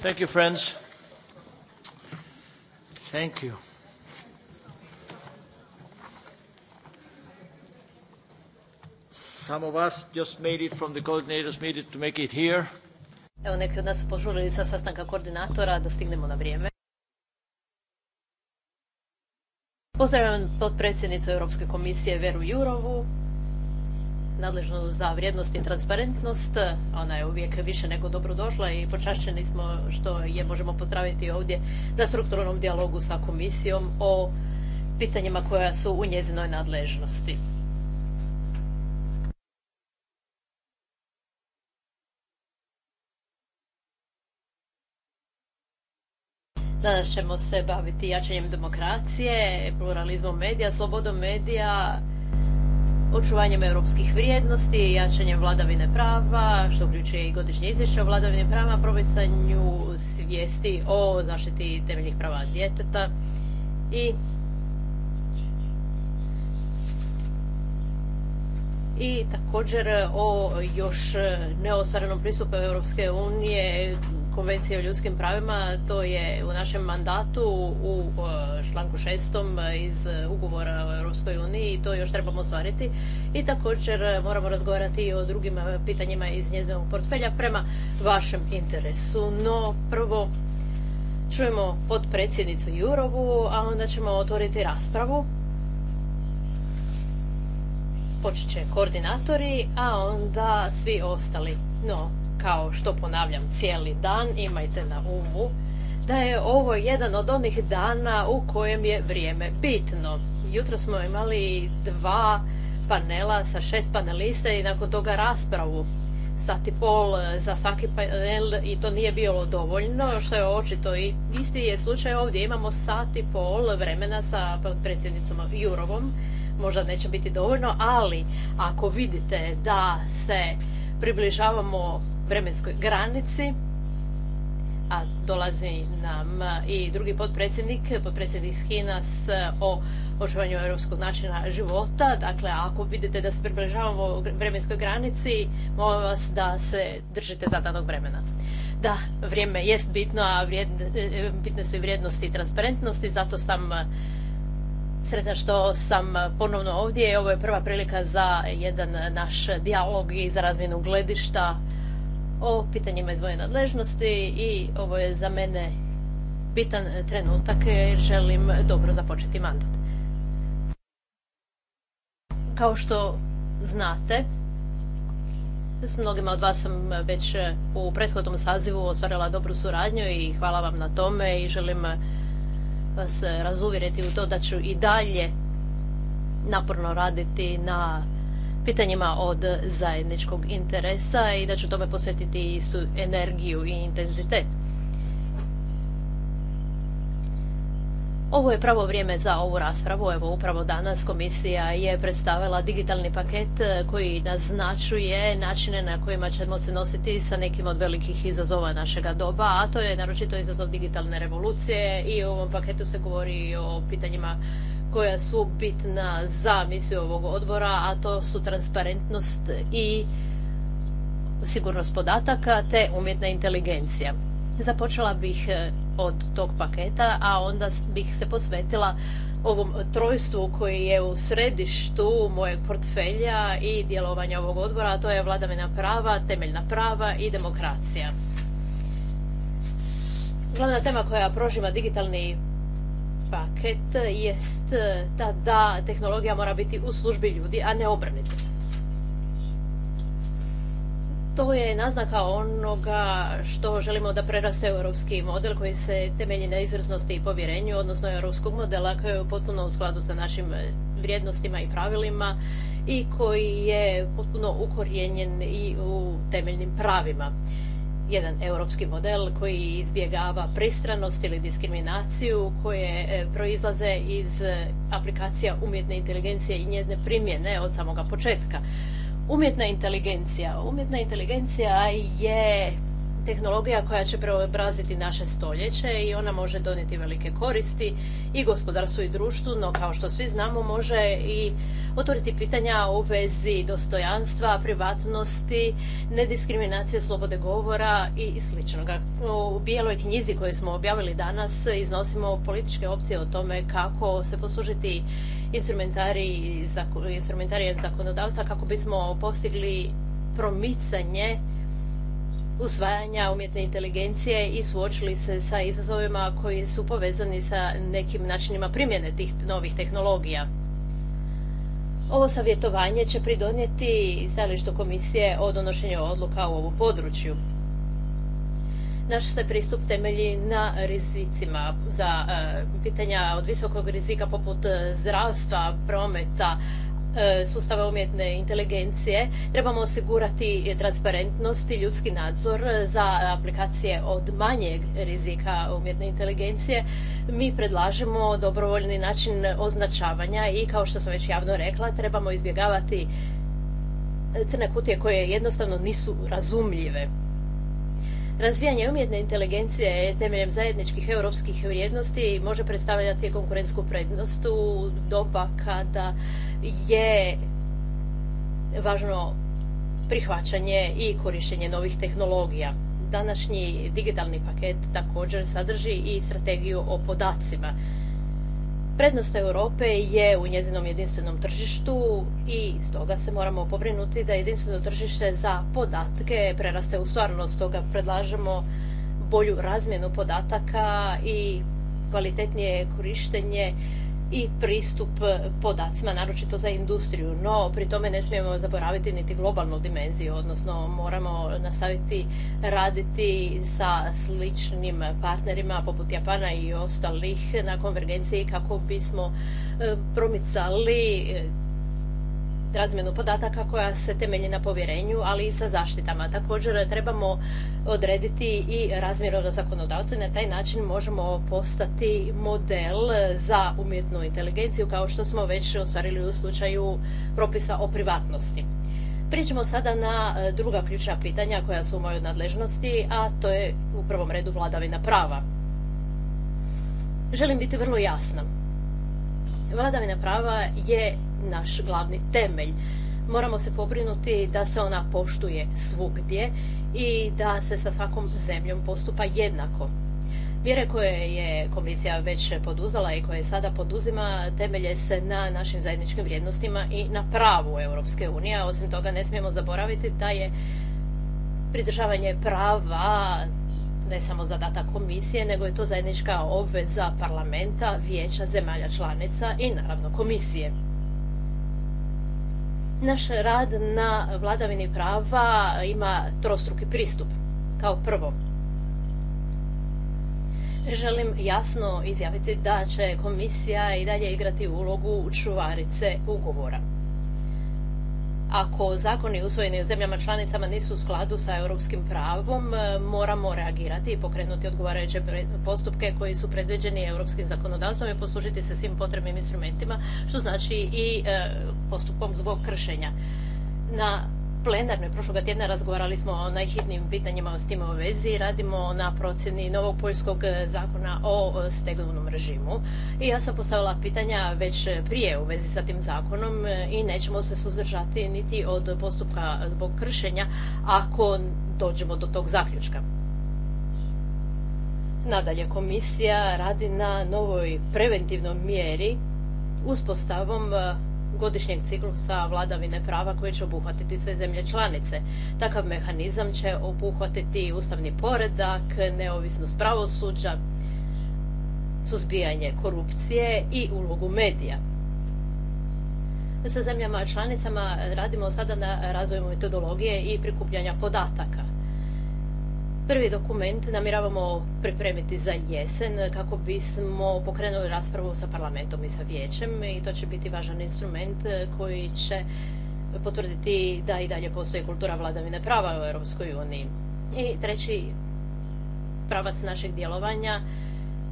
Thank you, friends. Thank you. Some of us just made it from the coordinators meeting to make it here. Evo neki od nas su požurili sa sastanka koordinatora da stignemo na vrijeme. Pozdravljam potpredsjednicu Europske komisije Veru Jurovu, nadležnost za vrijednost i transparentnost. Ona je uvijek više nego dobrodošla i počašćeni smo što je možemo pozdraviti ovdje na strukturnom dijalogu sa komisijom o pitanjima koja su u njezinoj nadležnosti. Danas ćemo se baviti jačanjem demokracije, pluralizmom medija, slobodom medija očuvanjem europskih vrijednosti, i jačanjem vladavine prava, što uključuje i godišnje izvješće o vladavini prava, promicanju svijesti o zaštiti temeljnih prava djeteta i i također o još neostvarenom pristupu Europske unije Konvencije o ljudskim pravima, to je u našem mandatu u e, članku šestom e, iz e, ugovora o Europskoj uniji i to još trebamo ostvariti. I također moramo razgovarati i o drugim pitanjima iz njezinog portfelja prema vašem interesu. No prvo čujemo potpredsjednicu Jurovu, a onda ćemo otvoriti raspravu počet će koordinatori, a onda svi ostali. No, kao što ponavljam cijeli dan, imajte na umu da je ovo jedan od onih dana u kojem je vrijeme bitno. Jutro smo imali dva panela sa šest panelista i nakon toga raspravu sat i pol e, za svaki panel i to nije bilo dovoljno, što je očito i isti je slučaj ovdje. Imamo sat i pol vremena sa predsjednicom Jurovom, možda neće biti dovoljno, ali ako vidite da se približavamo vremenskoj granici, a dolazi nam i drugi potpredsjednik, potpredsjednik Hinas e, o očuvanju europskog načina života. Dakle, ako vidite da se približavamo vremenskoj granici, molim vas da se držite zadanog vremena. Da, vrijeme jest bitno, a e, bitne su i vrijednosti i transparentnosti, zato sam e, sretna što sam ponovno ovdje. Ovo je prva prilika za jedan naš dijalog i za razmjenu gledišta o pitanjima izvoje nadležnosti i ovo je za mene bitan e, trenutak jer želim dobro započeti mandat. Kao što znate, s mnogima od vas sam već e, u prethodnom sazivu ostvarila dobru suradnju i hvala vam na tome i želim e, vas razuvjeriti u to da ću i dalje naporno raditi na pitanjima od zajedničkog interesa i da ću tome posvetiti istu energiju i intenzitet. Ovo je pravo vrijeme za ovu raspravu. Evo, upravo danas komisija je predstavila digitalni paket e, koji naznačuje načine na kojima ćemo se nositi sa nekim od velikih izazova našega doba, a to je naročito izazov digitalne revolucije i u ovom paketu se govori o pitanjima koja su bitna za misiju ovog odbora, a to su transparentnost i sigurnost podataka te umjetna inteligencija. Započela bih e, od tog paketa, a onda bih se posvetila ovom trojstvu koji je u središtu mojeg portfelja i djelovanja ovog odbora, a to je vladavina prava, temeljna prava i demokracija. Glavna tema koja prožima digitalni paket jest e, ta da tehnologija mora biti u službi ljudi, a ne obrnuto. To je naznaka onoga što želimo da preraste europski model koji se temelji na izvrsnosti i povjerenju, odnosno europskog modela koji je potpuno u skladu sa našim vrijednostima i pravilima i koji je potpuno ukorijenjen i u temeljnim pravima jedan europski model koji izbjegava pristranost ili diskriminaciju koje e, proizlaze iz e, aplikacija umjetne inteligencije i njezne primjene od samoga početka. Umjetna inteligencija. Umjetna inteligencija je tehnologija koja će preobraziti naše stoljeće i ona može donijeti velike koristi i gospodarstvu i društvu, no kao što svi znamo može i otvoriti pitanja u vezi dostojanstva, privatnosti, nediskriminacije, slobode govora i sl. U bijeloj knjizi koju smo objavili danas iznosimo političke opcije o tome kako se poslužiti instrumentarijem zakonodavstva kako bismo postigli promicanje usvajanja umjetne inteligencije i suočili se sa izazovima koji su povezani sa nekim načinima primjene tih novih tehnologija. Ovo savjetovanje će pridonijeti stajalištu komisije o donošenju odluka u ovom području. Naš se pristup temelji na rizicima za e, pitanja od visokog rizika poput e, zdravstva, prometa, E, sustava umjetne inteligencije trebamo osigurati transparentnost i ljudski nadzor e, za aplikacije od manjeg rizika umjetne inteligencije. Mi predlažemo dobrovoljni način označavanja i kao što sam već javno rekla trebamo izbjegavati crne kutije koje jednostavno nisu razumljive. Razvijanje umjetne inteligencije temeljem zajedničkih europskih vrijednosti može predstavljati konkurentsku prednost u doba kada je važno prihvaćanje i korištenje novih tehnologija. Današnji digitalni paket također sadrži i strategiju o podacima. Prednost Europe je u njezinom jedinstvenom tržištu i stoga se moramo pobrinuti da jedinstveno tržište za podatke preraste u stvarnost. Stoga predlažemo bolju razmjenu podataka i kvalitetnije korištenje i pristup podacima, naročito za industriju. No, pri tome ne smijemo zaboraviti niti globalnu dimenziju, odnosno moramo nastaviti raditi sa sličnim partnerima poput Japana i ostalih na konvergenciji kako bismo e, promicali razmjenu podataka koja se temelji na povjerenju, ali i sa zaštitama. Također trebamo odrediti i razmjerno zakonodavstvo i na taj način možemo postati model za umjetnu inteligenciju kao što smo već ostvarili u slučaju propisa o privatnosti. Pričamo sada na e, druga ključna pitanja koja su u mojoj nadležnosti, a to je u prvom redu vladavina prava. Želim biti vrlo jasna. Vladavina prava je naš glavni temelj. Moramo se pobrinuti da se ona poštuje svugdje i da se sa svakom zemljom postupa jednako. Mjere koje je komisija već poduzela i koje sada poduzima temelje se na našim zajedničkim vrijednostima i na pravu Europske unije. Osim toga ne smijemo zaboraviti da je pridržavanje prava ne samo zadatak komisije, nego je to zajednička obveza parlamenta, vijeća, zemalja članica i naravno komisije. Naš rad na vladavini prava ima trostruki pristup. Kao prvo, želim jasno izjaviti da će komisija i dalje igrati ulogu čuvarice ugovora ako zakoni usvojeni u zemljama članicama nisu u skladu sa europskim pravom, e, moramo reagirati i pokrenuti odgovarajuće postupke koji su predviđeni europskim zakonodavstvom i poslužiti se svim potrebnim instrumentima, što znači i e, postupkom zbog kršenja. Na plenarnoj prošloga tjedna razgovarali smo o najhitnijim pitanjima s tim u vezi. Radimo na procjeni novog poljskog e, zakona o e, stegovnom režimu. I ja sam postavila pitanja već prije u vezi sa tim zakonom e, i nećemo se suzdržati niti od postupka zbog kršenja ako dođemo do tog zaključka. Nadalje, komisija radi na novoj preventivnoj mjeri uspostavom godišnjeg ciklusa vladavine prava koji će obuhvatiti sve zemlje članice. Takav mehanizam će obuhvatiti ustavni poredak, neovisnost pravosuđa, suzbijanje korupcije i ulogu medija. Sa zemljama članicama radimo sada na razvoju metodologije i prikupljanja podataka. Prvi dokument namjeravamo pripremiti za jesen kako bismo pokrenuli raspravu sa parlamentom i sa vijećem i to će biti važan instrument koji će potvrditi da i dalje postoji kultura vladavine prava u Europskoj uniji. I treći pravac našeg djelovanja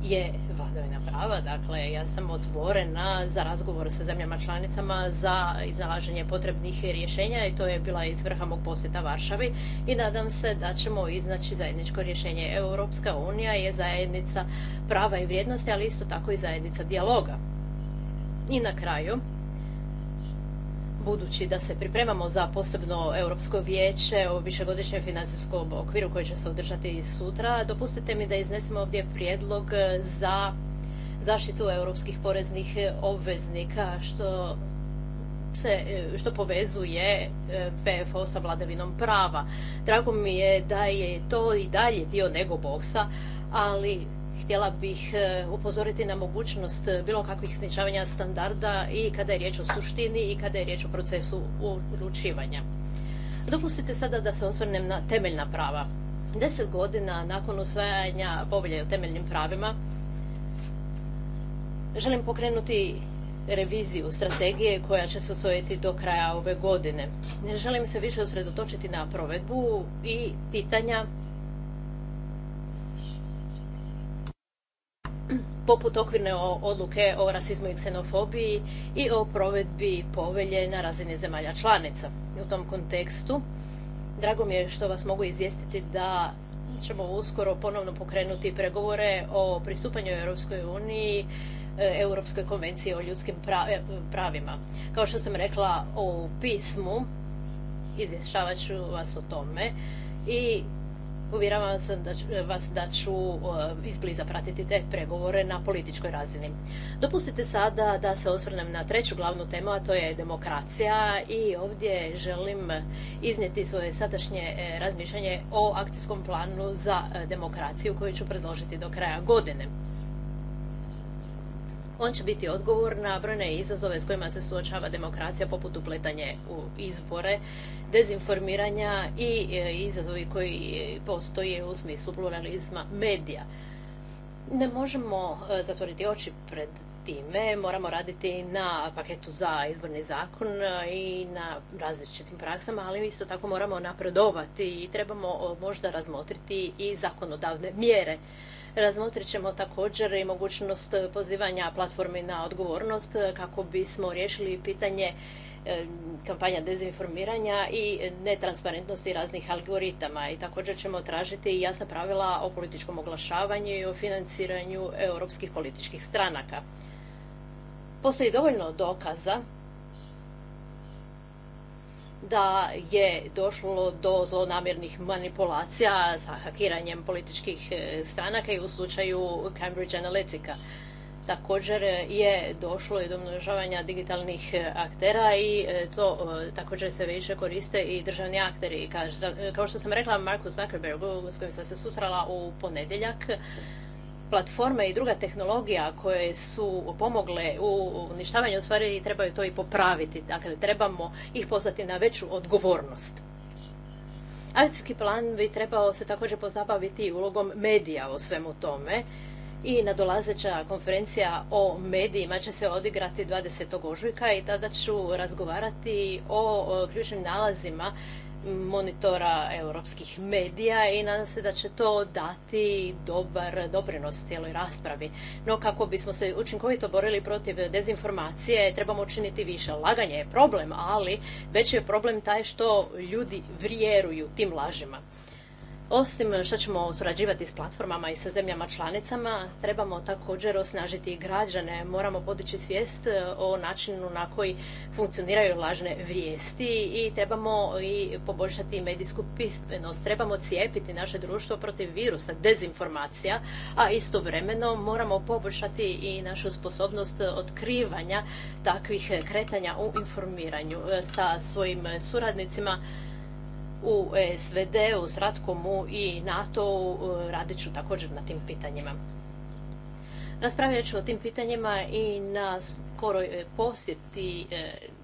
je vladavina prava. Dakle, ja sam otvorena za razgovor sa zemljama članicama za iznalaženje potrebnih rješenja i to je bila iz svrha mog posjeta Varšavi i nadam se da ćemo iznaći zajedničko rješenje. Europska unija je zajednica prava i vrijednosti, ali isto tako i zajednica dijaloga. I na kraju, budući da se pripremamo za posebno Europsko vijeće o višegodišnjem financijskom okviru koji će se održati sutra, dopustite mi da iznesem ovdje prijedlog za zaštitu europskih poreznih obveznika što se, što povezuje e, PFO sa vladavinom prava. Drago mi je da je to i dalje dio nego boksa, ali Htjela bih e, upozoriti na mogućnost e, bilo kakvih snižavanja standarda i kada je riječ o suštini i kada je riječ o procesu odlučivanja. Dopustite sada da se osvrnem na temeljna prava. Deset godina nakon usvajanja povelje o temeljnim pravima želim pokrenuti reviziju strategije koja će se usvojiti do kraja ove godine. Ne Želim se više usredotočiti na provedbu i pitanja poput okvirne odluke o rasizmu i ksenofobiji i o provedbi povelje na razini zemalja članica. U tom kontekstu drago mi je što vas mogu izvijestiti da ćemo uskoro ponovno pokrenuti pregovore o pristupanju Europskoj uniji e, Europskoj konvenciji o ljudskim e, pravima. Kao što sam rekla u pismu, izvješćavat ću vas o tome i Uvjeravam sam da ću, vas da ću eh, izbliza pratiti te pregovore na političkoj razini. Dopustite sada da se osvrnem na treću glavnu temu, a to je demokracija i ovdje želim iznijeti svoje sadašnje eh, razmišljanje o akcijskom planu za eh, demokraciju koju ću predložiti do kraja godine. On će biti odgovor na brojne izazove s kojima se suočava demokracija poput upletanje u izbore, dezinformiranja i e, izazovi koji postoje u smislu pluralizma medija. Ne možemo e, zatvoriti oči pred time, moramo raditi na paketu za izborni zakon e, i na različitim praksama, ali isto tako moramo napredovati i trebamo možda razmotriti i zakonodavne mjere. Razmotrit ćemo također i mogućnost pozivanja platformi na odgovornost kako bismo riješili pitanje e, kampanja dezinformiranja i netransparentnosti raznih algoritama i također ćemo tražiti jasna pravila o političkom oglašavanju i o financiranju europskih političkih stranaka. Postoji dovoljno dokaza da je došlo do zlonamjernih manipulacija sa hakiranjem političkih e, stranaka i u slučaju Cambridge Analytica. Također je došlo i do množavanja digitalnih e, aktera i e, to također se više koriste i državni akteri. Kao što sam rekla Marku Zuckerbergu s kojim sam se susrala u ponedjeljak, platforme i druga tehnologija koje su pomogle u uništavanju stvari trebaju to i popraviti. Dakle, trebamo ih pozvati na veću odgovornost. Akcijski plan bi trebao se također pozabaviti ulogom medija o svemu tome i nadolazeća konferencija o medijima će se odigrati 20. ožujka i tada ću razgovarati o ključnim nalazima monitora europskih medija i nadam se da će to dati dobar doprinos cijeloj raspravi. No kako bismo se učinkovito borili protiv dezinformacije trebamo učiniti više. Laganje je problem, ali veći je problem taj što ljudi vjeruju tim lažima. Osim eh, što ćemo surađivati s platformama i sa zemljama članicama, trebamo također osnažiti građane, moramo podići svijest eh, o načinu na koji funkcioniraju lažne vijesti i trebamo i poboljšati medijsku pismenost. Trebamo cijepiti naše društvo protiv virusa, dezinformacija, a istovremeno moramo poboljšati i našu sposobnost eh, otkrivanja takvih kretanja u informiranju sa svojim suradnicima u e SVD-u, Sratkomu i NATO-u e, radit ću također na tim pitanjima. Raspravljat ću o tim pitanjima i na skoroj posjeti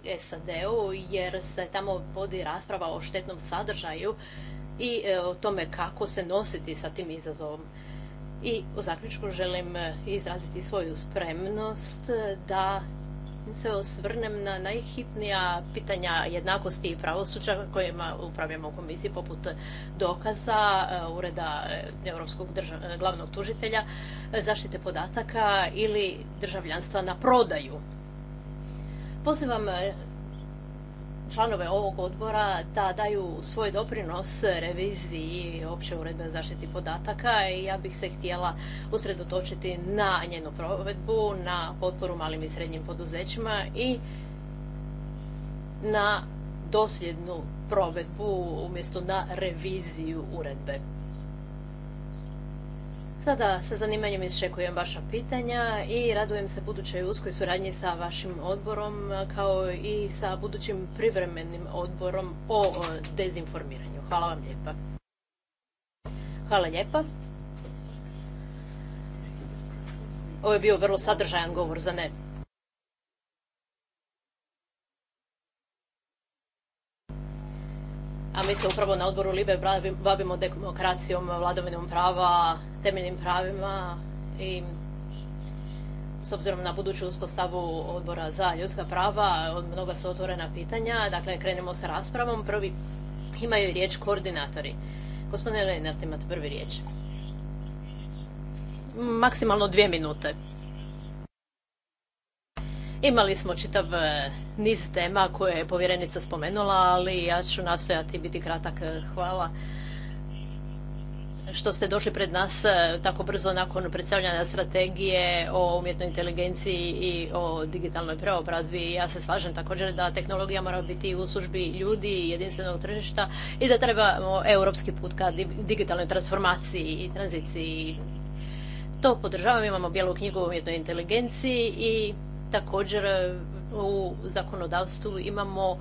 e, SAD-u jer se tamo vodi rasprava o štetnom sadržaju i o tome kako se nositi sa tim izazovom. I u zaključku želim izraziti svoju spremnost da se osvrnem na najhitnija pitanja jednakosti i pravosuđa kojima upravljamo u komisiji poput dokaza e, Ureda e, Europskog e, glavnog tužitelja, zaštite podataka ili državljanstva na prodaju. Pozivam članove ovog odbora da daju svoj doprinos reviziji opće uredbe o zaštiti podataka i ja bih se htjela usredotočiti na njenu provedbu, na potporu malim i srednjim poduzećima i na dosljednu provedbu umjesto na reviziju uredbe. Sada sa zanimanjem iščekujem vaša pitanja i radujem se budućoj uskoj suradnji sa vašim odborom kao i sa budućim privremenim odborom o dezinformiranju. Hvala vam lijepa. Hvala lijepa. Ovo je bio vrlo sadržajan govor za ne. a mi se upravo na odboru LIBE bavimo demokracijom, vladavinom prava, temeljnim pravima i s obzirom na buduću uspostavu odbora za ljudska prava, od mnoga su otvorena pitanja. Dakle, krenemo sa raspravom. Prvi imaju riječ koordinatori. Gospodine Lenart, imate prvi riječ. Maksimalno dvije minute. Imali smo čitav e, niz tema koje je povjerenica spomenula, ali ja ću nastojati biti kratak. E, hvala što ste došli pred nas e, tako brzo nakon predstavljanja strategije o umjetnoj inteligenciji i o digitalnoj preobrazbi. Ja se slažem također da tehnologija mora biti u službi ljudi i jedinstvenog tržišta i da trebamo europski put ka digitalnoj transformaciji i tranziciji. To podržavam, imamo bijelu knjigu o umjetnoj inteligenciji i Također e, u zakonodavstvu imamo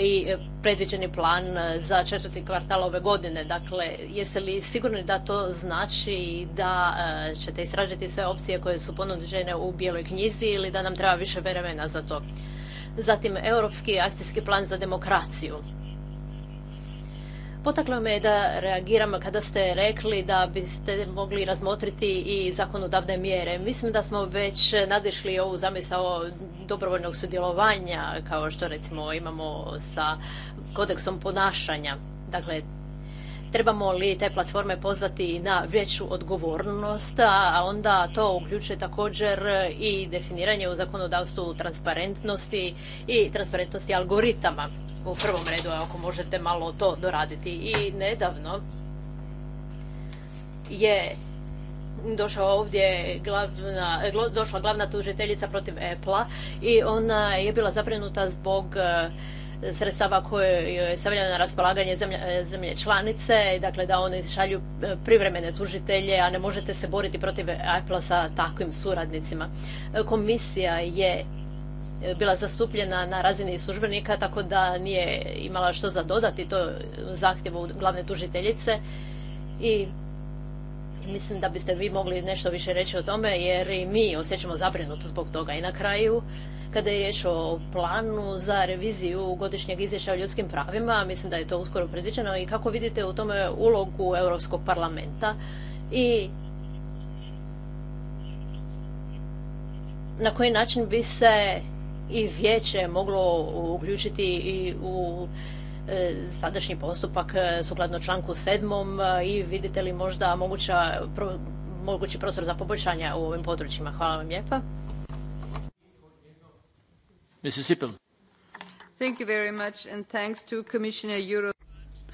i e, predviđeni plan e, za četvrti kvartal ove godine. Dakle, jeste li sigurni da to znači da ćete istražiti sve opcije koje su ponuđene u bijeloj knjizi ili da nam treba više vremena za to? Zatim, Europski akcijski plan za demokraciju. Potaklo me da reagiram kada ste rekli da biste mogli razmotriti i zakonodavne mjere. Mislim da smo već nadišli ovu zamisao dobrovoljnog sudjelovanja, kao što recimo imamo sa kodeksom ponašanja. Dakle, Trebamo li te platforme pozvati na veću odgovornost, a onda to uključuje također i definiranje u zakonodavstvu transparentnosti i transparentnosti algoritama u prvom redu, ako možete malo to doraditi. I nedavno je došao ovdje glavna, došla glavna tužiteljica protiv Apple-a i ona je bila zaprenuta zbog sredstava koje je stavljeno na raspolaganje e, zemlje, članice, dakle da oni šalju e, privremene tužitelje, a ne možete se boriti protiv Apple sa takvim suradnicima. E, komisija je bila zastupljena na razini službenika, tako da nije imala što za dodati to zahtjevu glavne tužiteljice i mislim da biste vi mogli nešto više reći o tome jer i mi osjećamo zabrinutost zbog toga. I na kraju kada je riječ o planu za reviziju godišnjeg izvješća o ljudskim pravima. Mislim da je to uskoro predviđeno i kako vidite u tome ulogu Europskog parlamenta i na koji način bi se i vijeće moglo uključiti i u e, sadašnji postupak e, sukladno članku sedmom e, i vidite li možda mogući prostor za poboljšanja u ovim područjima. Hvala vam lijepa.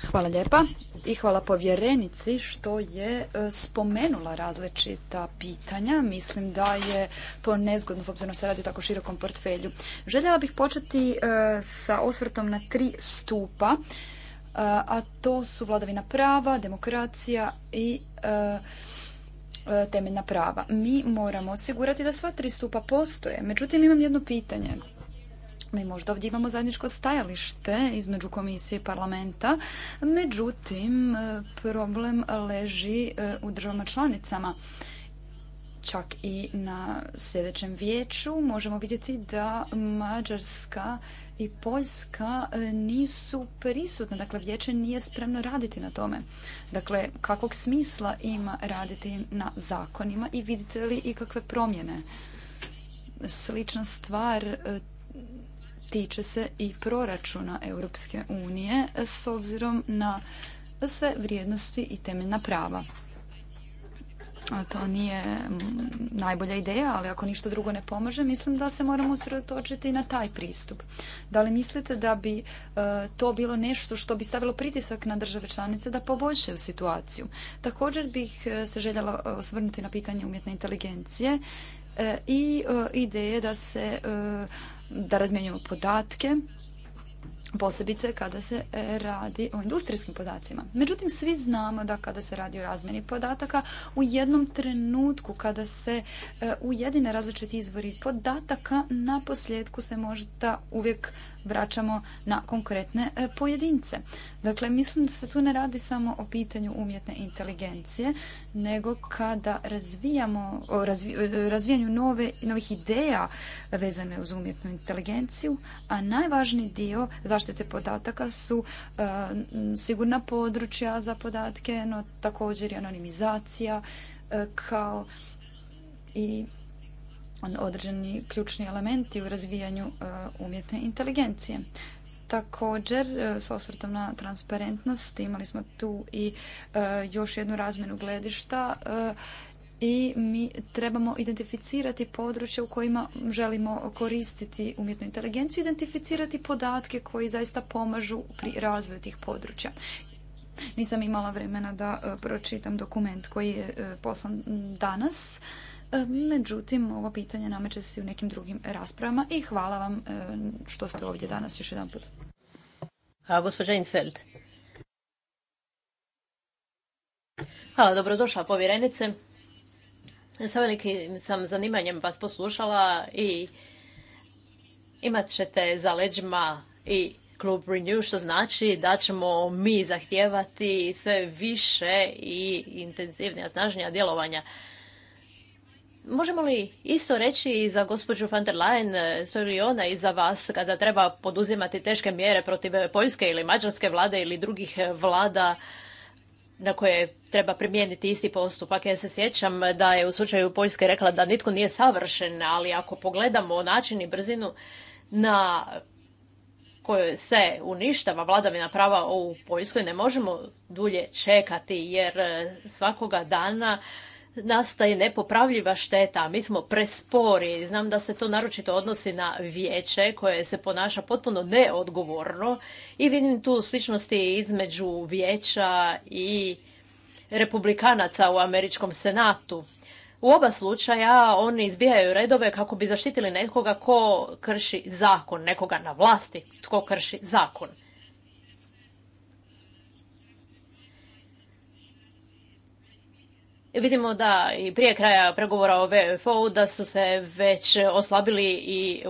Hvala lijepa i hvala povjerenici što je e, spomenula različita pitanja. Mislim da je to nezgodno s obzirom se radi o tako širokom portfelju. Željela bih početi e, sa osvrtom na tri stupa, e, a to su vladavina prava, demokracija i temeljna prava. Mi moramo osigurati da sva tri stupa postoje. Međutim, imam jedno pitanje mi možda ovdje imamo zajedničko stajalište između komisije i parlamenta, međutim problem leži e, u državama članicama. Čak i na sljedećem vijeću možemo vidjeti da Mađarska i Poljska e, nisu prisutne, dakle vijeće nije spremno raditi na tome. Dakle, kakvog smisla ima raditi na zakonima i vidite li ikakve promjene? Slična stvar e, tiče se i proračuna Europske unije s obzirom na sve vrijednosti i temeljna prava. A to nije najbolja ideja, ali ako ništa drugo ne pomaže, mislim da se moramo usredotočiti na taj pristup. Da li mislite da bi e, to bilo nešto što bi stavilo pritisak na države članice da poboljšaju situaciju? Također bih e, se željela e, osvrnuti na pitanje umjetne inteligencije i ideje da se da razmjenjujemo podatke, posebice kada se e, radi o industrijskim podacima. Međutim, svi znamo da kada se radi o razmjeni podataka, u jednom trenutku kada se e, ujedine različiti izvori podataka, na posljedku se možda uvijek vraćamo na konkretne e, pojedince. Dakle, mislim da se tu ne radi samo o pitanju umjetne inteligencije, nego kada razvijamo, e, razvijanju nove, novih ideja vezane uz umjetnu inteligenciju, a najvažniji dio zaštite podataka su e, sigurna područja za podatke, no također i anonimizacija kao i određeni ključni elementi u razvijanju e, umjetne inteligencije. Također, e, s osvrtom na transparentnost, imali smo tu i e, još jednu razmenu gledišta i mi trebamo identificirati područje u kojima želimo koristiti umjetnu inteligenciju, identificirati podatke koji zaista pomažu pri razvoju tih područja. Nisam imala vremena da pročitam dokument koji je poslan danas, E, međutim, ovo pitanje nameće se i u nekim drugim raspravama i hvala vam e, što ste ovdje danas još jedan put. Hvala, gospođa Infeld. Hvala, dobrodošla povjerenice. Sa velikim sam zanimanjem vas poslušala i imat ćete za leđima i klub Renew, što znači da ćemo mi zahtijevati sve više i intenzivnija, snažnija djelovanja Možemo li isto reći i za gospođu van der Leyen, e, li ona i za vas kada treba poduzimati teške mjere protiv e, poljske ili mađarske vlade ili drugih e, vlada na koje treba primijeniti isti postupak. Ja se sjećam da je u slučaju Poljske rekla da nitko nije savršen, ali ako pogledamo način i brzinu na kojoj se uništava vladavina prava u Poljskoj, ne možemo dulje čekati jer svakoga dana nastaje nepopravljiva šteta, mi smo prespori. Znam da se to naročito odnosi na vijeće koje se ponaša potpuno neodgovorno i vidim tu sličnosti između vijeća i republikanaca u američkom senatu. U oba slučaja oni izbijaju redove kako bi zaštitili nekoga ko krši zakon, nekoga na vlasti tko krši zakon. Vidimo da i prije kraja pregovora o VFO-u da su se već oslabili i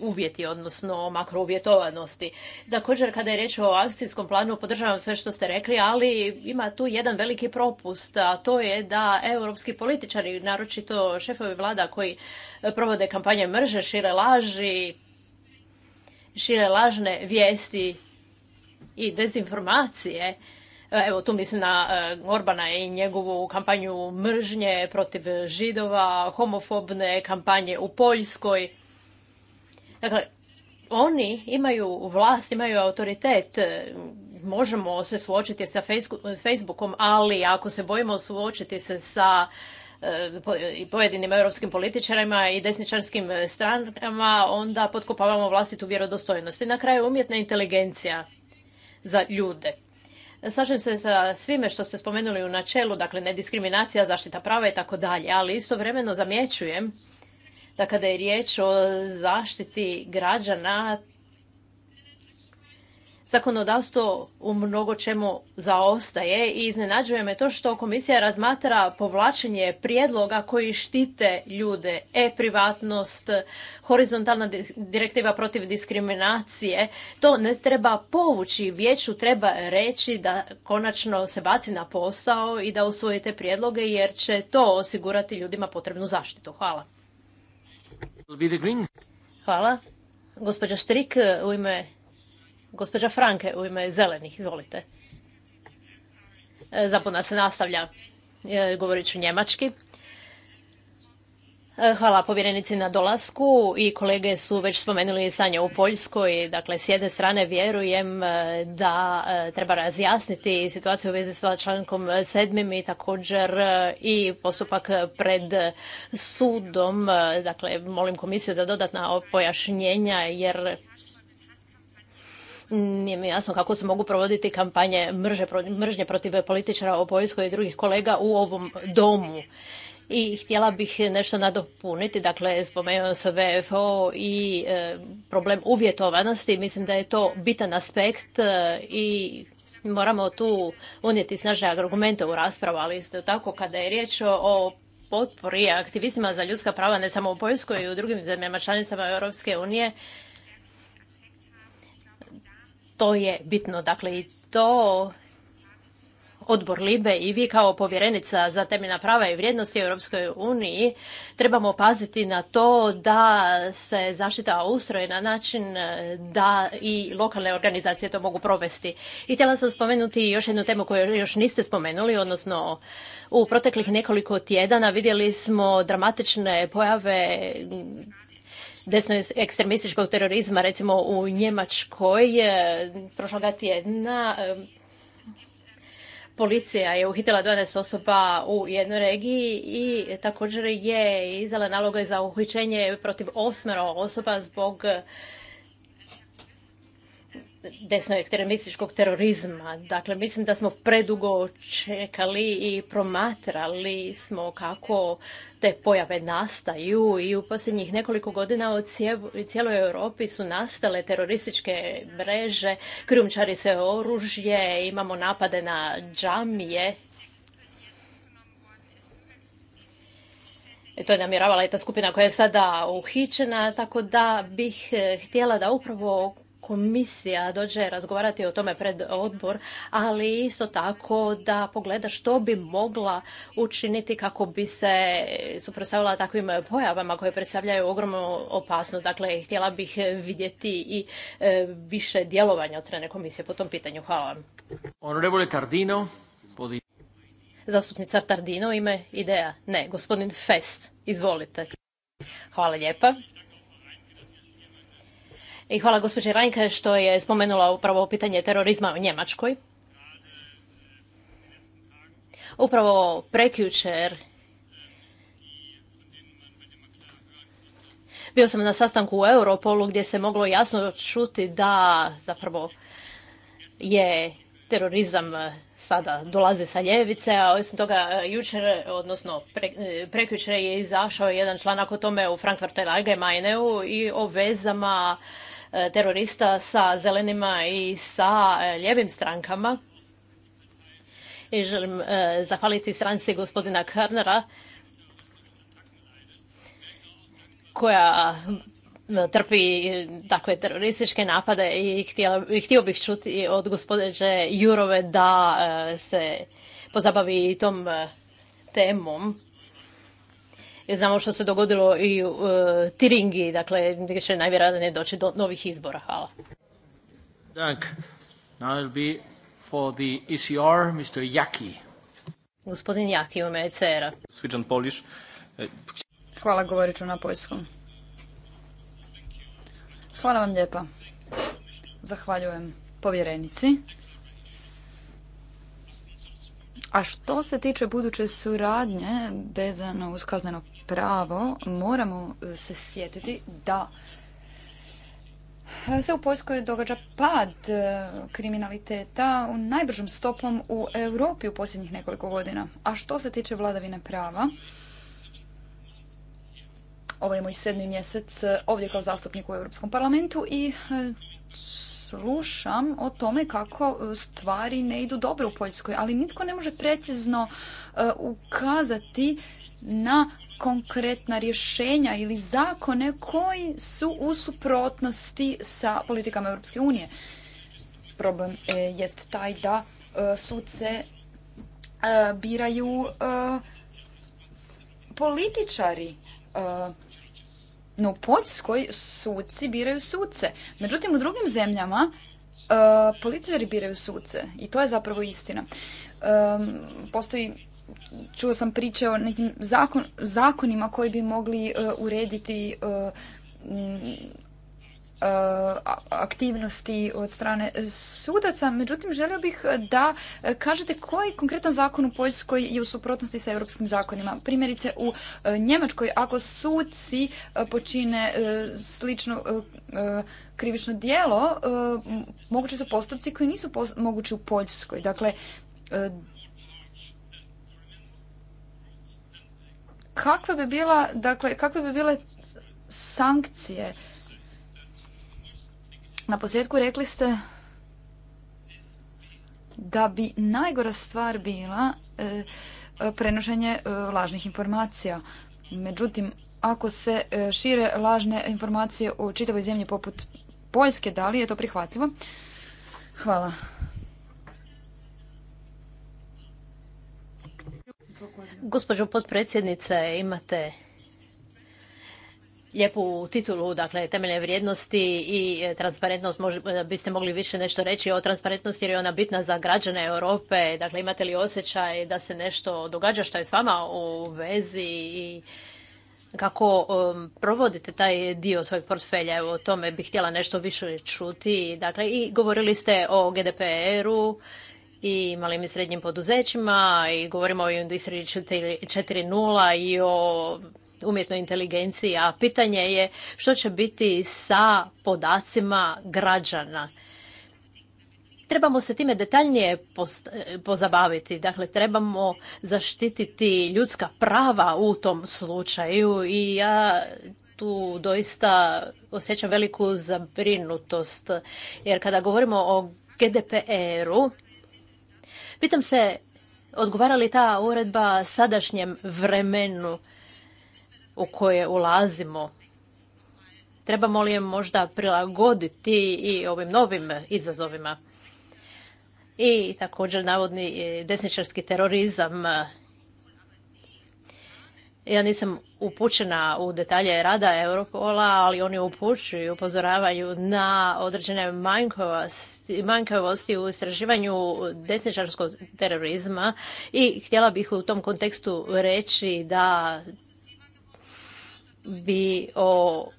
uvjeti, odnosno makrouvjetovanosti. Također, kada je riječ o akcijskom planu, podržavam sve što ste rekli, ali ima tu jedan veliki propust, a to je da europski političari, naročito šefovi vlada koji provode kampanje mrže, šire laži, šire lažne vijesti i dezinformacije, E, evo, tu mislim na e, Orbana i njegovu kampanju mržnje protiv židova, homofobne kampanje u Poljskoj. Dakle, oni imaju vlast, imaju autoritet. E, možemo se suočiti sa Facebookom, ali ako se bojimo suočiti se sa pojedinim europskim političarima i desničarskim strankama, onda potkopavamo vlastitu vjerodostojnost. I na kraju umjetna inteligencija za ljude. Slažem se sa svime što ste spomenuli u načelu, dakle nediskriminacija, zaštita prava i tako dalje, ali istovremeno zamjećujem da kada je riječ o zaštiti građana, zakonodavstvo u mnogo čemu zaostaje i iznenađuje me to što komisija razmatra povlačenje prijedloga koji štite ljude, e-privatnost, horizontalna direktiva protiv diskriminacije. To ne treba povući, vijeću treba reći da konačno se baci na posao i da usvojite prijedloge jer će to osigurati ljudima potrebnu zaštitu. Hvala. Hvala. Gospođa Štrik u ime Gospođa Franke u ime zelenih, izvolite. E, Zapona se nastavlja, e, govorit ću njemački. E, hvala povjerenici na dolasku i kolege su već spomenuli sanje u Poljskoj. Dakle, s jedne strane vjerujem da treba razjasniti situaciju u vezi sa člankom sedmim i također i postupak pred sudom. Dakle, molim komisiju za dodatna pojašnjenja jer nije mi jasno kako se mogu provoditi kampanje mržnje protiv političara o Poljskoj i drugih kolega u ovom domu. I htjela bih nešto nadopuniti, dakle spomenuo se VFO i e, problem uvjetovanosti, mislim da je to bitan aspekt e, i moramo tu unijeti snažne argumente u raspravu, ali isto tako kada je riječ o potpori aktivistima za ljudska prava ne samo u Poljskoj i u drugim zemljama članicama Europske unije, to je bitno, dakle i to odbor Libe i vi kao povjerenica za temeljna prava i vrijednosti Europskoj uniji trebamo paziti na to da se zaštita ustroje na način e, da i lokalne organizacije to mogu provesti. I htjela sam spomenuti još jednu temu koju još niste spomenuli, odnosno u proteklih nekoliko tjedana vidjeli smo dramatične pojave desno ekstremističkog terorizma, recimo u Njemačkoj, e, prošloga tjedna e, policija je uhitila 12 osoba u jednoj regiji i također je izdala naloge za uhićenje protiv osmero osoba zbog desno terorizma. Dakle, mislim da smo predugo čekali i promatrali smo kako te pojave nastaju i u posljednjih nekoliko godina u cijeloj Europi su nastale terorističke mreže, krijumčari se oružje, imamo napade na džamije e, to je namjeravala i ta skupina koja je sada uhičena, tako da bih eh, htjela da upravo komisija dođe razgovarati o tome pred odbor, ali isto tako da pogleda što bi mogla učiniti kako bi se suprotstavila takvim pojavama koje predstavljaju ogromnu opasnost. Dakle, htjela bih vidjeti i e, više djelovanja od strane komisije po tom pitanju. Hvala vam. Tardino. Zastupnica Tardino ime ideja. Ne, gospodin Fest. Izvolite. Hvala lijepa. I hvala gospođe Rajnke što je spomenula upravo pitanje terorizma u Njemačkoj. Upravo prekjučer bio sam na sastanku u Europolu gdje se moglo jasno čuti da zapravo je terorizam sada dolazi sa ljevice, a osim toga jučer, odnosno pre, prekjučer je izašao jedan članak o tome u Frankfurter Allgemeineu i o vezama E, terorista sa zelenima i sa e, ljevim strankama. I želim e, zahvaliti stranci gospodina Karnera koja trpi takve terorističke napade i htio, bih čuti od gospodeđe Jurove da se pozabavi tom temom Znamo što se dogodilo i u e, Tiringi, dakle gdje će najvjerojatnije doći do novih izbora. Hvala. Dank. Now for the ECR, Mr. Jaki. Gospodin Jaki u ime ECR-a. Hvala, govorit ću na poljskom. Hvala vam lijepa. Zahvaljujem povjerenici. A što se tiče buduće suradnje vezano uz kazneno pravo, moramo e, se sjetiti da e, se u Poljskoj događa pad e, kriminaliteta u najbržom stopom u Europi u posljednjih nekoliko godina. A što se tiče vladavine prava, ovo je moj sedmi mjesec ovdje kao zastupnik u Europskom parlamentu i slušam o tome kako stvari ne idu dobro u Poljskoj, ali nitko ne može precizno ukazati na konkretna rješenja ili zakone koji su u suprotnosti sa politikama Europske unije. Problem e, jest taj da e, suce e, biraju političari. No u Poljskoj suci biraju suce. Međutim, u drugim zemljama političari biraju suce. I to je zapravo istina. Postoji čuo sam priče o nekim zakon, zakonima koji bi mogli e, urediti e, e, aktivnosti od strane sudaca. Međutim, želio bih da kažete koji konkretan zakon u Poljskoj je u suprotnosti sa europskim zakonima. Primjerice, u Njemačkoj, ako suci počine slično krivično dijelo, moguće su postupci koji nisu mogući u Poljskoj. Dakle, kakve bi bila, dakle, kakve bi bile sankcije? Na posljedku rekli ste da bi najgora stvar bila e, prenošenje e, lažnih informacija. Međutim, ako se e, šire lažne informacije u čitavoj zemlji poput Poljske, da li je to prihvatljivo? Hvala. Gospođo potpredsjednice, imate lijepu titulu, dakle temeljne vrijednosti i e, transparentnost, e, biste mogli više nešto reći o transparentnosti jer je ona bitna za građane Europe, dakle imate li osjećaj da se nešto događa što je s vama u vezi i kako um, provodite taj dio svojeg portfelja, evo o tome bih htjela nešto više čuti, dakle i govorili ste o GDPR-u, i malim i srednjim poduzećima i govorimo o industriji 4.0 i o umjetnoj inteligenciji, a pitanje je što će biti sa podacima građana. Trebamo se time detaljnije pozabaviti, dakle trebamo zaštititi ljudska prava u tom slučaju i ja tu doista osjećam veliku zabrinutost jer kada govorimo o GDPR-u Pitam se, odgovara li ta uredba sadašnjem vremenu u koje ulazimo? Trebamo li je možda prilagoditi i ovim novim izazovima? I također navodni desničarski terorizam ja nisam upućena u detalje rada Europola, ali oni upućuju i upozoravaju na određene manjkavosti u istraživanju desničarskog terorizma i htjela bih u tom kontekstu reći da bi o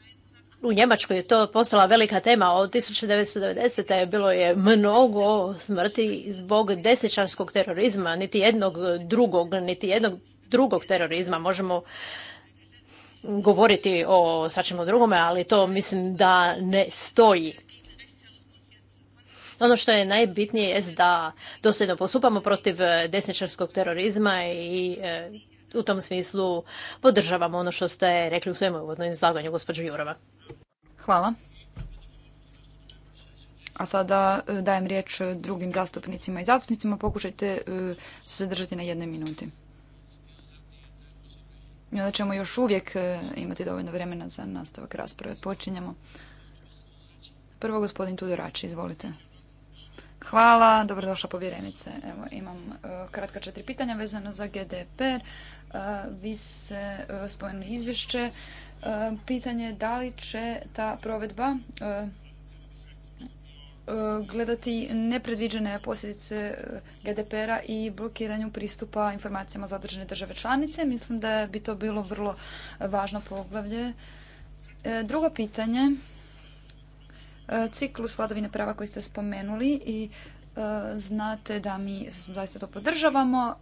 u Njemačkoj je to postala velika tema. Od 1990. je bilo je mnogo smrti zbog desničarskog terorizma. Niti jednog drugog, niti jednog drugog terorizma. Možemo govoriti o svačemu drugome, ali to mislim da ne stoji. Ono što je najbitnije je da dosljedno postupamo protiv e, desničarskog terorizma i e, u tom smislu podržavamo ono što ste rekli u svojem uvodnom izlaganju, gospođo Jurova. Hvala. A sada e, dajem riječ drugim zastupnicima i zastupnicima. Pokušajte se držati na jednoj minuti i onda ćemo još uvijek e, imati dovoljno vremena za nastavak rasprave. Počinjemo. Prvo gospodin Tudorači, izvolite. Hvala, dobrodošla povjerenice. Evo, imam e, kratka četiri pitanja vezano za GDPR. E, vi se spomenuli izvješće. Pitanje je da li će ta provedba E, gledati nepredviđene posljedice e, GDPR-a i blokiranju pristupa informacijama zadržane države članice. Mislim da bi to bilo vrlo važno poglavlje. E, drugo pitanje, ciklus vladovine prava koji ste spomenuli i znate da mi zaista to podržavamo.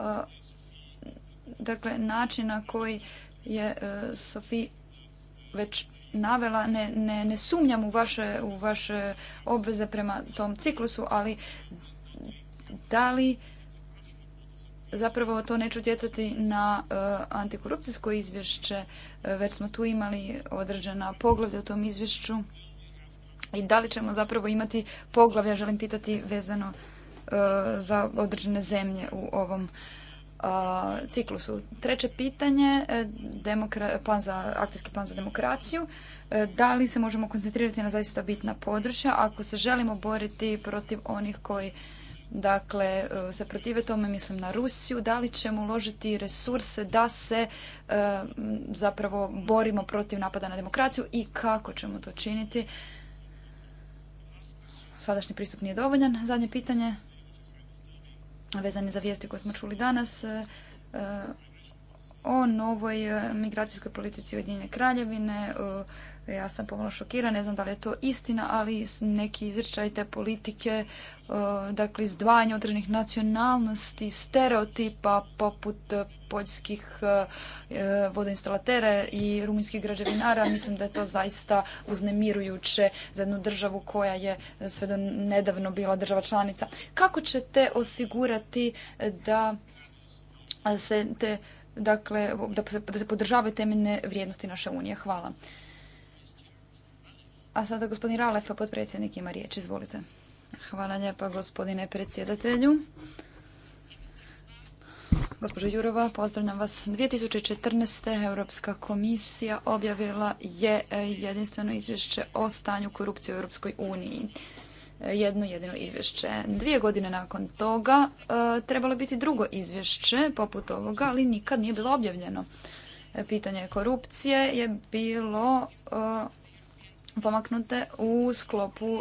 Dakle, način na koji je Sofi već navela, ne, ne, ne sumnjam u vaše, u vaše obveze prema tom ciklusu, ali da li zapravo to neću utjecati na e, antikorupcijsko izvješće, e, već smo tu imali određena poglavlja u tom izvješću i da li ćemo zapravo imati poglavlja, želim pitati, vezano e, za određene zemlje u ovom ciklusu. Treće pitanje, e, plan za, akcijski plan za demokraciju. E, da li se možemo koncentrirati na zaista bitna područja ako se želimo boriti protiv onih koji dakle e, se protive tome, mislim na Rusiju, da li ćemo uložiti resurse da se zapravo borimo protiv napada na demokraciju i kako ćemo to činiti. Sadašnji pristup nije dovoljan. Zadnje pitanje, vezane za vijesti koje smo čuli danas e, e, o novoj e, migracijskoj politici Ujedinjene kraljevine. E, ja sam pomalo šokirana, ne znam da li je to istina, ali neki izričaj te politike, e, dakle izdvajanje određenih nacionalnosti, stereotipa poput poljskih vodoinstalatera i rumunjskih građevinara, mislim da je to zaista uznemirujuće za jednu državu koja je sve do nedavno bila država članica. Kako ćete osigurati da se te dakle, da se podržavaju temeljne vrijednosti naše unije. Hvala. A sada gospodin Ralefa, potpredsjednik, ima riječ. Izvolite. Hvala lijepa gospodine predsjedatelju. Gospođo Jurova, pozdravljam vas. 2014. Europska komisija objavila je jedinstveno izvješće o stanju korupcije u Europskoj uniji jedno jedino izvješće. Dvije godine nakon toga e, trebalo biti drugo izvješće poput ovoga, ali nikad nije bilo objavljeno. E, pitanje korupcije je bilo e, pomaknute u sklopu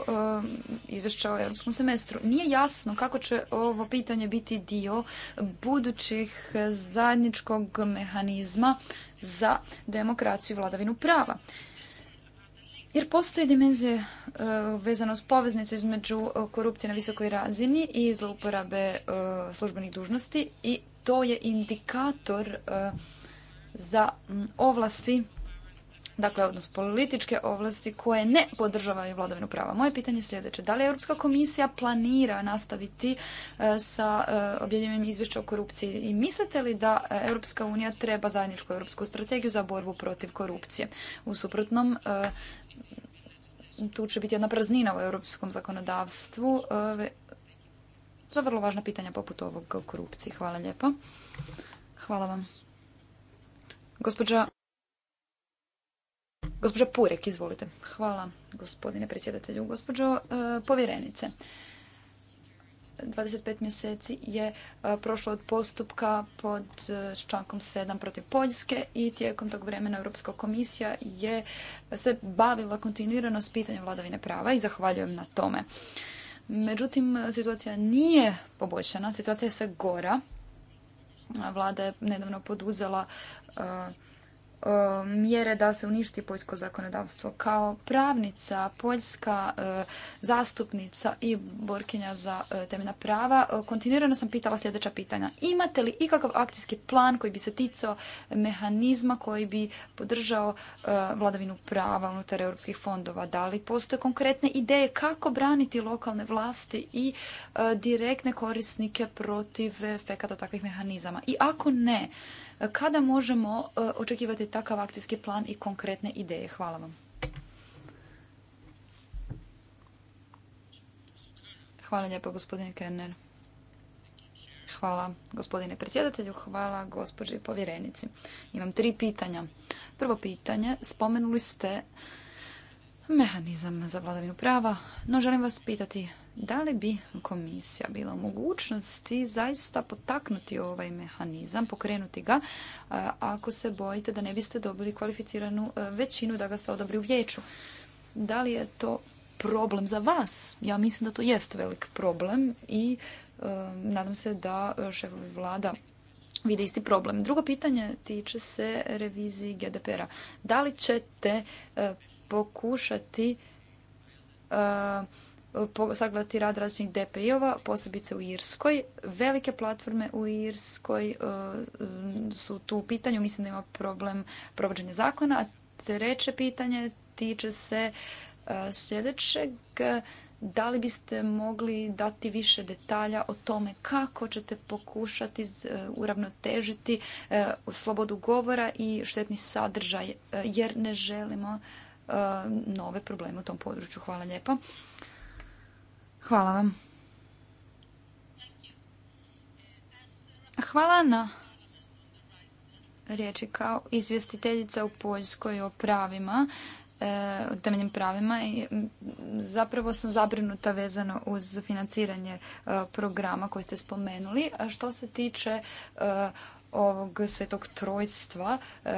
izvješća o europskom semestru. Nije jasno kako će ovo pitanje biti dio budućih zajedničkog mehanizma za demokraciju i vladavinu prava. Jer postoji dimenzije e, vezano s poveznicu između e, korupcije na visokoj razini i zlouporabe e, službenih dužnosti i to je indikator za ovlasti, dakle, odnosno političke ovlasti koje ne podržavaju vladavinu prava. Moje pitanje je sljedeće. Da li Europska komisija planira nastaviti sa objavljivanjem izvješća o korupciji i mislite li da Europska unija treba zajedničku europsku strategiju za borbu protiv korupcije? U suprotnom, tu će biti jedna praznina u europskom zakonodavstvu eh, za vrlo važna pitanja poput ovog korupciji. Hvala lijepo. Hvala vam. Gospođa Purek, izvolite. Hvala, gospodine predsjedatelju. Gospođo eh, povjerenice, 25 mjeseci je e, prošlo od postupka pod e, člankom 7 protiv Poljske i tijekom tog vremena Europska komisija je se bavila kontinuirano s pitanjem vladavine prava i zahvaljujem na tome. Međutim, situacija nije poboljšana, situacija je sve gora. Vlada je nedavno poduzela e, E, mjere da se uništi poljsko zakonodavstvo. Kao pravnica, poljska e, zastupnica i borkinja za e, temeljna prava, kontinuirano sam pitala sljedeća pitanja. Imate li ikakav akcijski plan koji bi se ticao mehanizma koji bi podržao vladavinu prava unutar europskih fondova? Da li postoje konkretne ideje kako braniti lokalne vlasti i direktne korisnike protiv efekata takvih mehanizama? I ako ne, kada možemo e, očekivati takav akcijski plan i konkretne ideje? Hvala vam. Hvala lijepo gospodine Kenner. Hvala gospodine predsjedatelju, hvala gospođi povjerenici. Imam tri pitanja. Prvo pitanje, spomenuli ste mehanizam za vladavinu prava, no želim vas pitati da li bi komisija bila u mogućnosti zaista potaknuti ovaj mehanizam, pokrenuti ga, ako se bojite da ne biste dobili kvalificiranu e, većinu da ga se odobri u vijeću? Da li je to problem za vas? Ja mislim da to jest velik problem i e, nadam se da šefovi vlada vide isti problem. Drugo pitanje tiče se reviziji GDPR-a. Da li ćete e, pokušati sagledati rad različitih DPI-ova, posebice u Irskoj. Velike platforme u Irskoj e, su tu u pitanju, mislim da ima problem provođenja zakona. A treće pitanje tiče se e, sljedećeg. Da li biste mogli dati više detalja o tome kako ćete pokušati e, uravnotežiti slobodu govora i štetni sadržaj, jer ne želimo nove probleme u tom području. Hvala lijepo Hvala vam. Hvala na riječi kao izvjestiteljica u Poljskoj o pravima, e, o temeljnim pravima i zapravo sam zabrinuta vezano uz financiranje e, programa koji ste spomenuli. A što se tiče e, ovog svetog trojstva e,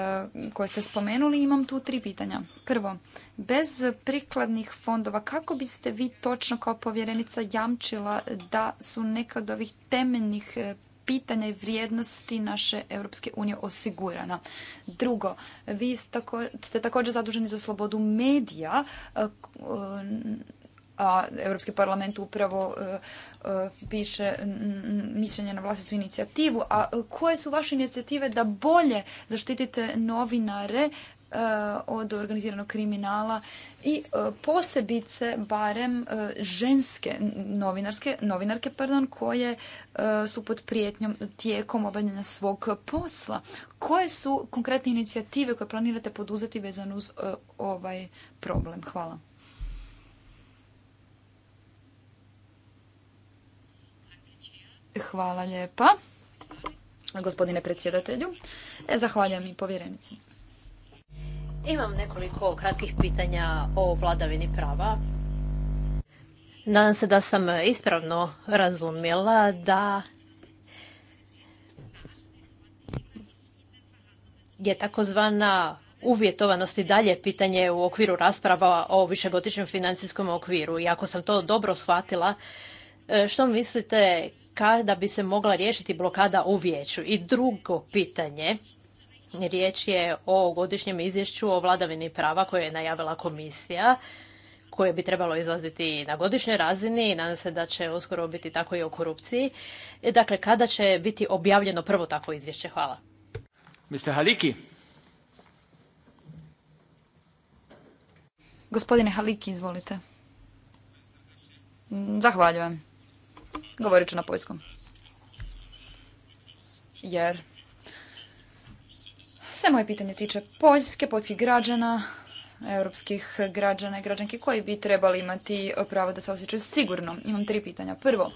koje ste spomenuli, imam tu tri pitanja. Prvo, bez prikladnih fondova, kako biste vi točno kao povjerenica jamčila da su neka od ovih temeljnih e, pitanja i vrijednosti naše Europske unije osigurana. Drugo, vi ste također zaduženi za slobodu medija e, a Europski parlament upravo e, e, piše mišljenje na vlastitu inicijativu, a koje su vaše inicijative da bolje zaštitite novinare e, od organiziranog kriminala i posebice barem ženske novinarske, novinarke pardon, koje su pod prijetnjom tijekom obavljanja svog posla. Koje su konkretne inicijative koje planirate poduzeti vezano uz ovaj problem? Hvala. Hvala lijepa, gospodine predsjedatelju. Zahvaljam e, zahvaljujem i povjerenici. Imam nekoliko kratkih pitanja o vladavini prava. Nadam se da sam ispravno razumjela da je takozvana uvjetovanost i dalje pitanje u okviru rasprava o višegodišnjem financijskom okviru. I ako sam to dobro shvatila, e, što mislite kada bi se mogla riješiti blokada u vijeću? I drugo pitanje, riječ je o godišnjem izvješću o vladavini prava koje je najavila komisija koje bi trebalo izlaziti na godišnjoj razini i nadam se da će uskoro biti tako i o korupciji. E, dakle, kada će biti objavljeno prvo takvo izvješće? Hvala. Mr. Haliki. Gospodine Haliki, izvolite. Zahvaljujem. Govorit ću na poljskom. Jer sve moje pitanje tiče Poljske, poljskih građana, europskih građana i građanki koji bi trebali imati pravo da se osjećaju sigurno. Imam tri pitanja. Prvo,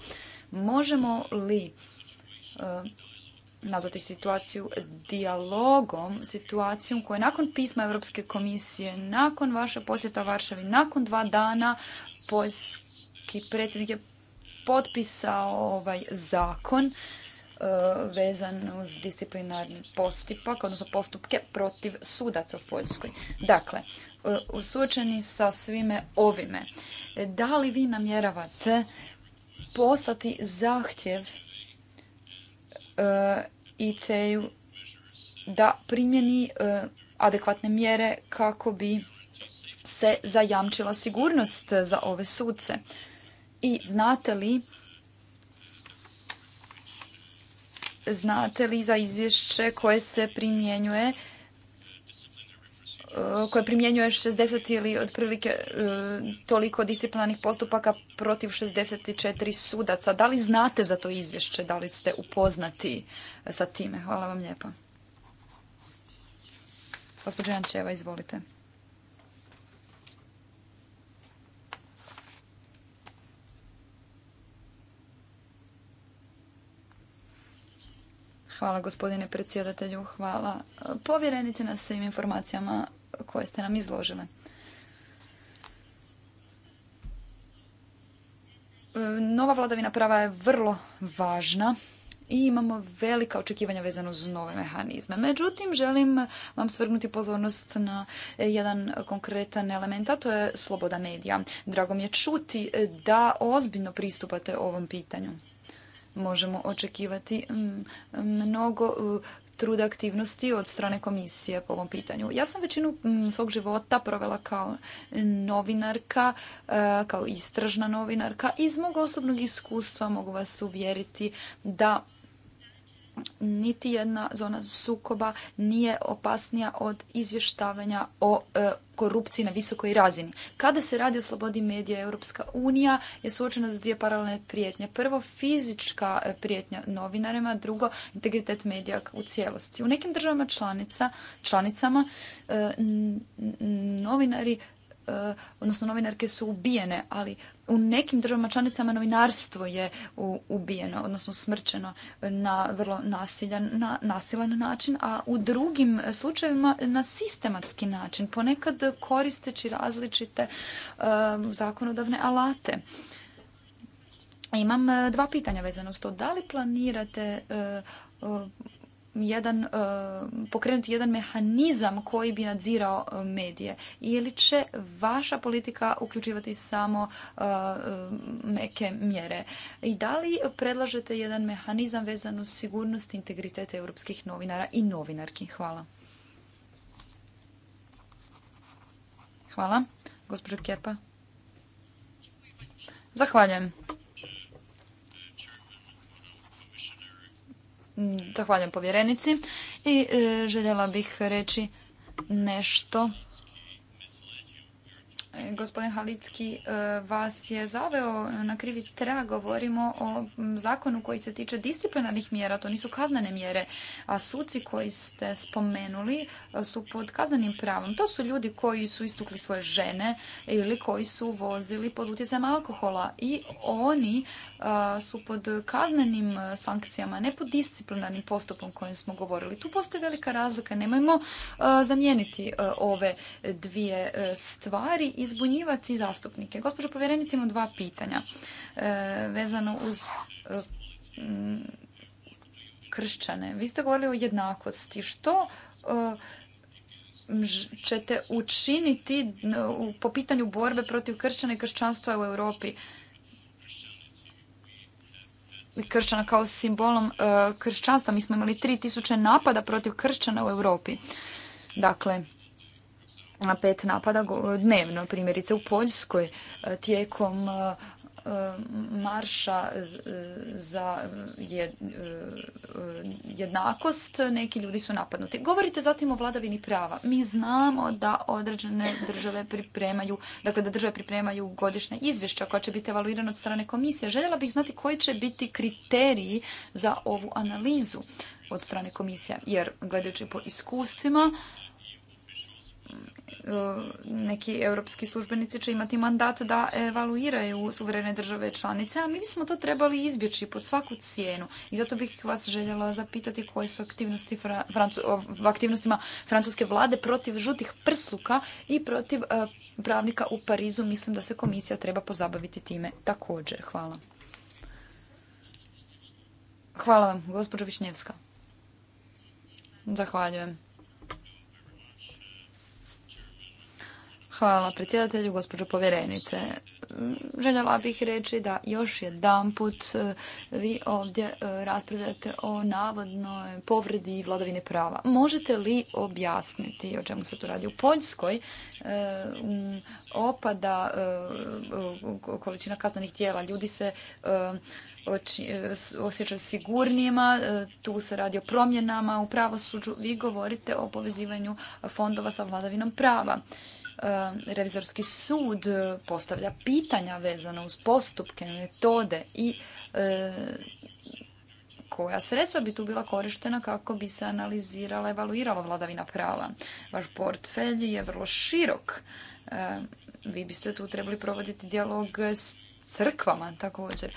možemo li e, nazvati situaciju dialogom, situacijom koja nakon pisma Europske komisije, nakon vaše posjeta Varšavi, nakon dva dana, poljski predsjednik je potpisao ovaj zakon e, vezan uz disciplinarni postupak, odnosno postupke protiv sudaca u Poljskoj. Dakle, e, suočeni sa svime ovime, da li vi namjeravate poslati zahtjev e, i u da primjeni adekvatne mjere kako bi se zajamčila sigurnost za ove sudce? I znate li znate li za izvješće koje se primjenjuje e, koje primjenjuje 60 ili otprilike e, toliko disciplinarnih postupaka protiv 64 sudaca. Da li znate za to izvješće? Da li ste upoznati e, sa time? Hvala vam lijepa. Gospodin Jančeva, izvolite. Hvala gospodine predsjedatelju, hvala e, povjerenice na svim informacijama koje ste nam izložile. E, nova vladavina prava je vrlo važna i imamo velika očekivanja vezano uz nove mehanizme. Međutim, želim vam svrgnuti pozornost na jedan konkretan element, a to je sloboda medija. Drago mi je čuti da ozbiljno pristupate ovom pitanju možemo očekivati mm, mnogo truda aktivnosti od strane komisije po ovom pitanju. Ja sam većinu mm, svog života provela kao novinarka, e, kao istražna novinarka. Iz mog osobnog iskustva mogu vas uvjeriti da niti jedna zona sukoba nije opasnija od izvještavanja o e, korupciji na visokoj razini. Kada se radi o slobodi medija, Europska unija je suočena s dvije paralelne prijetnje. Prvo, fizička e, prijetnja novinarima, drugo, integritet medija u cijelosti. U nekim državama članica, članicama e, novinari E, odnosno novinarke su ubijene, ali u nekim državama članicama novinarstvo je ubijeno, odnosno smrčeno na vrlo nasilan način, a u drugim slučajevima na sistematski način, ponekad koristeći različite e, zakonodavne alate. Imam e, dva pitanja vezano uz to. Da li planirate jedan, e, pokrenuti jedan mehanizam koji bi nadzirao e, medije ili će vaša politika uključivati samo e, neke mjere? I da li predlažete jedan mehanizam vezan uz sigurnost i integritet europskih novinara i novinarki? Hvala. Hvala. Gospođo Kepa. Zahvaljujem. Zahvaljujem povjerenici i e, željela bih reći nešto Gospodin Halicki e, vas je zaveo na krivi tra, Govorimo o zakonu koji se tiče disciplinarnih mjera, to nisu kaznene mjere, a suci koji ste spomenuli e, su pod kaznenim pravom. To su ljudi koji su istukli svoje žene ili koji su vozili pod utjecajem alkohola i oni e, su pod kaznenim sankcijama, ne pod disciplinarnim postupom kojim smo govorili. Tu postoji velika razlika. Nemojmo zamijeniti ove dvije stvari i zastupnike. Gospođo povjerenici, imamo dva pitanja e, vezano uz e, kršćane. Vi ste govorili o jednakosti. Što e, ćete učiniti po pitanju borbe protiv kršćana i kršćanstva u Europi? kršćana kao simbolom kršćanstva. Mi smo imali 3000 napada protiv kršćana u Europi. Dakle, pet napada dnevno, primjerice u Poljskoj e, tijekom e, e, marša za jednakost, neki ljudi su napadnuti. Govorite zatim o vladavini prava. Mi znamo da određene države pripremaju, dakle da države pripremaju godišnja izvješća koja će biti evaluirana od strane komisije. Željela bih znati koji će biti kriteriji za ovu analizu od strane komisija, jer gledajući po iskustvima E, neki europski službenici će imati mandat da evaluiraju suverene države članice, a mi bismo to trebali izbjeći pod svaku cijenu. I zato bih vas željela zapitati koje su aktivnosti Francu, aktivnostima francuske vlade protiv žutih prsluka i protiv e, pravnika u Parizu. Mislim da se komisija treba pozabaviti time također. Hvala. Hvala vam, gospođo Višnjevska. Zahvaljujem. Hvala predsjedatelju, gospođo povjerenice. Željela bih reći da još jedan put e, vi ovdje e, raspravljate o navodnoj povredi vladavine prava. Možete li objasniti o čemu se tu radi? U Poljskoj e, opada količina kaznenih tijela. Ljudi se osjećaju sigurnijima, tu se radi o promjenama u pravosuđu. Vi govorite o povezivanju fondova sa vladavinom prava. E, revizorski sud e, postavlja pitanja vezano uz postupke, metode i e, koja sredstva bi tu bila korištena kako bi se analizirala, evaluirala vladavina prava. Vaš portfelj je vrlo širok. Vi biste tu trebali provoditi dijalog s crkvama također.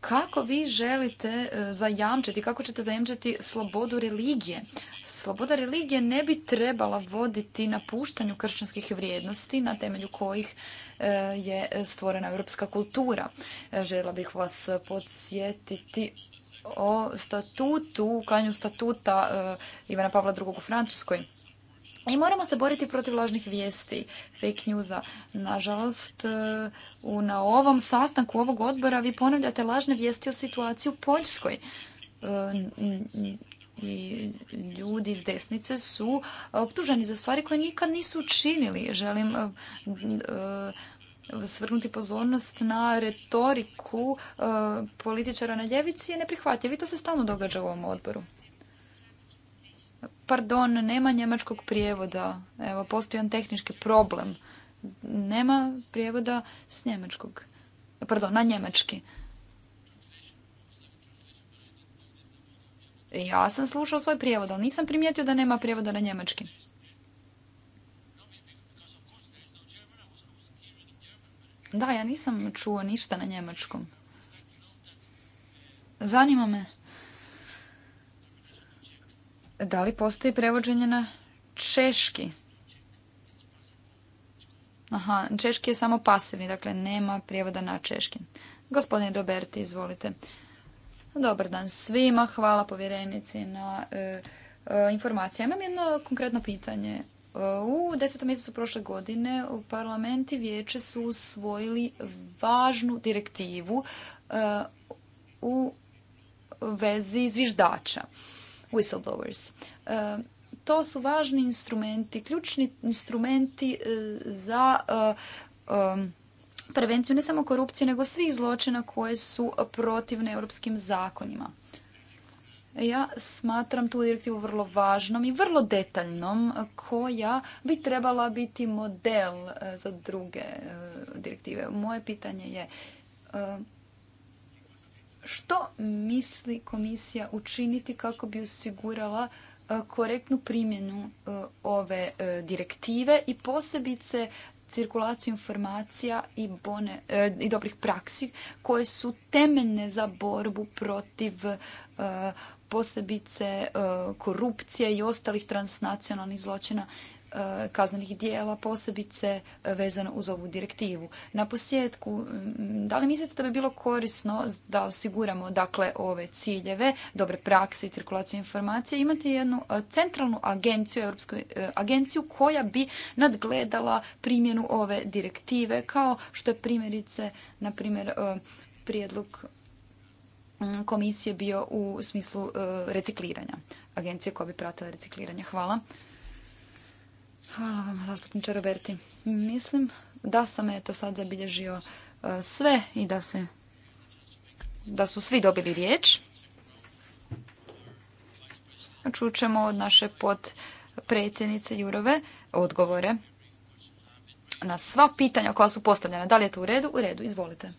Kako vi želite e, zajamčiti, kako ćete zajamčiti slobodu religije? Sloboda religije ne bi trebala voditi napuštanju kršćanskih vrijednosti na temelju kojih e, je stvorena europska kultura. E, Žela bih vas podsjetiti o statutu, uklanju statuta Ivana Pavla II. u Francuskoj i moramo se boriti protiv lažnih vijesti, fake newsa. Nažalost, e, na ovom sastanku ovog odbora vi ponavljate lažne vijesti o situaciji u Poljskoj. E, I ljudi iz desnice su e, optuženi za stvari koje nikad nisu učinili. Želim svrnuti pozornost na retoriku političara na ljevici je neprihvatljiv i to se stalno događa u ovom odboru. Pardon, nema njemačkog prijevoda. Evo, postoji jedan tehnički problem. Nema prijevoda s njemačkog. Pardon, na njemački. Ja sam slušao svoj prijevod, ali nisam primijetio da nema prijevoda na njemački. Da, ja nisam čuo ništa na njemačkom. Zanima me da li postoji prevođenje na češki? Aha, češki je samo pasivni, dakle nema prijevoda na češki. Gospodin Roberti, izvolite. Dobar dan svima, hvala povjerenici na e, e Imam jedno konkretno pitanje. E, u desetom mjesecu prošle godine u parlament i vijeće su usvojili važnu direktivu e, u vezi zviždača whistleblowers. E, to su važni instrumenti, ključni instrumenti e, za e, prevenciju ne samo korupcije, nego svih zločina koje su protivne europskim zakonima. Ja smatram tu direktivu vrlo važnom i vrlo detaljnom koja bi trebala biti model za druge direktive. Moje pitanje je što misli komisija učiniti kako bi osigurala e, korektnu primjenu e, ove e, direktive i posebice cirkulaciju informacija i, i dobrih praksi koje su temeljne za borbu protiv posebice korupcije i ostalih transnacionalnih zločina Eh, kaznenih dijela, posebice vezano uz ovu direktivu. Na posjetku mm, da li mislite da bi bilo korisno da osiguramo dakle ove ciljeve, dobre prakse i cirkulaciju informacija, imati jednu eh, centralnu agenciju, europsku eh, agenciju koja bi nadgledala primjenu ove direktive kao što je primjerice, na primjer, prijedlog mm, komisije bio u smislu recikliranja, agencije koja bi pratila recikliranje. Hvala. Hvala vam, zastupniče Roberti. Mislim da sam eto sad zabilježio e, sve i da se da su svi dobili riječ. Čućemo od naše predsjednice Jurove odgovore na sva pitanja koja su postavljena. Da li je to u redu? U redu, izvolite.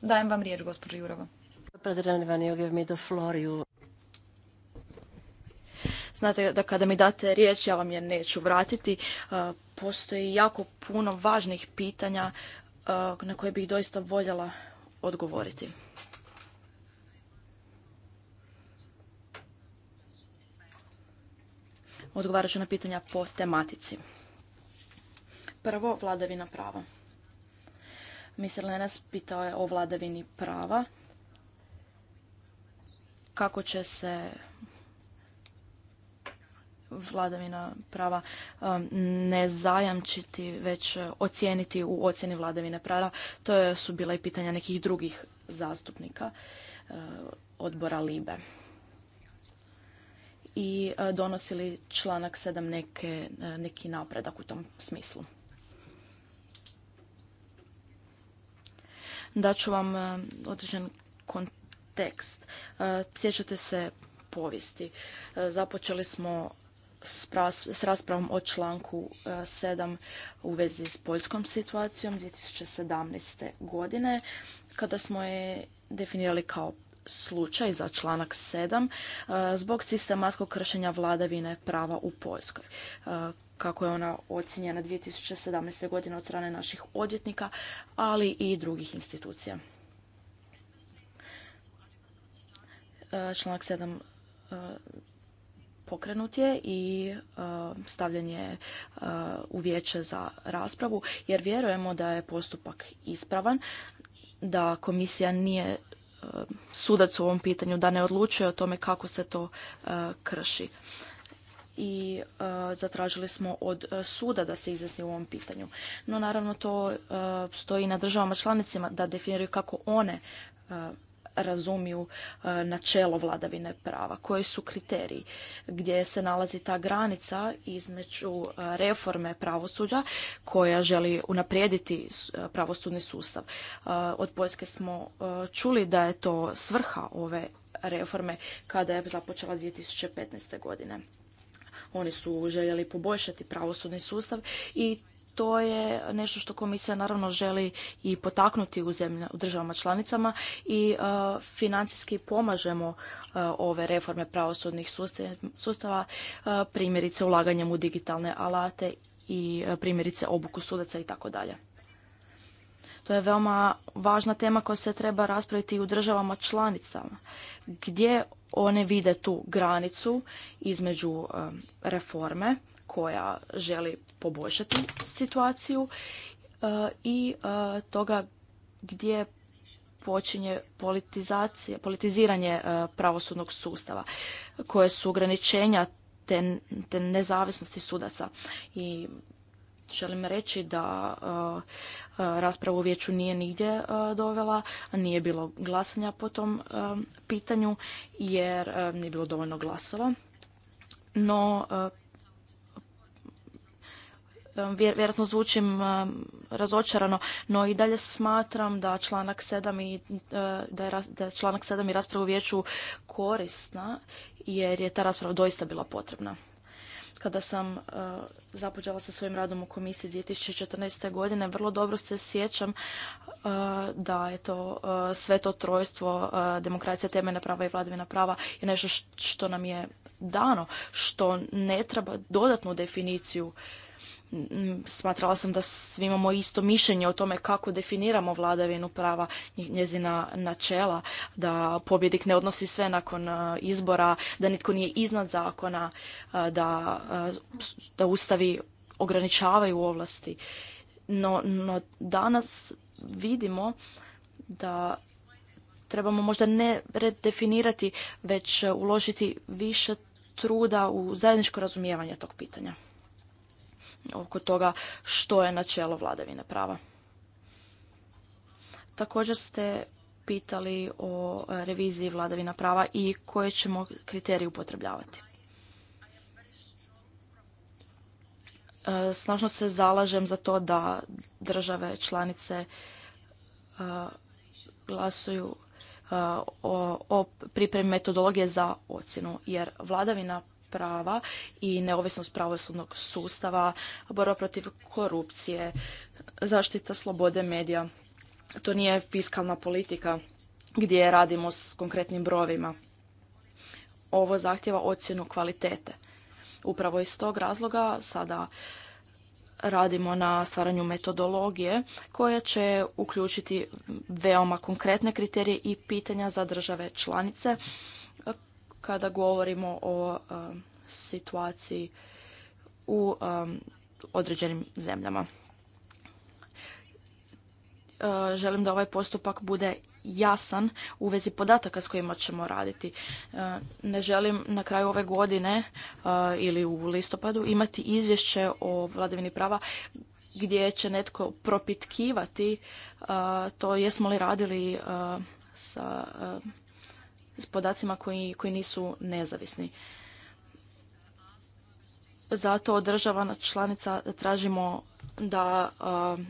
Dajem vam riječ, gospođo Jurova. Ivan, Znate da kada mi date riječ, ja vam je neću vratiti. E, postoji jako puno važnih pitanja e, na koje bih doista voljela odgovoriti. Odgovarat ću na pitanja po tematici. Prvo, vladavina prava. Mr. Lenas pitao je o vladavini prava. Kako će se vladavina prava um, ne zajamčiti, već uh, ocijeniti u ocjeni vladavine prava. To su bila i pitanja nekih drugih zastupnika uh, odbora LIBE. I uh, donosili članak 7 neke, neki napredak u tom smislu. Daću vam određen kontekst. Sjećate se povijesti. Započeli smo s raspravom o članku 7 e, u vezi s poljskom situacijom 2017. godine kada smo je definirali kao slučaj za članak 7 e, zbog sistematskog kršenja vladavine prava u Poljskoj. E, kako je ona ocjenjena 2017. godine od strane naših odvjetnika, ali i drugih institucija. Članak 7 pokrenut je i e, stavljen je e, u vijeće za raspravu jer vjerujemo da je postupak ispravan, da komisija nije e, sudac u ovom pitanju, da ne odlučuje o tome kako se to krši i zatražili smo od suda da se izjasni u ovom pitanju. No naravno to stoji na državama članicima da definiraju kako one razumiju e, načelo vladavine prava, koji su kriteriji, gdje se nalazi ta granica između e, reforme pravosuđa koja želi unaprijediti e, pravosudni sustav. Od Poljske smo čuli da je to svrha ove reforme kada je započela 2015. godine. Oni su željeli poboljšati pravosudni sustav i to je nešto što komisija naravno želi i potaknuti u, u državama članicama i e, financijski pomažemo e, ove reforme pravosudnih sustava, e, primjerice ulaganjem u digitalne alate i primjerice obuku sudaca i tako dalje. To je veoma važna tema koja se treba raspraviti i u državama članicama, gdje one vide tu granicu između reforme koja želi poboljšati situaciju e, i e, toga gdje počinje politizacija, politiziranje e, pravosudnog sustava, koje su ograničenja te, nezavisnosti sudaca. I želim reći da rasprava u vijeću nije nigdje dovela, nije bilo glasanja po tom pitanju jer nije bilo dovoljno glasova. No vjerojatno zvučim razočarano, no i dalje smatram da članak 7 i, e, da je, članak 7 i rasprava u vijeću korisna jer je ta rasprava doista bila potrebna. Kada sam e, započela sa svojim radom u komisiji 2014. godine, vrlo dobro se sjećam e, da je to sve to trojstvo demokracija, temeljna prava i vladavina prava je nešto što nam je dano, što ne treba dodatnu definiciju Mm, mm, smatrala sam da svi imamo isto mišljenje o tome kako definiramo vladavinu prava njezina načela, da pobjednik ne odnosi sve nakon e, izbora, da nitko nije iznad zakona, e, da, e, da ustavi ograničavaju ovlasti. No, no danas vidimo da trebamo možda ne redefinirati, već uložiti više truda u zajedničko razumijevanje tog pitanja oko toga što je načelo vladavine prava. Također ste pitali o reviziji vladavina prava i koje ćemo kriterije upotrebljavati. E, snažno se zalažem za to da države članice e, glasuju e, o pripremi metodologije za ocjenu jer vladavina prava i neovisnost pravosudnog sustava, borba protiv korupcije, zaštita slobode medija. To nije fiskalna politika gdje radimo s konkretnim brojevima. Ovo zahtjeva ocjenu kvalitete. Upravo iz tog razloga sada radimo na stvaranju metodologije koja će uključiti veoma konkretne kriterije i pitanja za države članice kada govorimo o um, situaciji u um, određenim zemljama. Uh, želim da ovaj postupak bude jasan u vezi podataka s kojima ćemo raditi. Uh, ne želim na kraju ove godine uh, ili u listopadu imati izvješće o vladavini prava gdje će netko propitkivati to jesmo li radili sa s podacima koji, koji nisu nezavisni. Zato od država članica tražimo da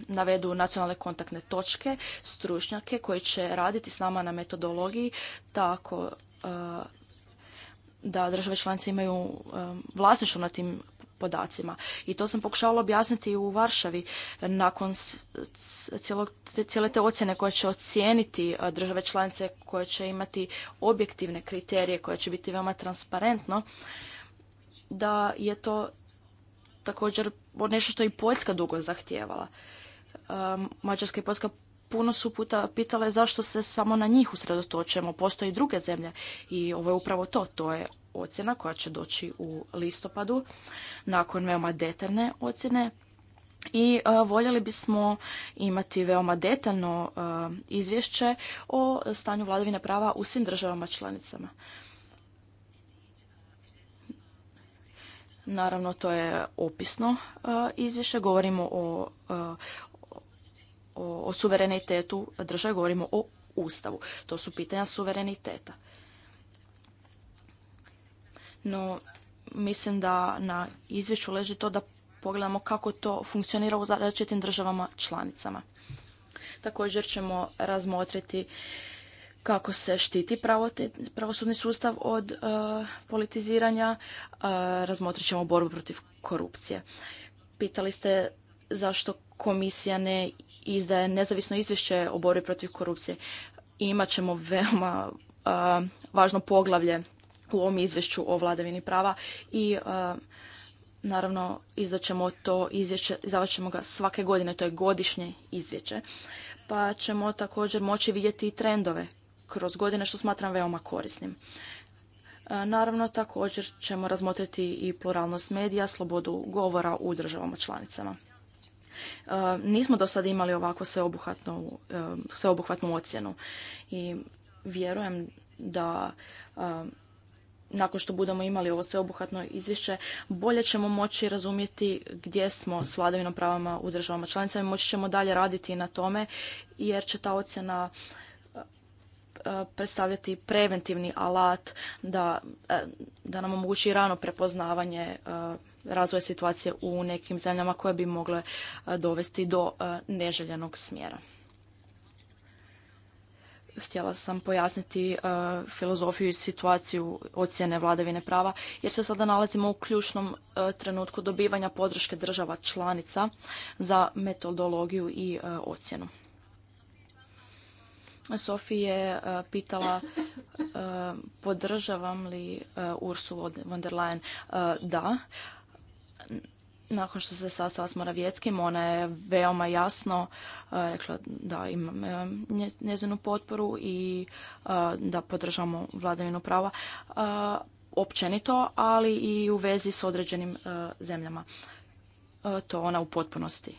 navedu nacionalne kontaktne točke, stručnjake koji će raditi s nama na metodologiji tako da države članice imaju vlasništvo na tim podacima. I to sam pokušavala objasniti u Varšavi nakon cijele te ocjene koje će ocijeniti države članice koje će imati objektivne kriterije koje će biti veoma transparentno da je to također nešto što je i Poljska dugo zahtijevala. Mađarska i Poljska puno su puta pitale zašto se samo na njih usredotočujemo. Postoje i druge zemlje i ovo je upravo to. To je ocjena koja će doći u listopadu nakon veoma detaljne ocjene i e, voljeli bismo imati veoma detaljno e, izvješće o stanju vladavine prava u svim državama članicama. Naravno, to je opisno e, izvješće. Govorimo o, o suverenitetu države, govorimo o Ustavu. To su pitanja suvereniteta no mislim da na izvješću leži to da pogledamo kako to funkcionira u različitim državama članicama. Također ćemo razmotriti kako se štiti pravosudni sustav od e, politiziranja, razmotrićemo razmotrit ćemo borbu protiv korupcije. Pitali ste zašto komisija ne izdaje nezavisno izvješće o borbi protiv korupcije. Imat ćemo veoma e, važno poglavlje u ovom izvješću o vladavini prava i e, naravno izdaćemo to izvješće, izdavat ćemo ga svake godine, to je godišnje izvješće, pa ćemo također moći vidjeti i trendove kroz godine što smatram veoma korisnim. E, naravno, također ćemo razmotriti i pluralnost medija, slobodu govora u državama članicama. E, nismo do sada imali ovako sveobuhvatnu, sveobuhvatnu ocjenu i vjerujem da nakon što budemo imali ovo sveobuhvatno izvješće, bolje ćemo moći razumjeti gdje smo s vladavinom pravama u državama članicama i moći ćemo dalje raditi na tome, jer će ta ocjena e, predstavljati preventivni alat da, e, da nam omogući rano prepoznavanje e, razvoja situacije u nekim zemljama koje bi mogle dovesti do neželjenog smjera htjela sam pojasniti e, filozofiju i situaciju ocjene vladavine prava jer se sada nalazimo u ključnom e, trenutku dobivanja podrške država članica za metodologiju i e, ocjenu. Sofi je pitala podržavam li Ursula von der Leyen. Da, nakon što se sastala s Moravjeckim, ona je veoma jasno e, rekla da imam e, njezinu potporu i e, da podržamo vladavinu prava općenito, ali i u vezi s određenim zemljama. To ona u potpunosti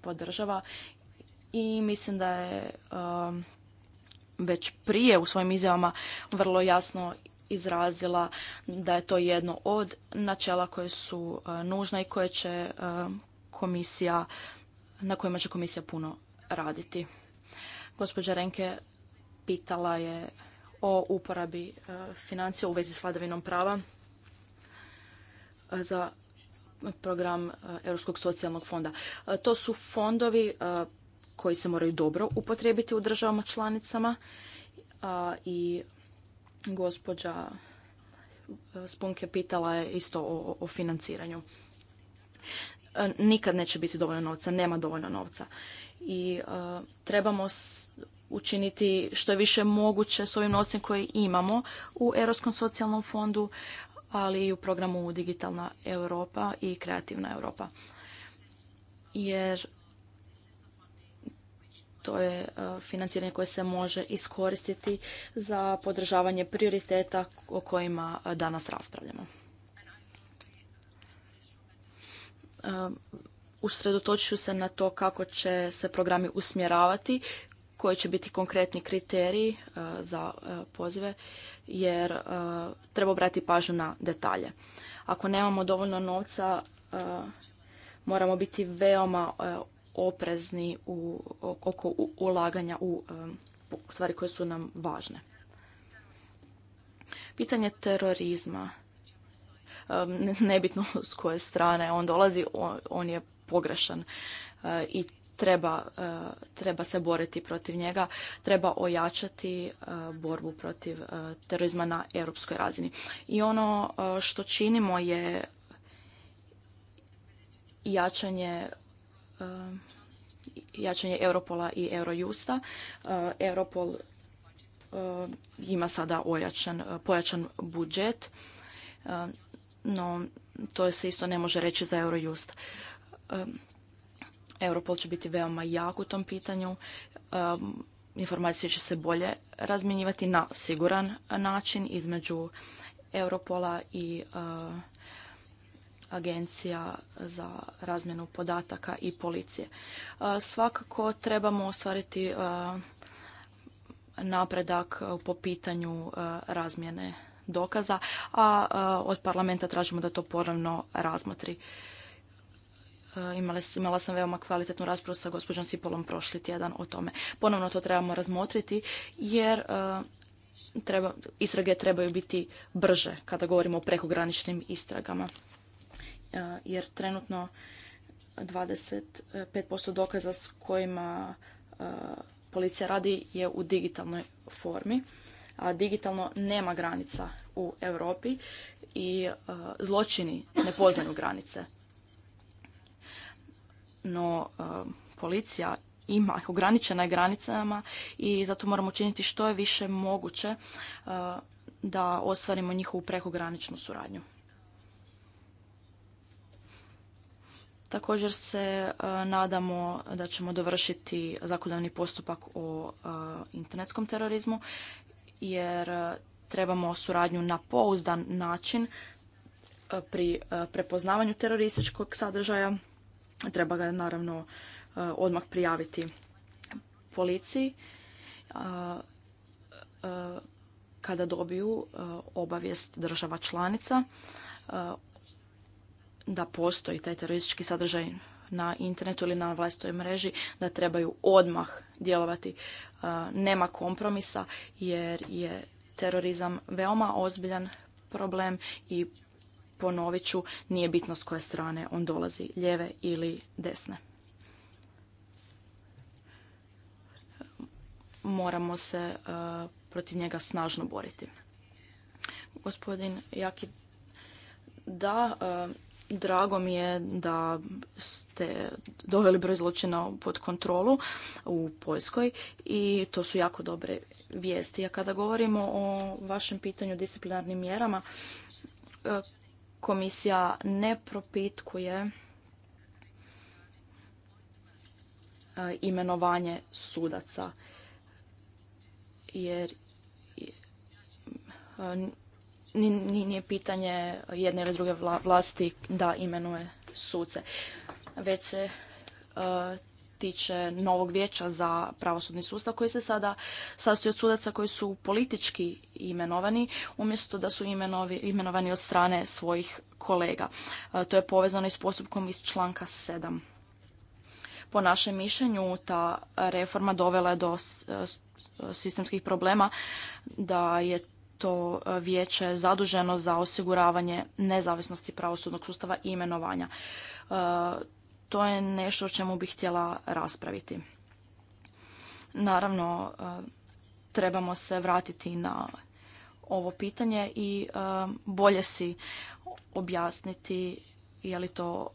podržava i mislim da je već prije u svojim izjavama vrlo jasno izrazila da je to jedno od načela koje su e, nužna i koje će e, komisija, na kojima će komisija puno raditi. Gospođa Renke pitala je o uporabi e, financija u vezi s vladavinom prava za program Europskog socijalnog fonda. To su fondovi koji se moraju dobro upotrijebiti u državama članicama i Gospođa e, Spunk je pitala isto o, financiranju. E, nikad neće biti dovoljno novca, nema dovoljno novca. I e, trebamo učiniti što je više moguće s ovim novcem koji imamo u Europskom socijalnom fondu, ali i u programu Digitalna Europa i Kreativna Europa. Jer to je e, financiranje koje se može iskoristiti za podržavanje prioriteta o kojima e, danas raspravljamo. E, usredotočuju se na to kako će se programi usmjeravati, koji će biti konkretni kriteriji za pozive, jer treba obrati pažnju na detalje. Ako nemamo dovoljno novca, moramo biti veoma oprezni u, oko ulaganja e, u stvari koje su nam važne. Pitanje terorizma. E, nebitno s koje strane on dolazi, on je pogrešan e, i treba, treba se boriti protiv njega, treba ojačati borbu protiv terorizma na europskoj razini. I ono što činimo je jačanje Eh, jačanje Europola i Eurojusta. Eh, Europol eh, ima sada pojačan budžet, no to se isto ne može reći za Eurojust. Europol će biti veoma jak u tom pitanju. Informacije će se bolje razmjenjivati na siguran način između Europola i agencija za razmjenu podataka i policije. E, svakako trebamo ostvariti e, napredak po pitanju e, razmjene dokaza, a od parlamenta tražimo da to ponovno razmotri. Imala sam veoma kvalitetnu raspravu sa gospođom Sipolom prošli tjedan o tome. Ponovno to trebamo razmotriti jer istrage trebaju biti brže kada govorimo o prekograničnim istragama jer trenutno 25% dokaza s kojima policija radi je u digitalnoj formi, a digitalno nema granica u Europi i zločini ne poznaju granice. No, policija ima, ograničena je granicama i zato moramo činiti što je više moguće da ostvarimo njihovu prekograničnu suradnju. Također se e, nadamo da ćemo dovršiti zakonodavni postupak o e, internetskom terorizmu jer e, trebamo suradnju na pouzdan način pri prepoznavanju terorističkog sadržaja. Treba ga naravno odmah prijaviti policiji kada dobiju obavijest država članica da postoji taj teroristički sadržaj na internetu ili na vlastitoj mreži, da trebaju odmah djelovati. Nema kompromisa jer je terorizam veoma ozbiljan problem i ponovit ću, nije bitno s koje strane on dolazi, lijeve ili desne. Moramo se protiv njega snažno boriti. Gospodin Jaki, da, Drago mi je da ste doveli broj zločina pod kontrolu u Poljskoj i to su jako dobre vijesti. A kada govorimo o vašem pitanju o disciplinarnim mjerama, e, komisija ne propitkuje e, imenovanje sudaca jer e, nije pitanje jedne ili druge vlasti da imenuje suce. Već se e, tiče novog vijeća za pravosudni sustav koji se sada sastoji od sudaca koji su politički imenovani umjesto da su imenovani od strane svojih kolega. E, to je povezano i s postupkom iz članka 7. Po našem mišljenju ta reforma dovela je do e, sistemskih problema da je to e, vijeće zaduženo za osiguravanje nezavisnosti pravosudnog sustava i imenovanja. E, to je nešto o čemu bih htjela raspraviti. Naravno, e, trebamo se vratiti na ovo pitanje i bolje si objasniti je li to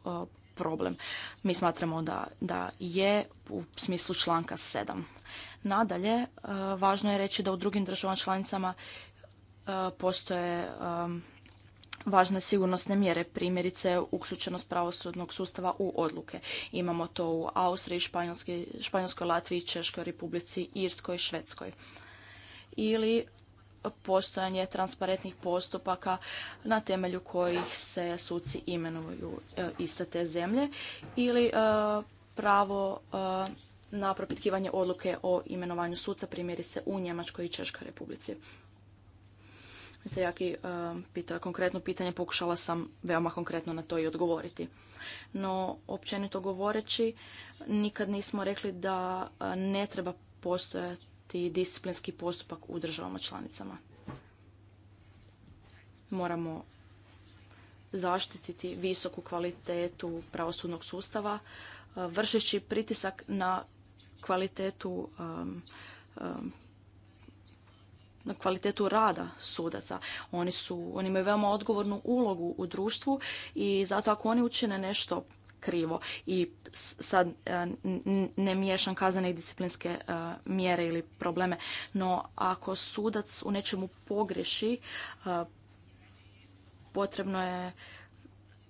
problem. Mi smatramo da, da je u smislu članka 7. Nadalje, važno je reći da u drugim državama članicama E, postoje e, važne sigurnosne mjere, primjerice uključenost pravosudnog sustava u odluke. Imamo to u Austriji, Španjolskoj, Latviji, Češkoj republici, Irskoj, Švedskoj. Ili postojanje transparentnih postupaka na temelju kojih se suci imenuju e, iste te zemlje ili pravo na propitkivanje odluke o imenovanju suca primjerice u Njemačkoj i Češkoj republici se Jaki eh, pitao konkretno pitanje, pokušala sam veoma konkretno na to i odgovoriti. No, općenito govoreći, nikad nismo rekli da eh, ne treba postojati disciplinski postupak u državama članicama. Moramo zaštititi visoku kvalitetu pravosudnog sustava, eh, vršeći pritisak na kvalitetu na kvalitetu rada sudaca. Oni, su, oni imaju veoma odgovornu ulogu u društvu i zato ako oni učine nešto krivo i sad e, ne miješam kazane i disciplinske e, mjere ili probleme, no ako sudac u nečemu pogreši, e, potrebno je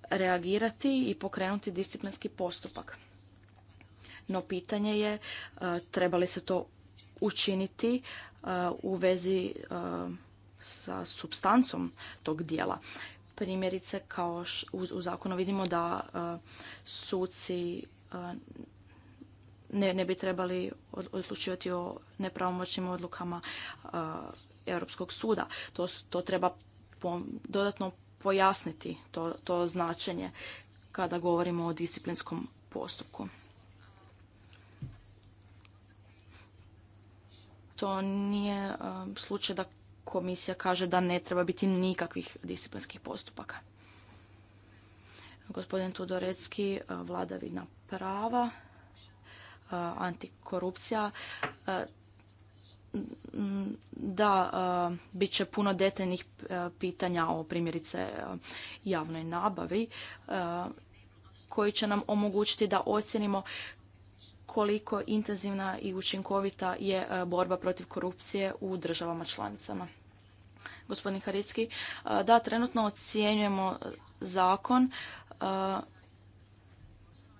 reagirati i pokrenuti disciplinski postupak. No pitanje je treba li se to učiniti e, u vezi e, sa substancom tog dijela. Primjerice, kao u, zakonu vidimo da e, suci ne, bi trebali odlučivati o nepravomoćnim odlukama Europskog suda. To, treba dodatno pojasniti to značenje kada govorimo o disciplinskom postupku. to nije e, slučaj da komisija kaže da ne treba biti nikakvih disciplinskih postupaka. Gospodin Tudorecki, e, vladavina prava, e, antikorupcija. Da, bit će puno detaljnih pitanja o primjerice javnoj nabavi koji će nam omogućiti da ocjenimo koliko intenzivna i učinkovita je e, borba protiv korupcije u državama članicama. Gospodin Haritski, e, da, trenutno ocjenjujemo e, zakon.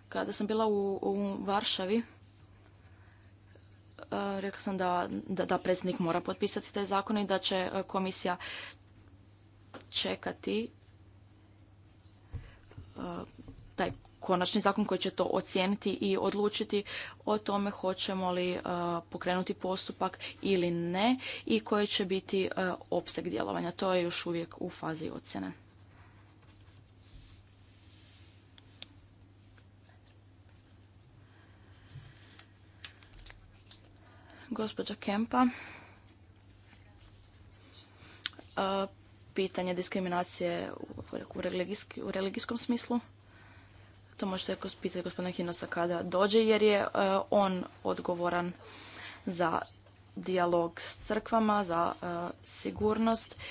Kada sam bila u, Varšavi, rekla sam da, da, da predsjednik mora potpisati taj zakon i da će komisija čekati taj konačni zakon koji će to ocijeniti i odlučiti o tome hoćemo li e, pokrenuti postupak ili ne i koji će biti e, opseg djelovanja. To je još uvijek u fazi ocjene. Gospođa Kempa. E, pitanje diskriminacije u religijskom smislu. To možete pitati gospodina Hinosa kada dođe, jer je e, on odgovoran za dijalog s crkvama, za e, sigurnost.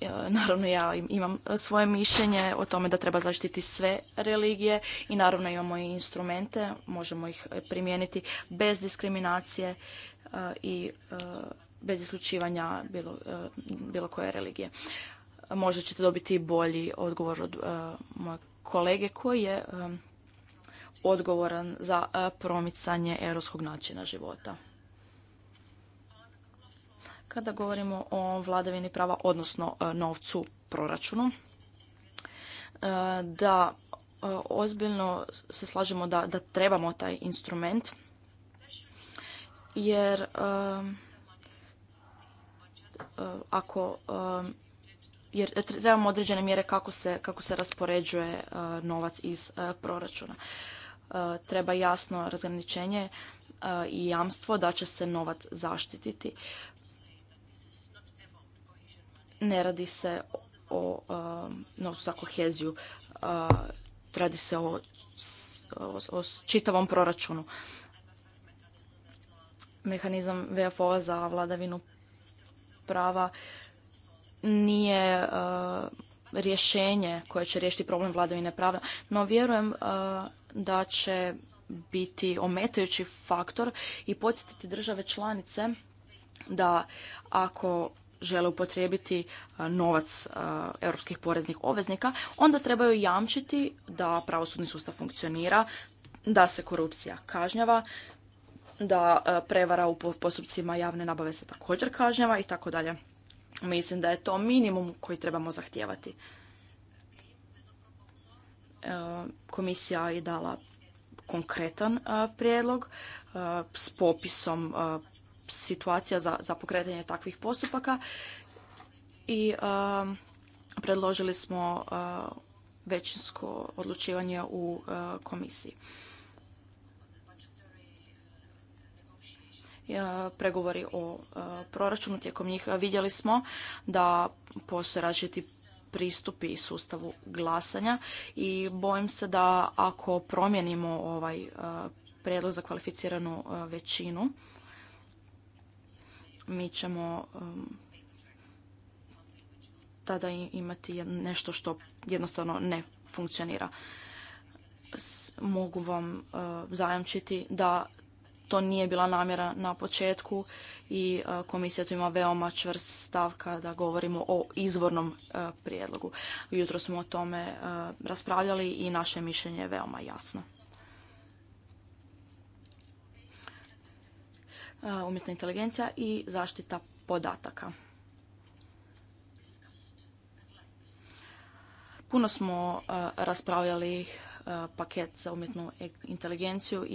E, naravno, ja imam svoje mišljenje o tome da treba zaštiti sve religije i naravno imamo i instrumente, možemo ih primijeniti bez diskriminacije i bez isključivanja bilo, bilo koje religije. Možda ćete dobiti bolji odgovor od mojeg kolege koji je odgovoran za e, promicanje europskog načina života. Kada govorimo o vladavini prava, odnosno e, novcu proračunu, e, da ozbiljno se slažemo da, da trebamo taj instrument, jer ako jer trebamo određene mjere kako se, kako se raspoređuje e, novac iz e, proračuna. E, treba jasno razgraničenje i jamstvo da će se novac zaštititi. Ne radi se o novcu za koheziju, radi se o, o, čitavom proračunu. Mehanizam VFO za vladavinu prava nije e, rješenje koje će riješiti problem vladavine prava, no vjerujem e, da će biti ometajući faktor i podsjetiti države članice da ako žele upotrijebiti e, novac europskih poreznih obveznika, onda trebaju jamčiti da pravosudni sustav funkcionira, da se korupcija kažnjava, da prevara u postupcima javne nabave se također kažnjava i tako dalje. Mislim da je to minimum koji trebamo zahtijevati. E, komisija je dala konkretan e, prijedlog e, s popisom situacija za pokretanje takvih postupaka i predložili smo većinsko odlučivanje u komisiji. E, pregovori o e, proračunu tijekom njih vidjeli smo da postoje različiti pristupi sustavu glasanja i bojim se da ako promijenimo ovaj e, prijedlog za kvalificiranu većinu mi ćemo tada imati nešto što jednostavno ne funkcionira. Mogu vam zajamčiti da to nije bila namjera na početku i e, komisija tu ima veoma čvrst stav kada govorimo o izvornom e, prijedlogu. Jutro smo o tome e, raspravljali i naše mišljenje je veoma jasno. Umjetna inteligencija i zaštita podataka. Puno smo raspravljali E, paket za umjetnu e, inteligenciju e,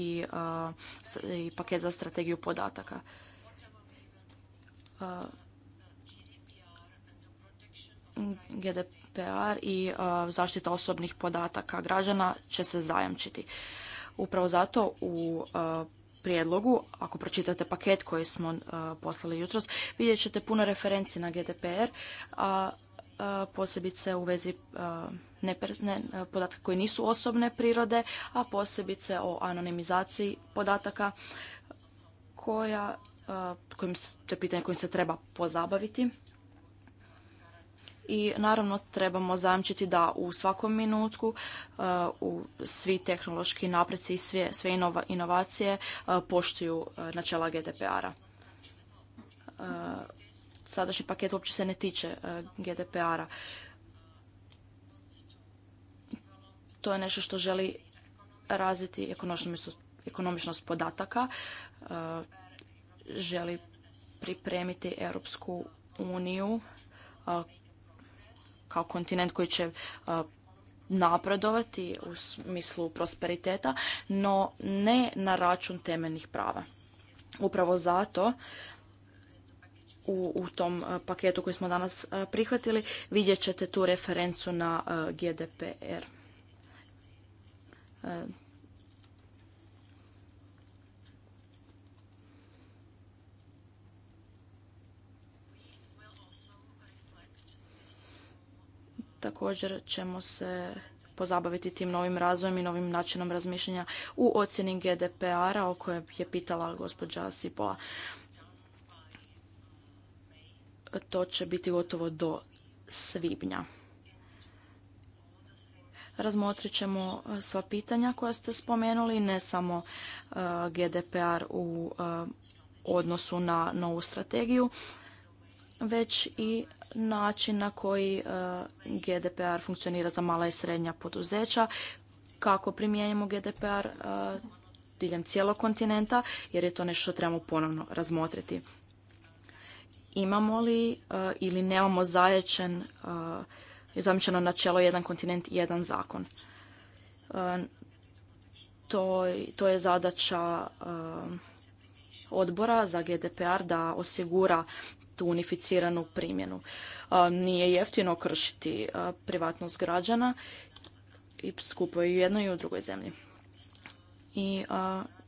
i, paket za strategiju podataka. GDPR i zaštita osobnih podataka građana će se zajamčiti. Upravo zato u prijedlogu, ako pročitate paket koji smo poslali jutros, vidjet ćete puno referenci na GDPR, a posebice u vezi E, podatke koji nisu osobne prirode, a posebice o anonimizaciji podataka koja, e, kojim, to je pitanje kojim se treba pozabaviti. I naravno trebamo zajamčiti da u svakom minutku e, u svi tehnološki napreci i sve, sve inovacije poštuju načela GDPR-a sadašnji paket uopće se ne tiče GDPR-a. To je nešto što želi razviti ekonomičnost podataka, eh, želi pripremiti Europsku uniju eh, kao kontinent koji će eh, napredovati u smislu prosperiteta, no ne na račun temeljnih prava. Upravo zato u, u tom paketu koji smo danas prihvatili vidjet ćete tu referencu na GDPR. E, također ćemo se pozabaviti tim novim razvojem i novim načinom razmišljanja u ocjeni GDPR-a o kojoj je pitala gospođa Sipola. To će biti gotovo do svibnja. Razmotrit ćemo e, sva pitanja koja ste spomenuli, ne samo e, GDPR u e, odnosu na novu strategiju, već i način na koji GDPR funkcionira za mala i srednja poduzeća, kako primjenjamo GDPR diljem cijelog kontinenta, jer je to nešto što trebamo ponovno razmotriti. Imamo li ili nemamo zaječen je načelo jedan kontinent i jedan zakon. E, to, je zadaća e, odbora za GDPR da osigura tu unificiranu primjenu. E, nije jeftino kršiti privatnost građana i skupo i u jednoj i u drugoj zemlji. I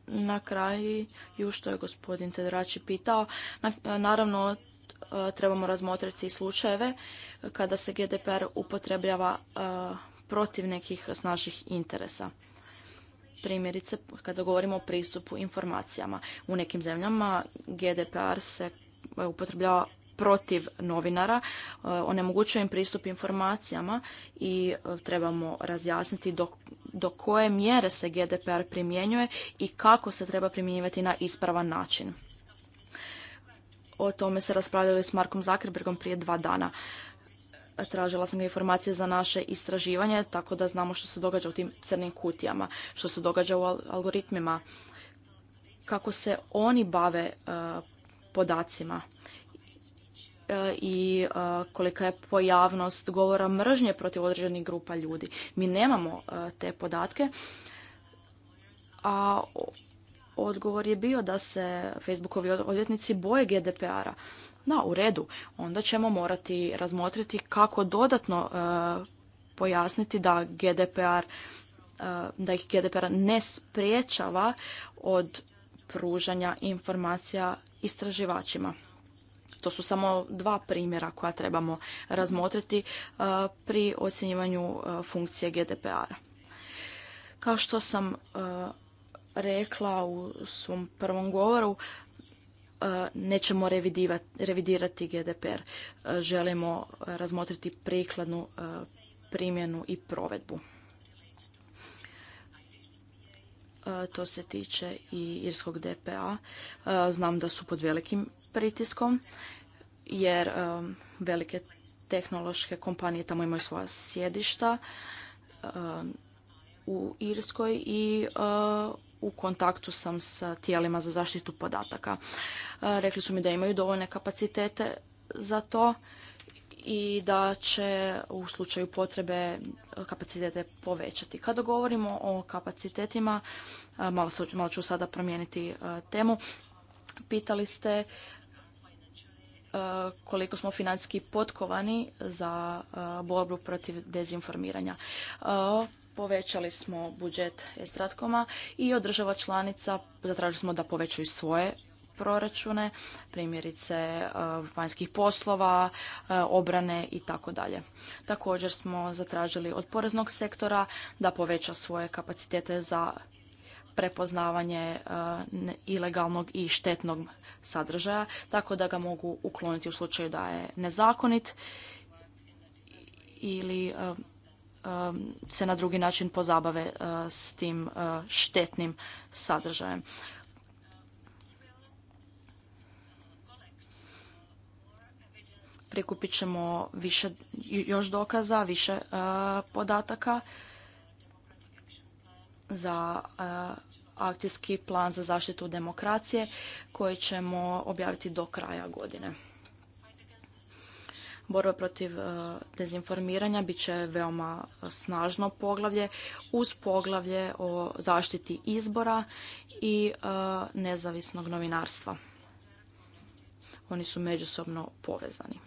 na kraju, što je gospodin Tedrači pitao, naravno E, trebamo razmotriti slučajeve kada se GDPR upotrebljava e, protiv nekih s naših interesa. Primjerice, kada govorimo o pristupu informacijama. U nekim zemljama GDPR se e, upotrebljava protiv novinara, onemogućuje im pristup informacijama i trebamo razjasniti do, do koje mjere se GDPR primjenjuje i kako se treba primjenjivati na ispravan način. O tome se raspravljali s Markom Zuckerbergom prije dva dana. Tražila sam informacije za naše istraživanje, tako da znamo što se događa u tim crnim kutijama, što se događa u algoritmima, kako se oni bave e, podacima e, i e, kolika je pojavnost govora mržnje protiv određenih grupa ljudi. Mi nemamo te podatke, a odgovor je bio da se Facebookovi odvjetnici boje GDPR-a. Da, u redu. Onda ćemo morati razmotriti kako dodatno e, pojasniti da GDPR e, da ih GDPR ne spriječava od pružanja informacija istraživačima. To su samo dva primjera koja trebamo razmotriti e, pri ocjenjivanju funkcije GDPR-a. Kao što sam rekla u svom prvom govoru, e, nećemo revidirati GDPR. E, želimo razmotriti prikladnu e, primjenu i provedbu. To se tiče i irskog DPA. Znam da su pod velikim pritiskom jer velike tehnološke kompanije tamo imaju svoja sjedišta u Irskoj i u kontaktu sam sa tijelima za zaštitu podataka. E, rekli su mi da imaju dovoljne kapacitete za to i da će u slučaju potrebe kapacitete povećati. Kada govorimo o kapacitetima, e, malo, ću sada promijeniti e, temu, pitali ste koliko smo financijski potkovani za borbu protiv dezinformiranja povećali smo budžet Estratkoma i od država članica zatražili smo da povećaju svoje proračune, primjerice e, vanjskih poslova, e, obrane i tako dalje. Također smo zatražili od poreznog sektora da poveća svoje kapacitete za prepoznavanje e, ilegalnog i štetnog sadržaja, tako da ga mogu ukloniti u slučaju da je nezakonit ili Um, se na drugi način pozabave uh, s tim uh, štetnim sadržajem. Prikupit ćemo više, još dokaza, više uh, podataka za akcijski plan za zaštitu demokracije koji ćemo objaviti do kraja godine. Borba protiv e, dezinformiranja bit će veoma snažno poglavlje uz poglavlje o zaštiti izbora i e, nezavisnog novinarstva. Oni su međusobno povezani.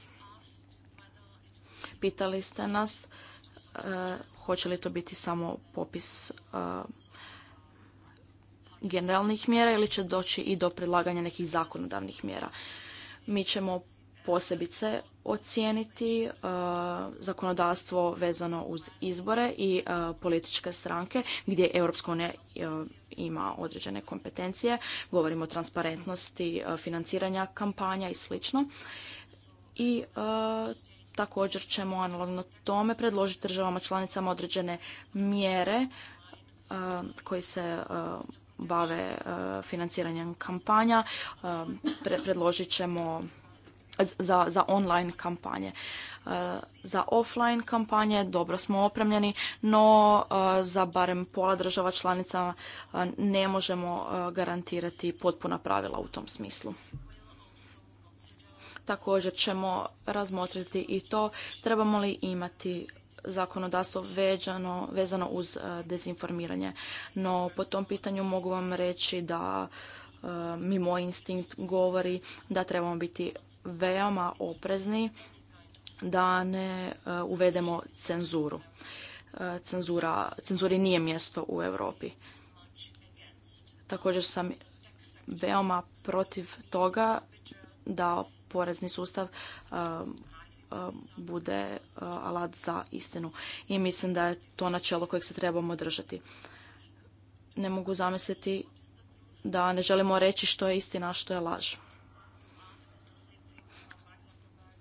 Pitali ste nas e, hoće li to biti samo popis generalnih mjera ili će doći i do predlaganja nekih zakonodavnih mjera. Mi ćemo posebice ocijeniti e, zakonodavstvo vezano uz izbore i e, političke stranke gdje Europska unija e, ima određene kompetencije. Govorimo o transparentnosti financiranja kampanja i slično. I također ćemo analogno tome predložiti državama članicama određene mjere koji se bave financiranjem kampanja. Predložit ćemo za, za online kampanje. E, za offline kampanje dobro smo opremljeni, no e, za barem pola država članica e, ne možemo garantirati potpuna pravila u tom smislu. Također ćemo razmotriti i to trebamo li imati zakonodavstvo veđano, vezano uz dezinformiranje. No po tom pitanju mogu vam reći da mi moj instinkt govori da trebamo biti veoma oprezni da ne e, uvedemo cenzuru. E, cenzura, cenzuri nije mjesto u Europi. Također sam veoma protiv toga da porezni sustav e, bude alat za istinu. I mislim da je to načelo kojeg se trebamo držati. Ne mogu zamisliti da ne želimo reći što je istina, što je laž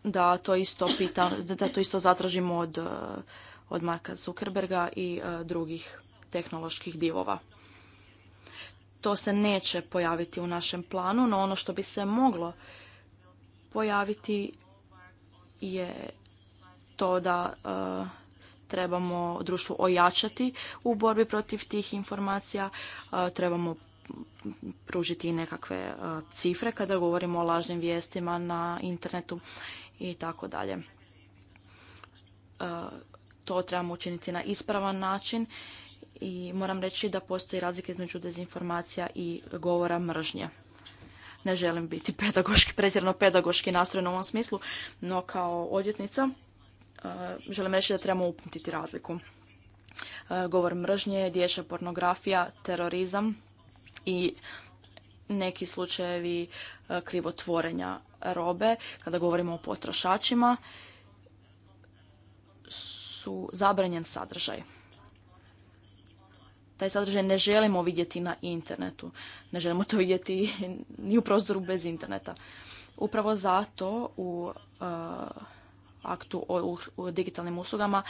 da to isto pita, da to isto zatražimo od, eh, od Marka Zuckerberga i eh, drugih tehnoloških divova. To se neće pojaviti u našem planu, no ono što bi se moglo pojaviti je to da eh, trebamo društvo ojačati u borbi protiv tih informacija, trebamo pružiti i nekakve cifre kada govorimo o lažnim vijestima na internetu i tako dalje. E, to trebamo učiniti na ispravan način i moram reći da postoji razlika između dezinformacija i govora mržnje. Ne želim biti pedagoški, pretjerano pedagoški nastrojen u ovom smislu, no kao odjetnica e, želim reći da trebamo upamtiti razliku. E, govor mržnje, dječja pornografija, terorizam i neki slučajevi e, krivotvorenja robe, kada govorimo o potrošačima, su zabranjen sadržaj. Taj sadržaj ne želimo vidjeti na internetu. Ne želimo to vidjeti ni u prozoru bez interneta. Upravo zato u e, aktu o digitalnim uslugama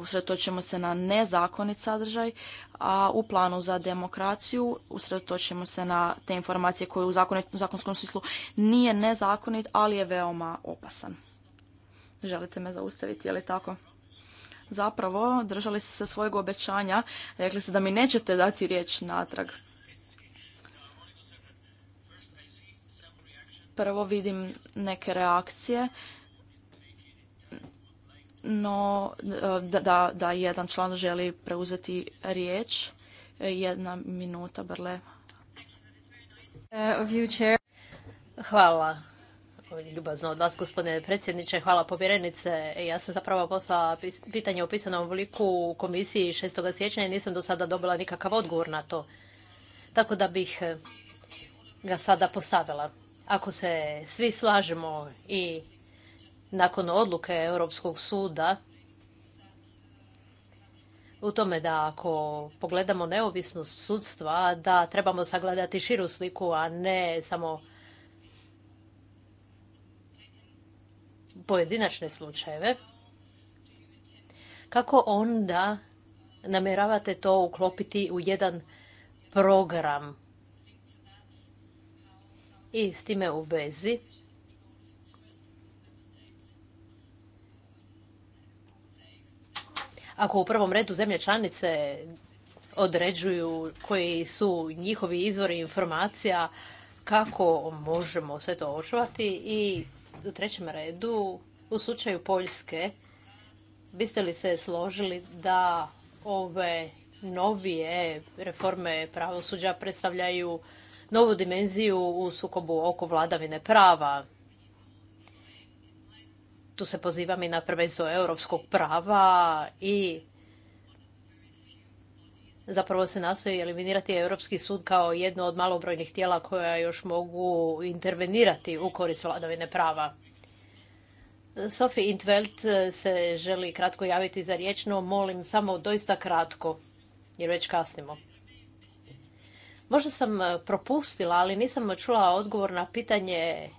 usredotočimo se na nezakonit sadržaj, a u planu za demokraciju usredotočimo se na te informacije koje u, zakonskom smislu nije nezakonit, ali je veoma opasan. Želite me zaustaviti, je li tako? Zapravo, držali ste se svojeg obećanja, rekli ste da mi nećete dati riječ natrag. Prvo vidim neke reakcije no da, da jedan član želi preuzeti riječ. Jedna minuta, Brle. Uh, Hvala. Ljubazno od vas, gospodine predsjedniče. Hvala povjerenice. E, ja sam zapravo poslala pitanje u pisanom obliku komisiji 6. siječnja i nisam do sada dobila nikakav odgovor na to. Tako da bih eh, ga sada postavila. Ako se svi slažemo i nakon odluke Europskog suda u tome da ako pogledamo neovisnost sudstva, da trebamo sagledati širu sliku, a ne samo pojedinačne slučajeve, kako onda namjeravate to uklopiti u jedan program? I s time u vezi, Ako u prvom redu zemlje članice određuju koji su njihovi izvori informacija, kako možemo sve to očuvati i u trećem redu, u slučaju Poljske, biste li se složili da ove novije reforme pravosuđa predstavljaju novu dimenziju u sukobu oko vladavine prava tu se pozivam i na prvenstvo europskog prava i zapravo se nastoji eliminirati Europski sud kao jedno od malobrojnih tijela koja još mogu intervenirati u korist vladavine prava. Sophie Intveld se želi kratko javiti za riječ, no molim samo doista kratko, jer već kasnimo. Možda sam propustila, ali nisam čula odgovor na pitanje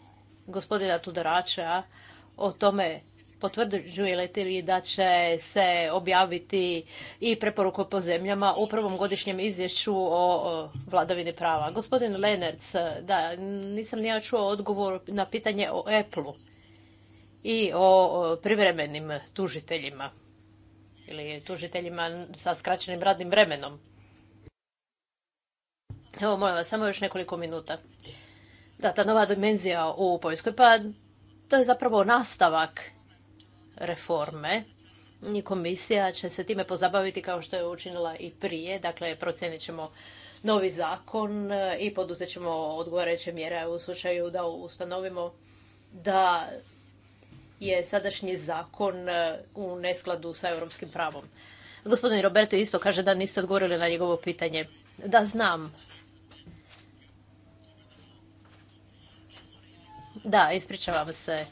gospodina Tudorača o tome potvrđujete li da će se objaviti i preporuku po zemljama u prvom godišnjem izvješću o vladavini prava. Gospodin Lenerc, da, nisam nija čuo odgovor na pitanje o Apple-u i o privremenim tužiteljima ili tužiteljima sa skraćenim radnim vremenom. Evo, molim vas, samo još nekoliko minuta. Da, ta nova dimenzija u Poljskoj, pa to je zapravo nastavak reforme i komisija će se time pozabaviti kao što je učinila i prije. Dakle, procijenit ćemo novi zakon i poduzet ćemo odgovarajuće mjere u slučaju da ustanovimo da je sadašnji zakon e, u neskladu sa europskim pravom. Gospodin Roberto isto kaže da niste odgovorili na njegovo pitanje. Da znam, Da, ispričavam se.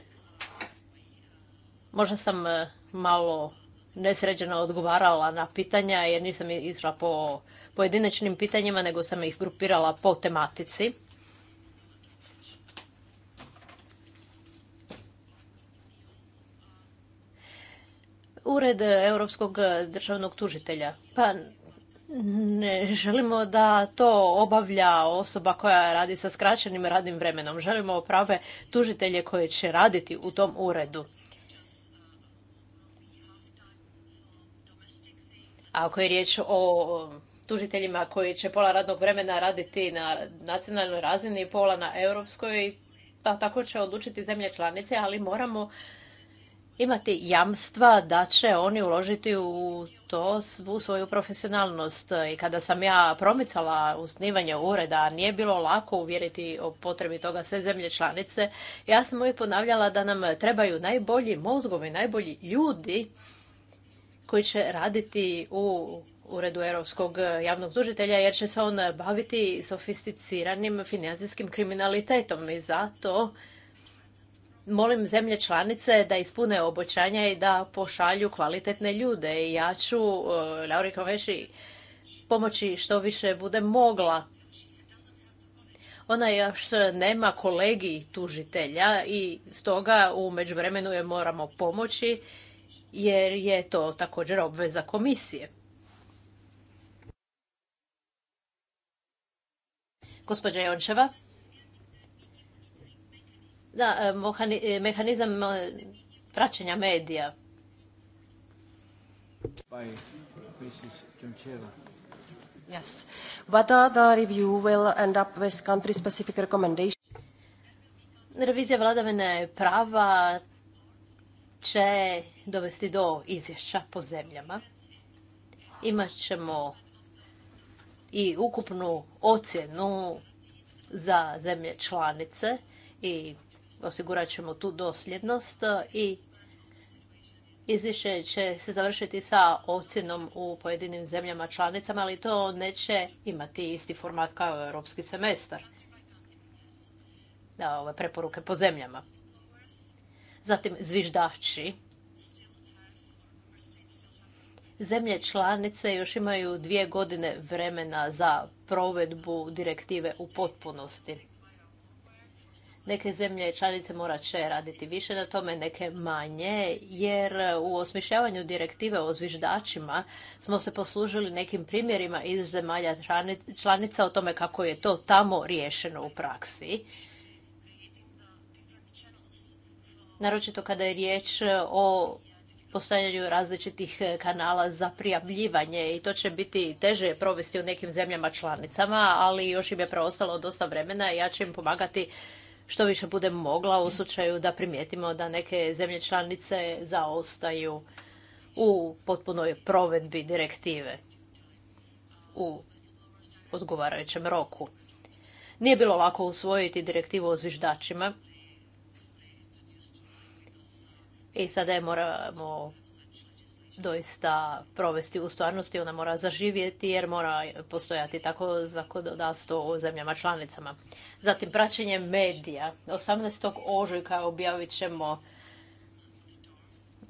Možda sam e, malo nesređeno odgovarala na pitanja jer nisam išla po pojedinačnim pitanjima nego sam ih grupirala po tematici. Ured Europskog državnog tužitelja. Pa ne želimo da to obavlja osoba koja radi sa skraćenim radnim vremenom. Želimo prave tužitelje koji će raditi u tom uredu. ako je riječ o tužiteljima koji će pola radnog vremena raditi na nacionalnoj razini i pola na europskoj, pa tako će odlučiti zemlje članice, ali moramo imati jamstva da će oni uložiti u to svu svoju profesionalnost. I kada sam ja promicala osnivanje ureda, nije bilo lako uvjeriti o potrebi toga sve zemlje članice. Ja sam uvijek ponavljala da nam trebaju najbolji mozgovi, najbolji ljudi koji će raditi u uredu Europskog javnog tužitelja jer će se on baviti sofisticiranim financijskim kriminalitetom i zato molim zemlje članice da ispune obećanja i da pošalju kvalitetne ljude. I ja ću, e, Lauri Koveši, pomoći što više bude mogla. Ona još nema kolegi tužitelja i stoga u međuvremenu je moramo pomoći jer je to također obveza komisije. Gospođa Jončeva. Da, e, e, mehanizam e, praćenja medija. By Mrs. Yes. the review will end up with country specific recommendations. Revizija vladavine prava će dovesti do izvješća po zemljama. Imaćemo i ukupnu ocjenu za zemlje članice i Osigurat ćemo tu dosljednost e, i izvješće će se završiti sa ocjenom u pojedinim zemljama članicama, ali to neće imati isti format kao europski semestar. Da, ove preporuke po zemljama. Zatim zviždači. Zemlje članice još imaju dvije godine vremena za provedbu direktive u potpunosti. Neke zemlje članice morat će raditi više na tome, neke manje, jer u osmišljavanju direktive o zviždačima smo se poslužili nekim primjerima iz zemalja članica o tome kako je to tamo riješeno u praksi. Naročito kada je riječ o postojanju različitih kanala za prijavljivanje i to će biti teže provesti u nekim zemljama članicama, ali još im je preostalo dosta vremena i ja ću im pomagati što više budem mogla u slučaju da primijetimo da neke zemlje članice zaostaju u potpunoj provedbi direktive u odgovarajućem roku. Nije bilo lako usvojiti direktivu o zviždačima i sada je moramo doista provesti u stvarnosti, ona mora zaživjeti jer mora postojati tako zakonodavstvo u zemljama članicama. Zatim praćenje medija. 18. ožujka objavit ćemo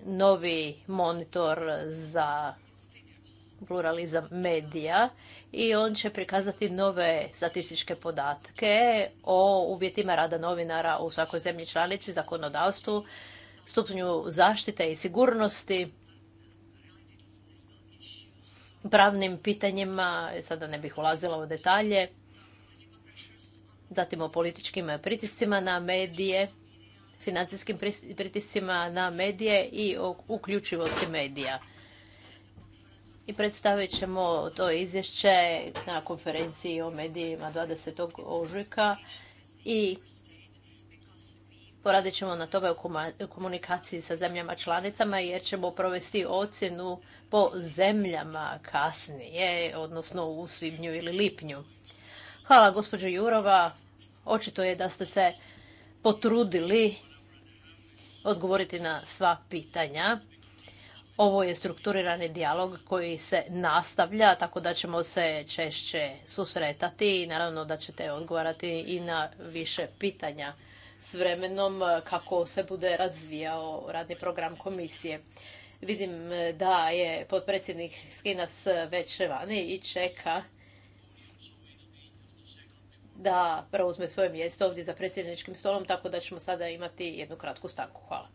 novi monitor za pluralizam medija i on će prikazati nove statističke podatke o uvjetima rada novinara u svakoj zemlji članici, zakonodavstvu, stupnju zaštite i sigurnosti, pravnim pitanjima, sada ne bih ulazila u detalje, zatim o političkim pritiscima na medije, financijskim pritiscima na medije i o uključivosti medija. I predstavit ćemo to izvješće na konferenciji o medijima 20. ožujka i Poradit ćemo na tome u komunikaciji sa zemljama članicama jer ćemo provesti ocjenu po zemljama kasnije, odnosno u svibnju ili lipnju. Hvala gospođo Jurova. Očito je da ste se potrudili odgovoriti na sva pitanja. Ovo je strukturirani dijalog koji se nastavlja, tako da ćemo se češće susretati i naravno da ćete odgovarati i na više pitanja s vremenom e, kako se bude razvijao radni program komisije. Vidim e, da je potpredsjednik Skinas e, već vani i čeka da preuzme svoje mjesto ovdje za predsjedničkim stolom, tako da ćemo sada imati jednu kratku stanku. Hvala.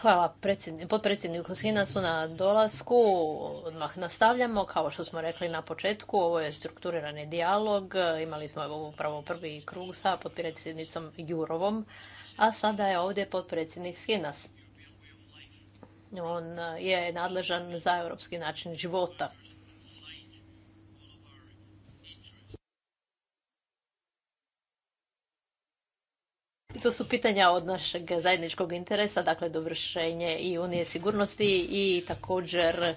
Hvala potpredsjedniku Skinasu na dolasku. Odmah nastavljamo. Kao što smo rekli na početku, ovo je strukturirani dijalog. Imali smo upravo prvi krug sa potpredsjednicom Jurovom, a sada je ovdje potpredsjednik Skinas. On je nadležan za europski način života. To su pitanja od našeg zajedničkog interesa, dakle dovršenje i unije sigurnosti i također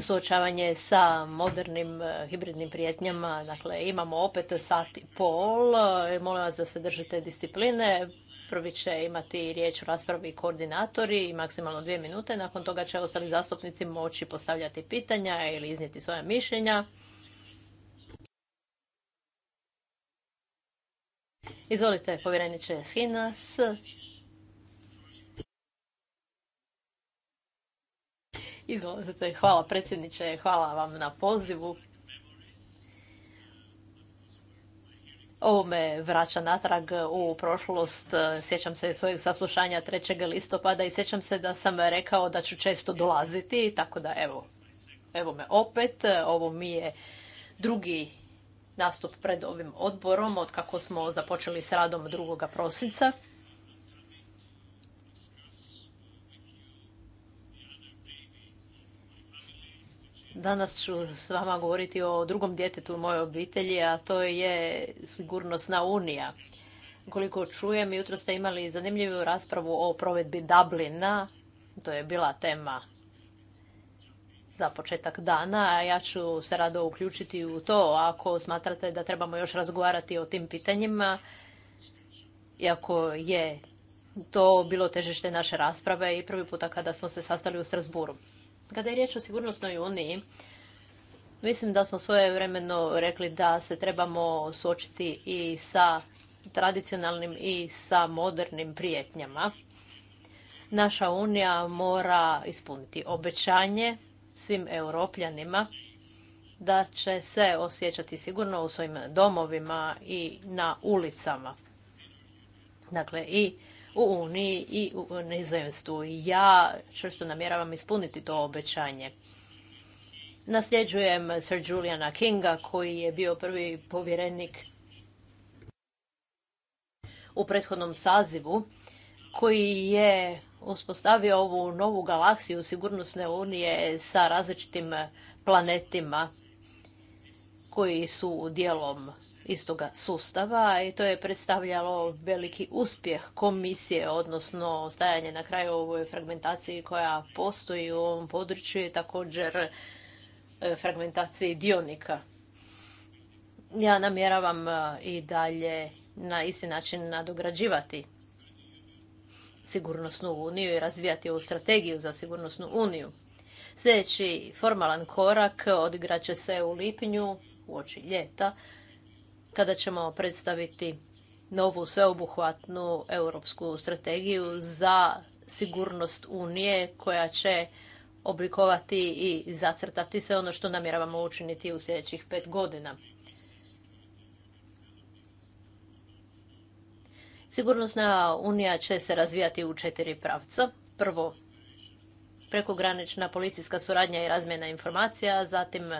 suočavanje sa modernim eh, hibridnim prijetnjama. Dakle, imamo opet sat i pol. Eh, molim vas da se držite discipline. Prvi će imati riječ u raspravi koordinatori i maksimalno dvije minute. Nakon toga će ostali zastupnici moći postavljati pitanja ili iznijeti svoja mišljenja. Izvolite, povjereniče Hinas. Izvolite, hvala predsjedniče, hvala vam na pozivu. Ovo me vraća natrag u prošlost. Sjećam se svojeg saslušanja 3. listopada i sjećam se da sam rekao da ću često dolaziti, tako da evo, evo me opet. Ovo mi je drugi nastup pred ovim odborom od kako smo započeli s radom 2. prosinca. Danas ću s vama govoriti o drugom djetetu u mojoj obitelji, a to je sigurnosna unija. Koliko čujem, jutro ste imali zanimljivu raspravu o provedbi Dublina. To je bila tema za početak dana. Ja ću se rado uključiti u to ako smatrate da trebamo još razgovarati o tim pitanjima. Iako je to bilo težište naše rasprave i prvi puta kada smo se sastali u Strasburu. Kada je riječ o sigurnosnoj uniji, mislim da smo svoje vremeno rekli da se trebamo suočiti i sa tradicionalnim i sa modernim prijetnjama. Naša unija mora ispuniti obećanje svim europljanima da će se osjećati sigurno u svojim domovima i na ulicama. Dakle, i u Uniji i u nizozemstvu. Ja čvrsto namjeravam ispuniti to obećanje. Nasljeđujem Sir Juliana Kinga koji je bio prvi povjerenik u prethodnom sazivu koji je uspostavio ovu novu galaksiju sigurnosne unije sa različitim planetima koji su dijelom istoga sustava i to je predstavljalo veliki uspjeh komisije, odnosno stajanje na kraju ovoj fragmentaciji koja postoji u ovom području i također e, fragmentaciji dionika. Ja namjeravam e, i dalje na isti način nadograđivati sigurnosnu uniju i razvijati ovu strategiju za sigurnosnu uniju. Sljedeći formalan korak odigrat će se u lipnju, u oči ljeta, kada ćemo predstaviti novu sveobuhvatnu europsku strategiju za sigurnost Unije koja će oblikovati i zacrtati sve ono što namjeravamo učiniti u sljedećih pet godina. Sigurnosna unija će se razvijati u četiri pravca. Prvo, prekogranična policijska suradnja i razmjena informacija, zatim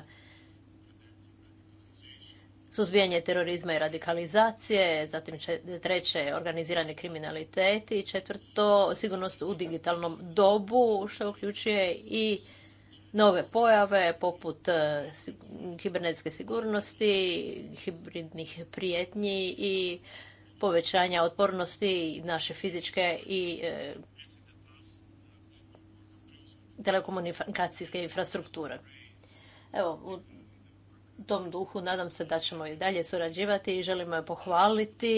suzbijanje terorizma i radikalizacije, zatim treće organizirani kriminalitet i četvrto sigurnost u digitalnom dobu što uključuje i nove pojave poput e, kibernetske sigurnosti, hibridnih prijetnji i povećanja otpornosti naše fizičke i e, telekomunikacijske infrastrukture. Evo, u tom duhu nadam se da ćemo i dalje surađivati i želimo je pohvaliti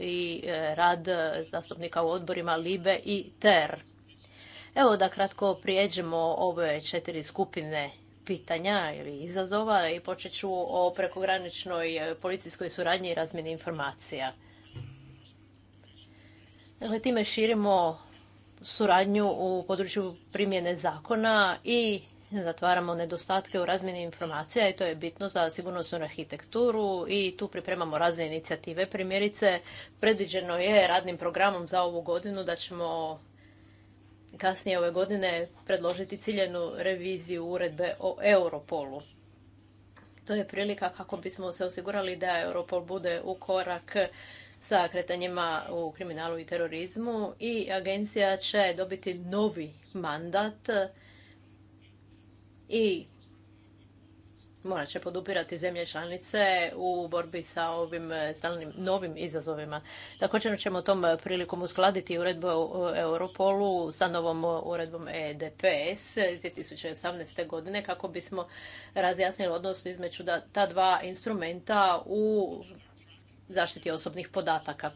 i e, rad zastupnika u odborima LIBE i TER. Evo da kratko prijeđemo ove četiri skupine pitanja ili izazova i počet ću o prekograničnoj policijskoj suradnji i razmjeni informacija. Dakle, time širimo suradnju u području primjene zakona i zatvaramo nedostatke u razmjeni informacija i to je bitno za sigurnosnu arhitekturu i tu pripremamo razne inicijative. Primjerice, predviđeno je radnim programom za ovu godinu da ćemo kasnije ove godine predložiti ciljenu reviziju uredbe o Europolu. To je prilika kako bismo se osigurali da Europol bude u korak sa kretanjima u kriminalu i terorizmu i agencija će dobiti novi mandat i morat će podupirati zemlje članice u borbi sa ovim stalnim novim izazovima. Također ćemo tom prilikom uskladiti uredbu Europolu sa novom uredbom EDPS iz 2018. godine kako bismo razjasnili odnos između ta dva instrumenta u zaštiti osobnih podataka.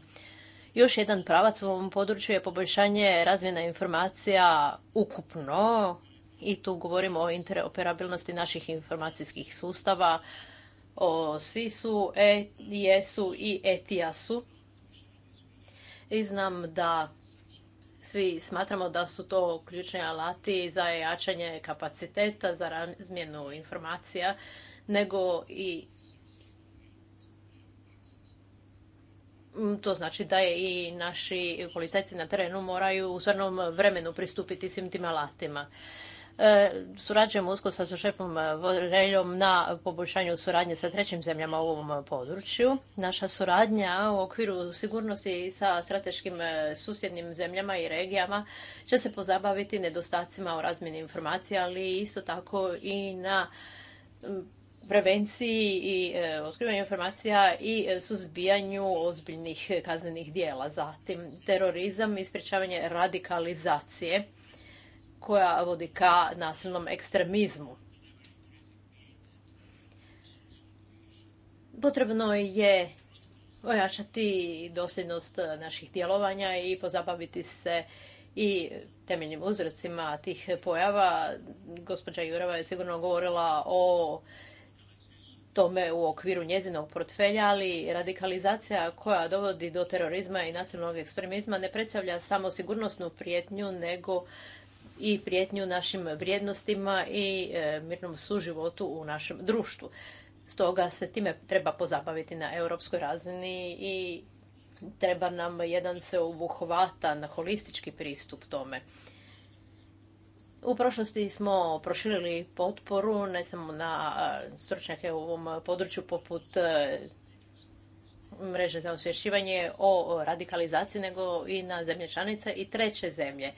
Još jedan pravac u ovom području je poboljšanje razmjena informacija ukupno i tu govorimo o interoperabilnosti naših informacijskih sustava, o SIS-u, EIS-u i ETIAS-u. E e I znam da svi smatramo da su to ključni alati za jačanje kapaciteta, za razmjenu informacija, nego i Mm, to znači da i naši policajci na terenu moraju u stvarnom vremenu pristupiti svim tim alatima. E, surađujemo usko sa šefom Voreljom na poboljšanju suradnje sa trećim zemljama u ovom području. Naša suradnja u okviru sigurnosti sa strateškim e, susjednim zemljama i regijama će se pozabaviti nedostacima u razmjeni informacija, ali isto tako i na prevenciji i e, otkrivanju informacija i e, suzbijanju ozbiljnih kaznenih dijela. Zatim terorizam i sprječavanje radikalizacije koja vodi ka nasilnom ekstremizmu. Potrebno je ojačati dosljednost naših djelovanja i pozabaviti se i temeljnim uzrocima tih pojava. Gospođa Jurava je sigurno govorila o tome u okviru njezinog portfelja, ali radikalizacija koja dovodi do terorizma i nasilnog ekstremizma ne predstavlja samo sigurnosnu prijetnju, nego i prijetnju našim vrijednostima i e, mirnom suživotu u našem društvu. Stoga se time treba pozabaviti na europskoj razini i treba nam jedan sveobuhvatan holistički pristup tome. U prošlosti smo proširili potporu ne samo na stručnjake u ovom području poput e, mreže za osvješćivanje o radikalizaciji, nego i na zemlje članice i treće zemlje.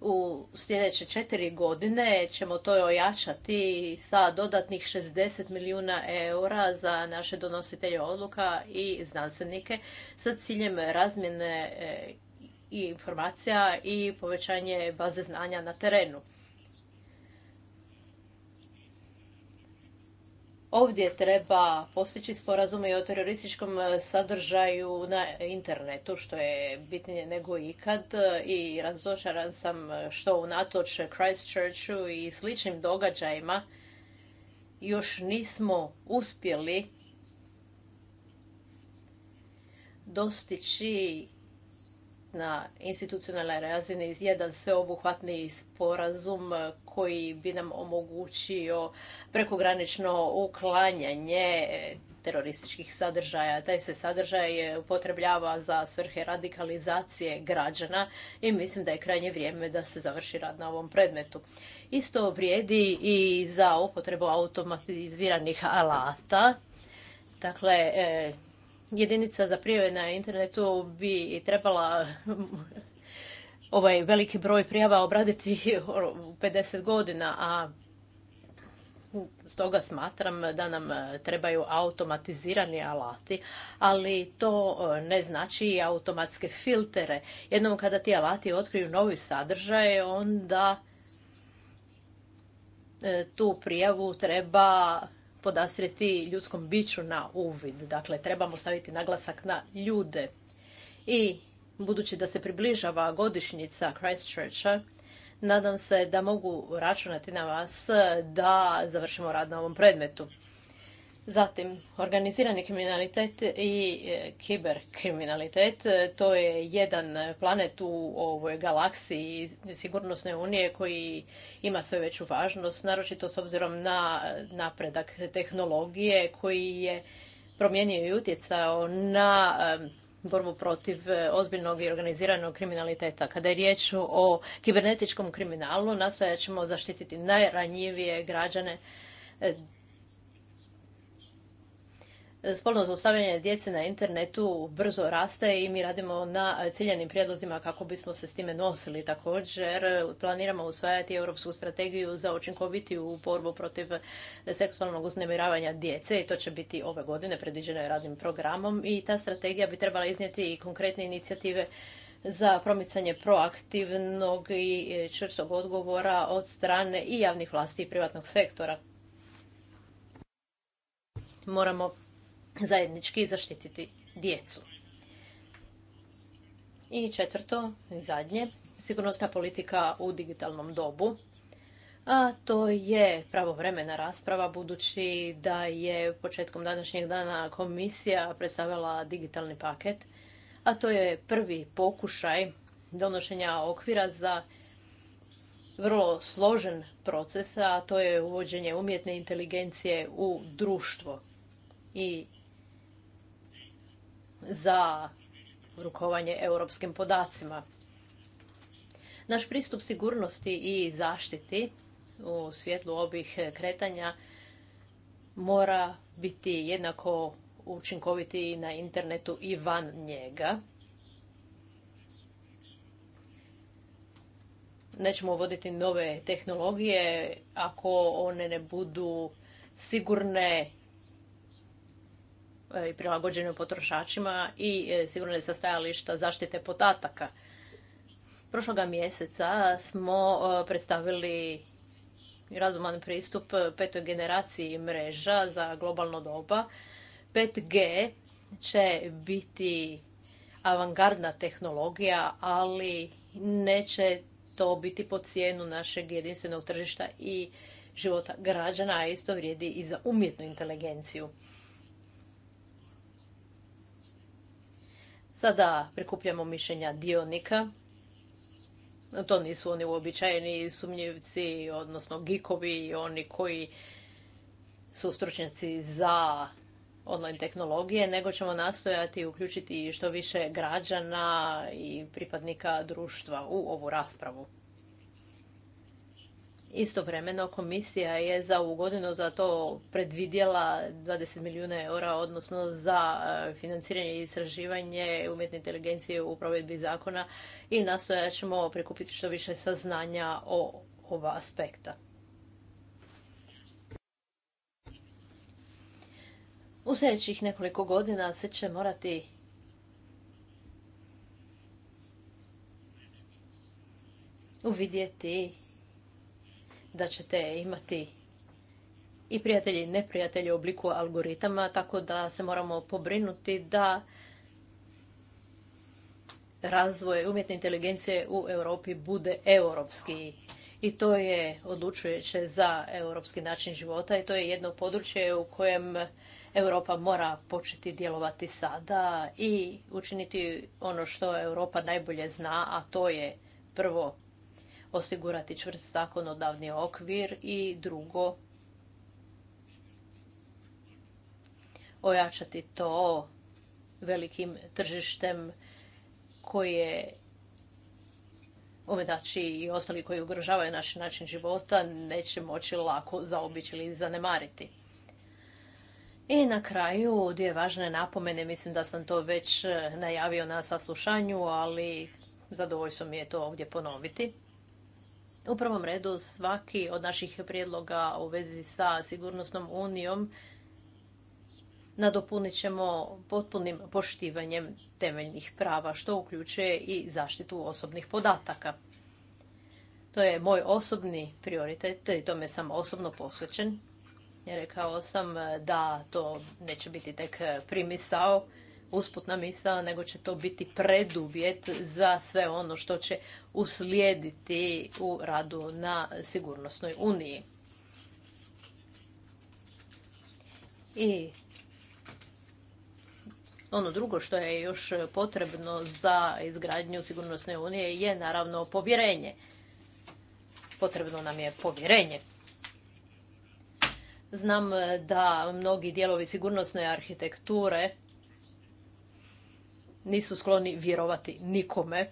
U sljedeće četiri godine ćemo to ojačati sa dodatnih 60 milijuna eura za naše donositelje odluka i znanstvenike sa ciljem razmjene e, i informacija i povećanje baze znanja na terenu. Ovdje treba postići sporazume o terorističkom sadržaju na internetu, što je bitnije nego ikad. I razočaran sam što natoč Christchurchu i sličnim događajima još nismo uspjeli dostići na institucionalnoj razini jedan sveobuhvatni sporazum koji bi nam omogućio prekogranično uklanjanje terorističkih sadržaja. Taj se sadržaj upotrebljava za svrhe radikalizacije građana i mislim da je krajnje vrijeme da se završi rad na ovom predmetu. Isto vrijedi i za upotrebu automatiziranih alata. Dakle, e, jedinica za prijave na internetu bi trebala ovaj veliki broj prijava obraditi u 50 godina, a stoga smatram da nam trebaju automatizirani alati, ali to eh, ne znači i automatske filtere. Jednom kada ti alati otkriju novi sadržaj, onda eh, tu prijavu treba podasreti ljudskom biću na uvid. Dakle, trebamo staviti naglasak na ljude. I budući da se približava godišnjica Christchurcha, nadam se da mogu računati na vas da završimo rad na ovom predmetu. Zatim, organizirani kriminalitet i e, kiberkriminalitet. E, to je jedan planet u ovoj galaksiji sigurnosne unije koji ima sve veću važnost, naročito s obzirom na napredak tehnologije koji je promijenio i utjecao na e, borbu protiv ozbiljnog i organiziranog kriminaliteta. Kada je riječ o kibernetičkom kriminalu, nastojat ćemo zaštititi najranjivije građane E, spolno zlostavljanje djece na internetu brzo raste i mi radimo na ciljenim prijedlozima kako bismo se s time nosili. Također e, planiramo usvajati Europsku strategiju za učinkovitiju borbu protiv seksualnog uznemiravanja djece i to će biti ove godine, predviđeno je radnim programom i ta strategija bi trebala iznijeti i konkretne inicijative za promicanje proaktivnog i e, čvrstog odgovora od strane i javnih vlasti i privatnog sektora. Moramo zajednički zaštititi djecu. I četvrto i zadnje, sigurnosna politika u digitalnom dobu. A to je pravovremena rasprava budući da je početkom današnjeg dana komisija predstavila digitalni paket, a to je prvi pokušaj donošenja okvira za vrlo složen proces, a to je uvođenje umjetne inteligencije u društvo. I za rukovanje europskim podacima. Naš pristup sigurnosti i zaštiti u svjetlu ovih kretanja mora biti jednako učinkoviti i na internetu i van njega. Nećemo voditi nove tehnologije ako one ne budu sigurne E, i prilagođenju potrošačima i e, sigurno je sa stajališta zaštite podataka. Prošloga mjeseca smo e, predstavili razuman pristup petoj generaciji mreža za globalno doba. 5G će biti avangardna tehnologija, ali neće to biti po cijenu našeg jedinstvenog tržišta i života građana, a isto vrijedi i za umjetnu inteligenciju. Sada prikupljamo mišljenja dionika. To nisu oni uobičajeni sumnjivci, odnosno gikovi, oni koji su stručnjaci za online tehnologije, nego ćemo nastojati uključiti što više građana i pripadnika društva u ovu raspravu. Istovremeno komisija je za ovu godinu za to predvidjela 20 milijuna eura, odnosno za e, financiranje i istraživanje umjetne inteligencije u provedbi zakona i nastojat ćemo prikupiti što više saznanja o ova aspekta. U sljedećih nekoliko godina se će morati uvidjeti da ćete imati i prijatelji i neprijatelje u obliku algoritama, tako da se moramo pobrinuti da razvoj umjetne inteligencije u Europi bude europski. I to je odlučujuće za europski način života i to je jedno područje u kojem Europa mora početi djelovati sada i učiniti ono što Europa najbolje zna, a to je prvo osigurati čvrst zakonodavni okvir i drugo ojačati to velikim tržištem koje ometači i ostali koji ugrožavaju naš način života neće moći lako zaobići ili zanemariti. I na kraju dvije važne napomene, mislim da sam to već najavio na saslušanju, ali zadovoljstvo mi je to ovdje ponoviti. U prvom redu svaki od naših prijedloga u vezi sa sigurnosnom unijom nadopunit ćemo potpunim poštivanjem temeljnih prava, što uključuje i zaštitu osobnih podataka. To je moj osobni prioritet i tome sam osobno posvećen. Rekao sam da to neće biti tek primisao, usputna misao nego će to biti preduvjet za sve ono što će uslijediti u radu na sigurnosnoj uniji. I ono drugo što je još potrebno za izgradnju sigurnosne unije je naravno povjerenje. Potrebno nam je povjerenje. Znam da mnogi dijelovi sigurnosne arhitekture nisu skloni vjerovati nikome.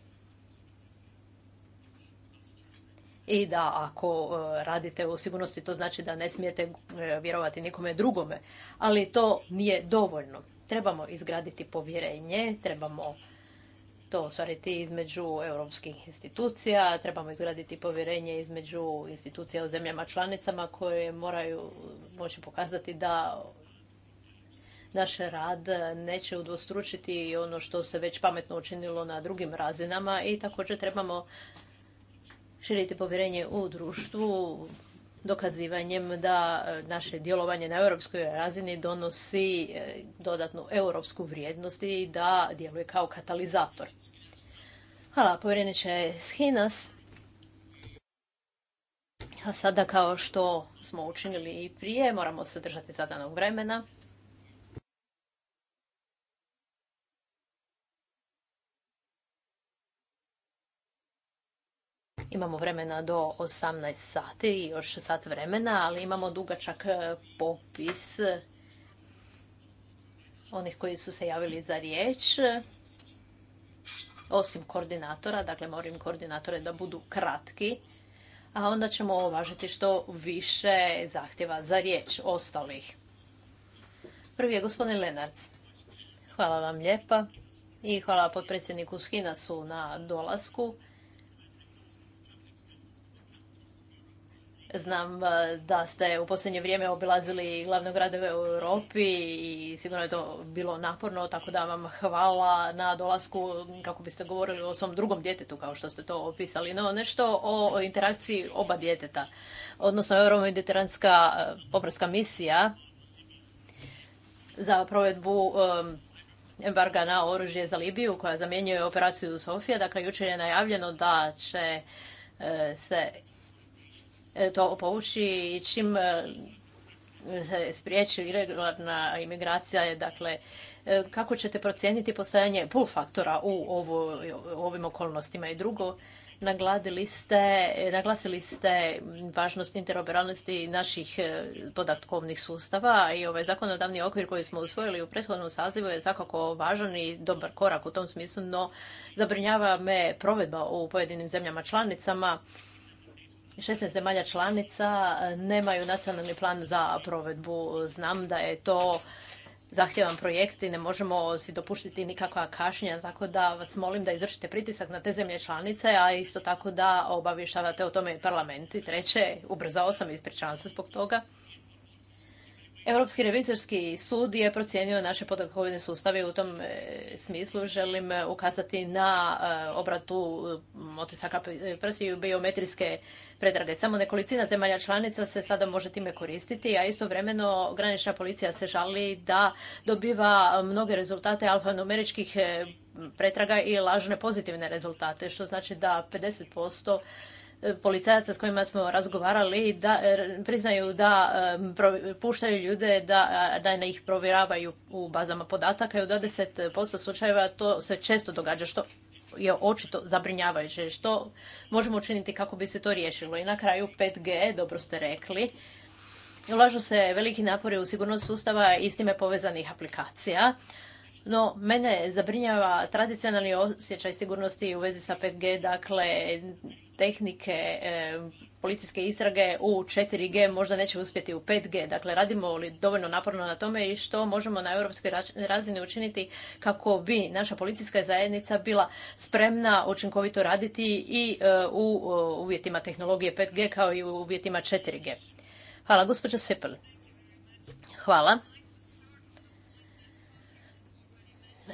I da ako e, radite u sigurnosti, to znači da ne smijete e, vjerovati nikome drugome. Ali to nije dovoljno. Trebamo izgraditi povjerenje, trebamo to ostvariti između europskih institucija, trebamo izgraditi povjerenje između institucija u zemljama članicama koje moraju moći pokazati da naš rad neće udvostručiti ono što se već pametno učinilo na drugim razinama i također trebamo širiti povjerenje u društvu dokazivanjem da naše djelovanje na europskoj razini donosi e, dodatnu europsku vrijednost i da djeluje kao katalizator. Hvala, povjereniče Schinas. A sada, kao što smo učinili i prije, moramo se držati zadanog vremena. Imamo vremena do 18 sati, još sat vremena, ali imamo dugačak e, popis e, onih koji su se javili za riječ. E, osim koordinatora, dakle morim koordinatore da budu kratki, a onda ćemo uvažiti što više zahtjeva za riječ ostalih. Prvi je gospodin Lenarc. Hvala vam lijepa i hvala potpredsjedniku Skinacu na dolasku. Znam e, da ste u posljednje vrijeme obilazili glavne gradove u Europi i sigurno je to bilo naporno, tako da vam hvala na dolasku kako biste govorili o svom drugom djetetu, kao što ste to opisali. No, nešto o interakciji oba djeteta, odnosno Euromediteranska poprska e, misija za provedbu e, embarga na oružje za Libiju koja zamjenjuje operaciju Sofija. Dakle, jučer je najavljeno da će se E, to povući i čim e, se spriječi regularna imigracija je dakle e, kako ćete procijeniti postojanje pull faktora u, ovim okolnostima i drugo nagladili ste, naglasili ste važnost interoperalnosti naših podatkovnih sustava i ovaj zakonodavni okvir koji smo usvojili u prethodnom sazivu je svakako važan i dobar korak u tom smislu, no zabrinjava me provedba u pojedinim zemljama članicama 16 zemalja članica e, nemaju nacionalni plan za provedbu. Znam da je to zahtjevan projekt i ne možemo si dopuštiti nikakva kašnjenja, tako da vas molim da izvršite pritisak na te zemlje članice, a isto tako da obavještavate o tome i parlament. I treće, ubrzao sam, ispričavam se zbog toga. Europski revizorski sud je procijenio naše podatkovne sustave i u tom e, smislu želim e, ukazati na e, obratu otisaka prsi i biometrijske pretrage. Samo nekolicina zemalja članica se sada može time koristiti, a istovremeno granična policija se žali da dobiva mnoge rezultate alfanumeričkih pretraga i lažne pozitivne rezultate, što znači da 50% policajaca s kojima smo razgovarali da e, priznaju da e, puštaju ljude da, da ne ih provjeravaju u bazama podataka i u 20% slučajeva to se često događa što je očito zabrinjavajuće. Što možemo učiniti kako bi se to riješilo? I na kraju 5G, dobro ste rekli, ulažu se veliki napori u sigurnost sustava i s time povezanih aplikacija. No, mene zabrinjava tradicionalni osjećaj sigurnosti u vezi sa 5G, dakle tehnike e, policijske istrage u 4G možda neće uspjeti u 5G. Dakle, radimo li dovoljno naporno na tome i što možemo na europskoj razini učiniti kako bi naša policijska zajednica bila spremna učinkovito raditi i e, u e, uvjetima tehnologije 5G kao i u uvjetima 4G. Hvala, gospođa Sepel. Hvala.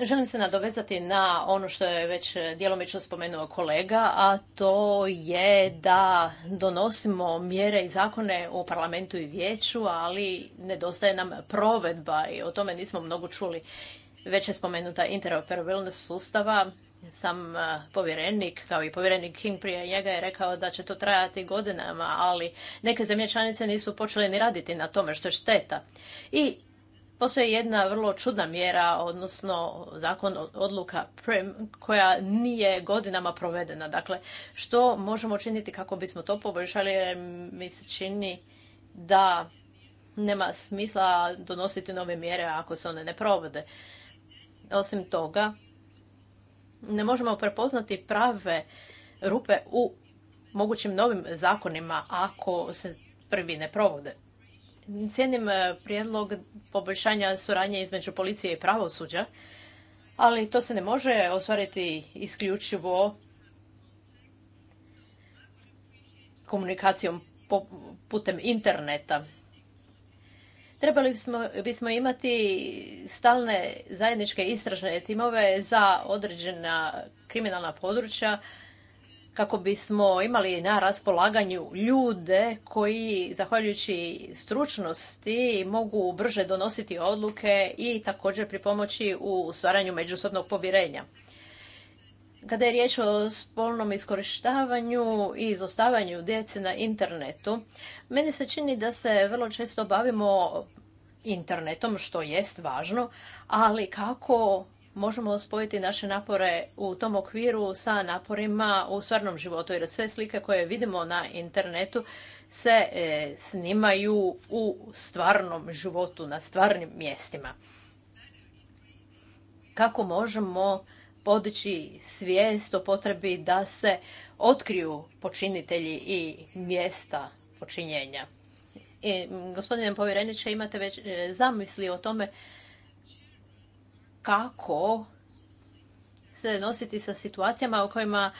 Želim se nadovezati na ono što je već djelomično spomenuo kolega, a to je da donosimo mjere i zakone u parlamentu i vijeću, ali nedostaje nam provedba i o tome nismo mnogo čuli. Već je spomenuta interoperabilnost sustava, sam eh, povjerenik, kao i povjerenik King prije njega je rekao da će to trajati godinama, ali neke zemlje članice nisu počele ni raditi na tome što je šteta. I Postoji jedna vrlo čudna mjera, odnosno zakon odluka PREM, koja nije godinama provedena. Dakle, što možemo činiti kako bismo to poboljšali? Mi se čini da nema smisla donositi nove mjere ako se one ne provode. Osim toga, ne možemo prepoznati prave rupe u mogućim novim zakonima ako se prvi ne provode. Cijenim e, prijedlog poboljšanja suradnje između policije i pravosuđa, ali to se ne može ostvariti isključivo komunikacijom putem interneta. Trebali bismo, bismo imati stalne zajedničke istražne timove za određena kriminalna područja kako bismo imali na raspolaganju ljude koji, zahvaljujući stručnosti, mogu brže donositi odluke i također pripomoći u stvaranju međusobnog povjerenja. Kada je riječ o spolnom iskorištavanju i izostavanju djece na internetu, meni se čini da se vrlo često bavimo internetom, što jest važno, ali kako možemo spojiti naše napore u tom okviru sa naporima u stvarnom životu, jer sve slike koje vidimo na internetu se e, snimaju u stvarnom životu, na stvarnim mjestima. Kako možemo podići svijest o potrebi da se otkriju počinitelji i mjesta počinjenja? E, gospodine povjereniče, imate već e, zamisli o tome kako se nositi sa situacijama u kojima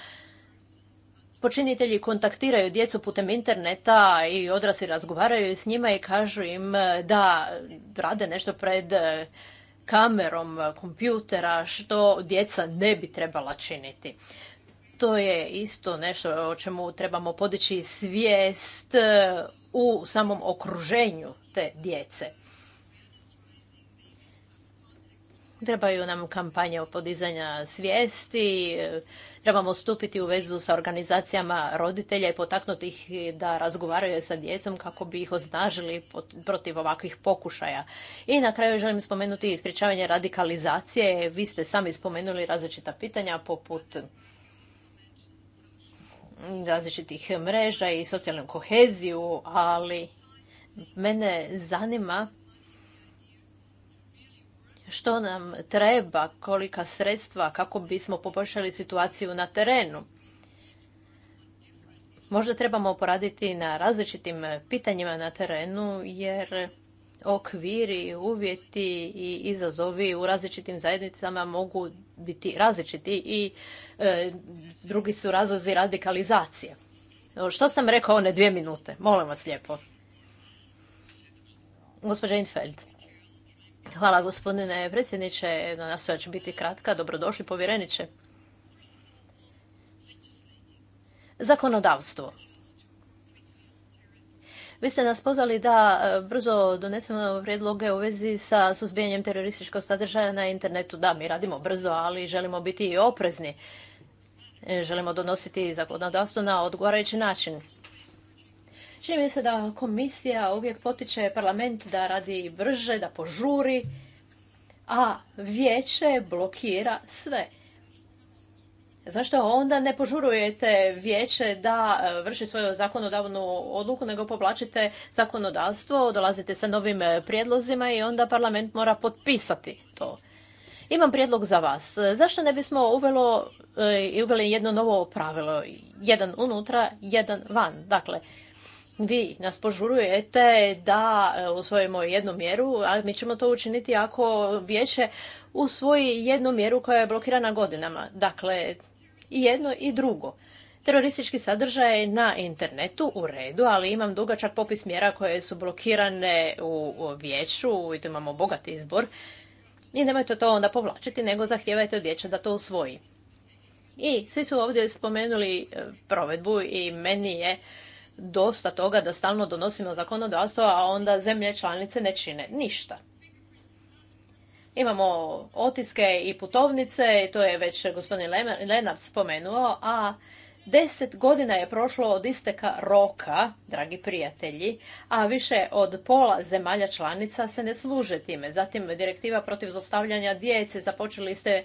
počinitelji kontaktiraju djecu putem interneta i odrasli razgovaraju s njima i kažu im da rade nešto pred kamerom kompjutera što djeca ne bi trebala činiti. To je isto nešto o čemu trebamo podići svijest u samom okruženju te djece. Trebaju nam kampanje o podizanja svijesti, e, trebamo stupiti u vezu sa organizacijama roditelja i potaknuti ih da razgovaraju sa djecom kako bi ih osnažili protiv ovakvih pokušaja. I na kraju želim spomenuti ispričavanje radikalizacije. Vi ste sami spomenuli različita pitanja poput različitih mreža i socijalnu koheziju, ali mene zanima što nam treba, kolika sredstva kako bismo poboljšali situaciju na terenu. Možda trebamo poraditi na različitim pitanjima na terenu jer okviri, uvjeti i izazovi u različitim zajednicama mogu biti različiti i e, drugi su razlozi radikalizacije. Što sam rekao one dvije minute? Molim vas lijepo. Gospođa Infeld. Hvala gospodine predsjedniče, nastojat ću biti kratka. Dobrodošli povjereniče. Zakonodavstvo. Vi ste nas pozvali da e, brzo donesemo prijedloge u vezi sa suzbijanjem terorističkog sadržaja na internetu. Da, mi radimo brzo, ali želimo biti i oprezni. E, želimo donositi zakonodavstvo na odgovarajući način. Čini mi se da komisija uvijek potiče parlament da radi brže, da požuri, a vijeće blokira sve. Zašto onda ne požurujete vijeće da e, vrši svoju zakonodavnu odluku, nego povlačite zakonodavstvo, dolazite sa novim e, prijedlozima i onda parlament mora potpisati to. Imam prijedlog za vas. Zašto ne bismo uvelo, e, uveli jedno novo pravilo? Jedan unutra, jedan van. Dakle, vi nas požurujete da e, usvojimo jednu mjeru, ali mi ćemo to učiniti ako vijeće usvoji jednu mjeru koja je blokirana godinama. Dakle, i jedno i drugo. Teroristički sadržaj na internetu u redu, ali imam dugačak popis mjera koje su blokirane u, vijeću i tu imamo bogat izbor. I nemojte to onda povlačiti, nego zahtijevajte od vijeća da to usvoji. I svi su ovdje spomenuli e, provedbu i meni je dosta toga da stalno donosimo zakonodavstvo, a onda zemlje članice ne čine ništa. Imamo otiske i putovnice, i to je već gospodin Lenart spomenuo, a deset godina je prošlo od isteka roka, dragi prijatelji, a više od pola zemalja članica se ne služe time. Zatim direktiva protiv zostavljanja djece, započeli ste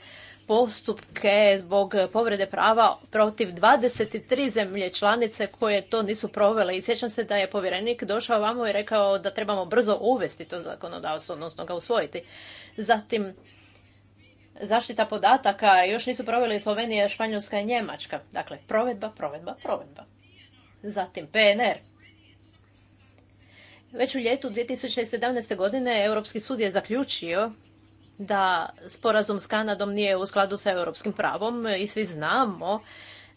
postupke zbog povrede prava protiv 23 zemlje članice koje to nisu provele. I sjećam se da je povjerenik došao vamo i rekao da trebamo brzo uvesti to zakonodavstvo, odnosno ga usvojiti. Zatim, zaštita podataka još nisu proveli Slovenija, Španjolska i Njemačka. Dakle, provedba, provedba, provedba. Zatim, PNR. Već u ljetu 2017. godine Europski sud je zaključio da sporazum s Kanadom nije u skladu sa europskim pravom i svi znamo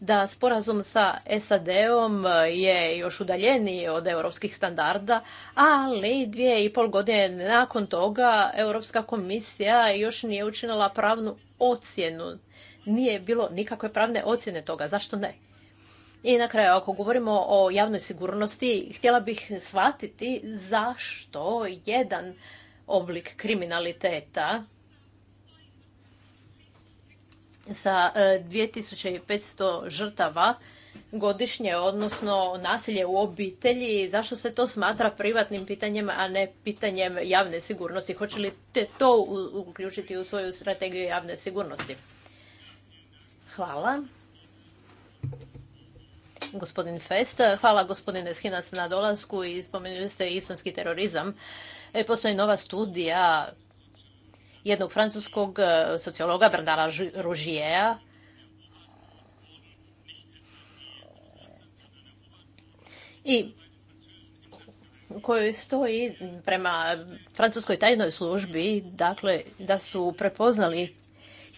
da sporazum sa SAD-om je još udaljeniji od europskih standarda, ali dvije i pol godine nakon toga Europska komisija još nije učinila pravnu ocjenu. Nije bilo nikakve pravne ocjene toga. Zašto ne? I na kraju, ako govorimo o javnoj sigurnosti, htjela bih shvatiti zašto jedan oblik kriminaliteta sa 2500 e, žrtava godišnje, odnosno nasilje u obitelji, zašto se to smatra privatnim pitanjem, a ne pitanjem javne sigurnosti? Hoće li te to uključiti u svoju strategiju javne sigurnosti? Hvala. Gospodin Fest, hvala gospodine Skinac na dolasku i spomenuli ste islamski terorizam. E, postoji nova studija jednog francuskog e, sociologa Bernara Rougiera, i u stoji prema francuskoj tajnoj službi dakle, da su prepoznali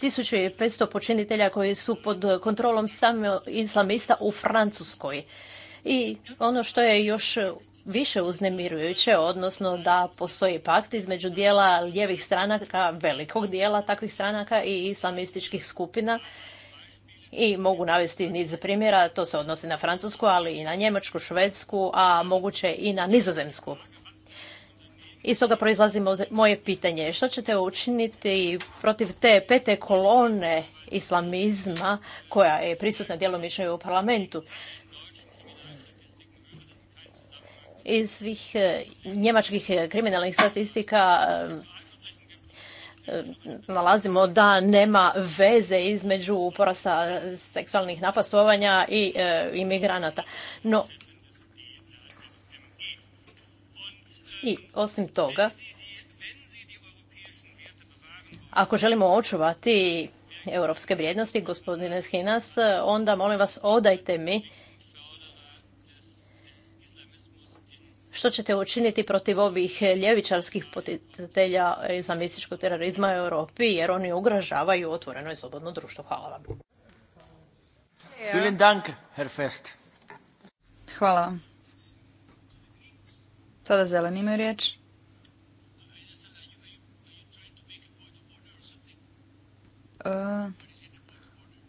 1500 počinitelja koji su pod kontrolom samo islamista u Francuskoj. I ono što je još više uznemirujuće, odnosno da postoji pakt između dijela lijevih stranaka, velikog dijela takvih stranaka i islamističkih skupina. I mogu navesti niz primjera, to se odnosi na Francusku, ali i na Njemačku, Švedsku, a moguće i na Nizozemsku. Iz toga proizlazi moje pitanje, što ćete učiniti protiv te pete kolone islamizma koja je prisutna djelomično i u parlamentu? iz svih e, njemačkih e, kriminalnih statistika e, nalazimo da nema veze između porasta seksualnih napastovanja i imigranata. No, i osim toga, ako želimo očuvati europske vrijednosti, gospodine Schinas, onda molim vas odajte mi Što ćete učiniti protiv ovih ljevičarskih potitelja islamističkog terorizma u Europi, jer oni ugražavaju otvoreno i slobodno društvo? Hvala vam. Hvala vam. Sada zeleni imaju riječ. E,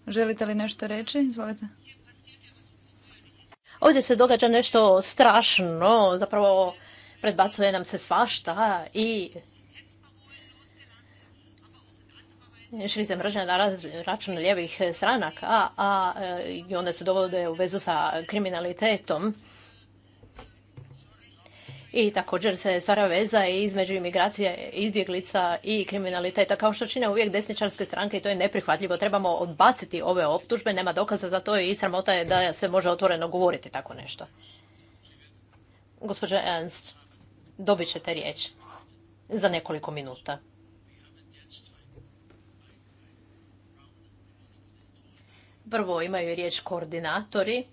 želite li nešto reći? Izvolite. Ovdje se događa nešto strašno, zapravo predbacuje nam se svašta i šrize mržnja na račun lijevih stranaka, a, a e, i onda se dovode u vezu sa kriminalitetom i također se stvara veza između imigracije, izbjeglica i kriminaliteta, kao što čine uvijek desničarske stranke i to je neprihvatljivo. Trebamo odbaciti ove optužbe, nema dokaza za to i sramota je da se može otvoreno govoriti tako nešto. Gospođa Ernst, dobit ćete riječ za nekoliko minuta. Prvo imaju riječ koordinatori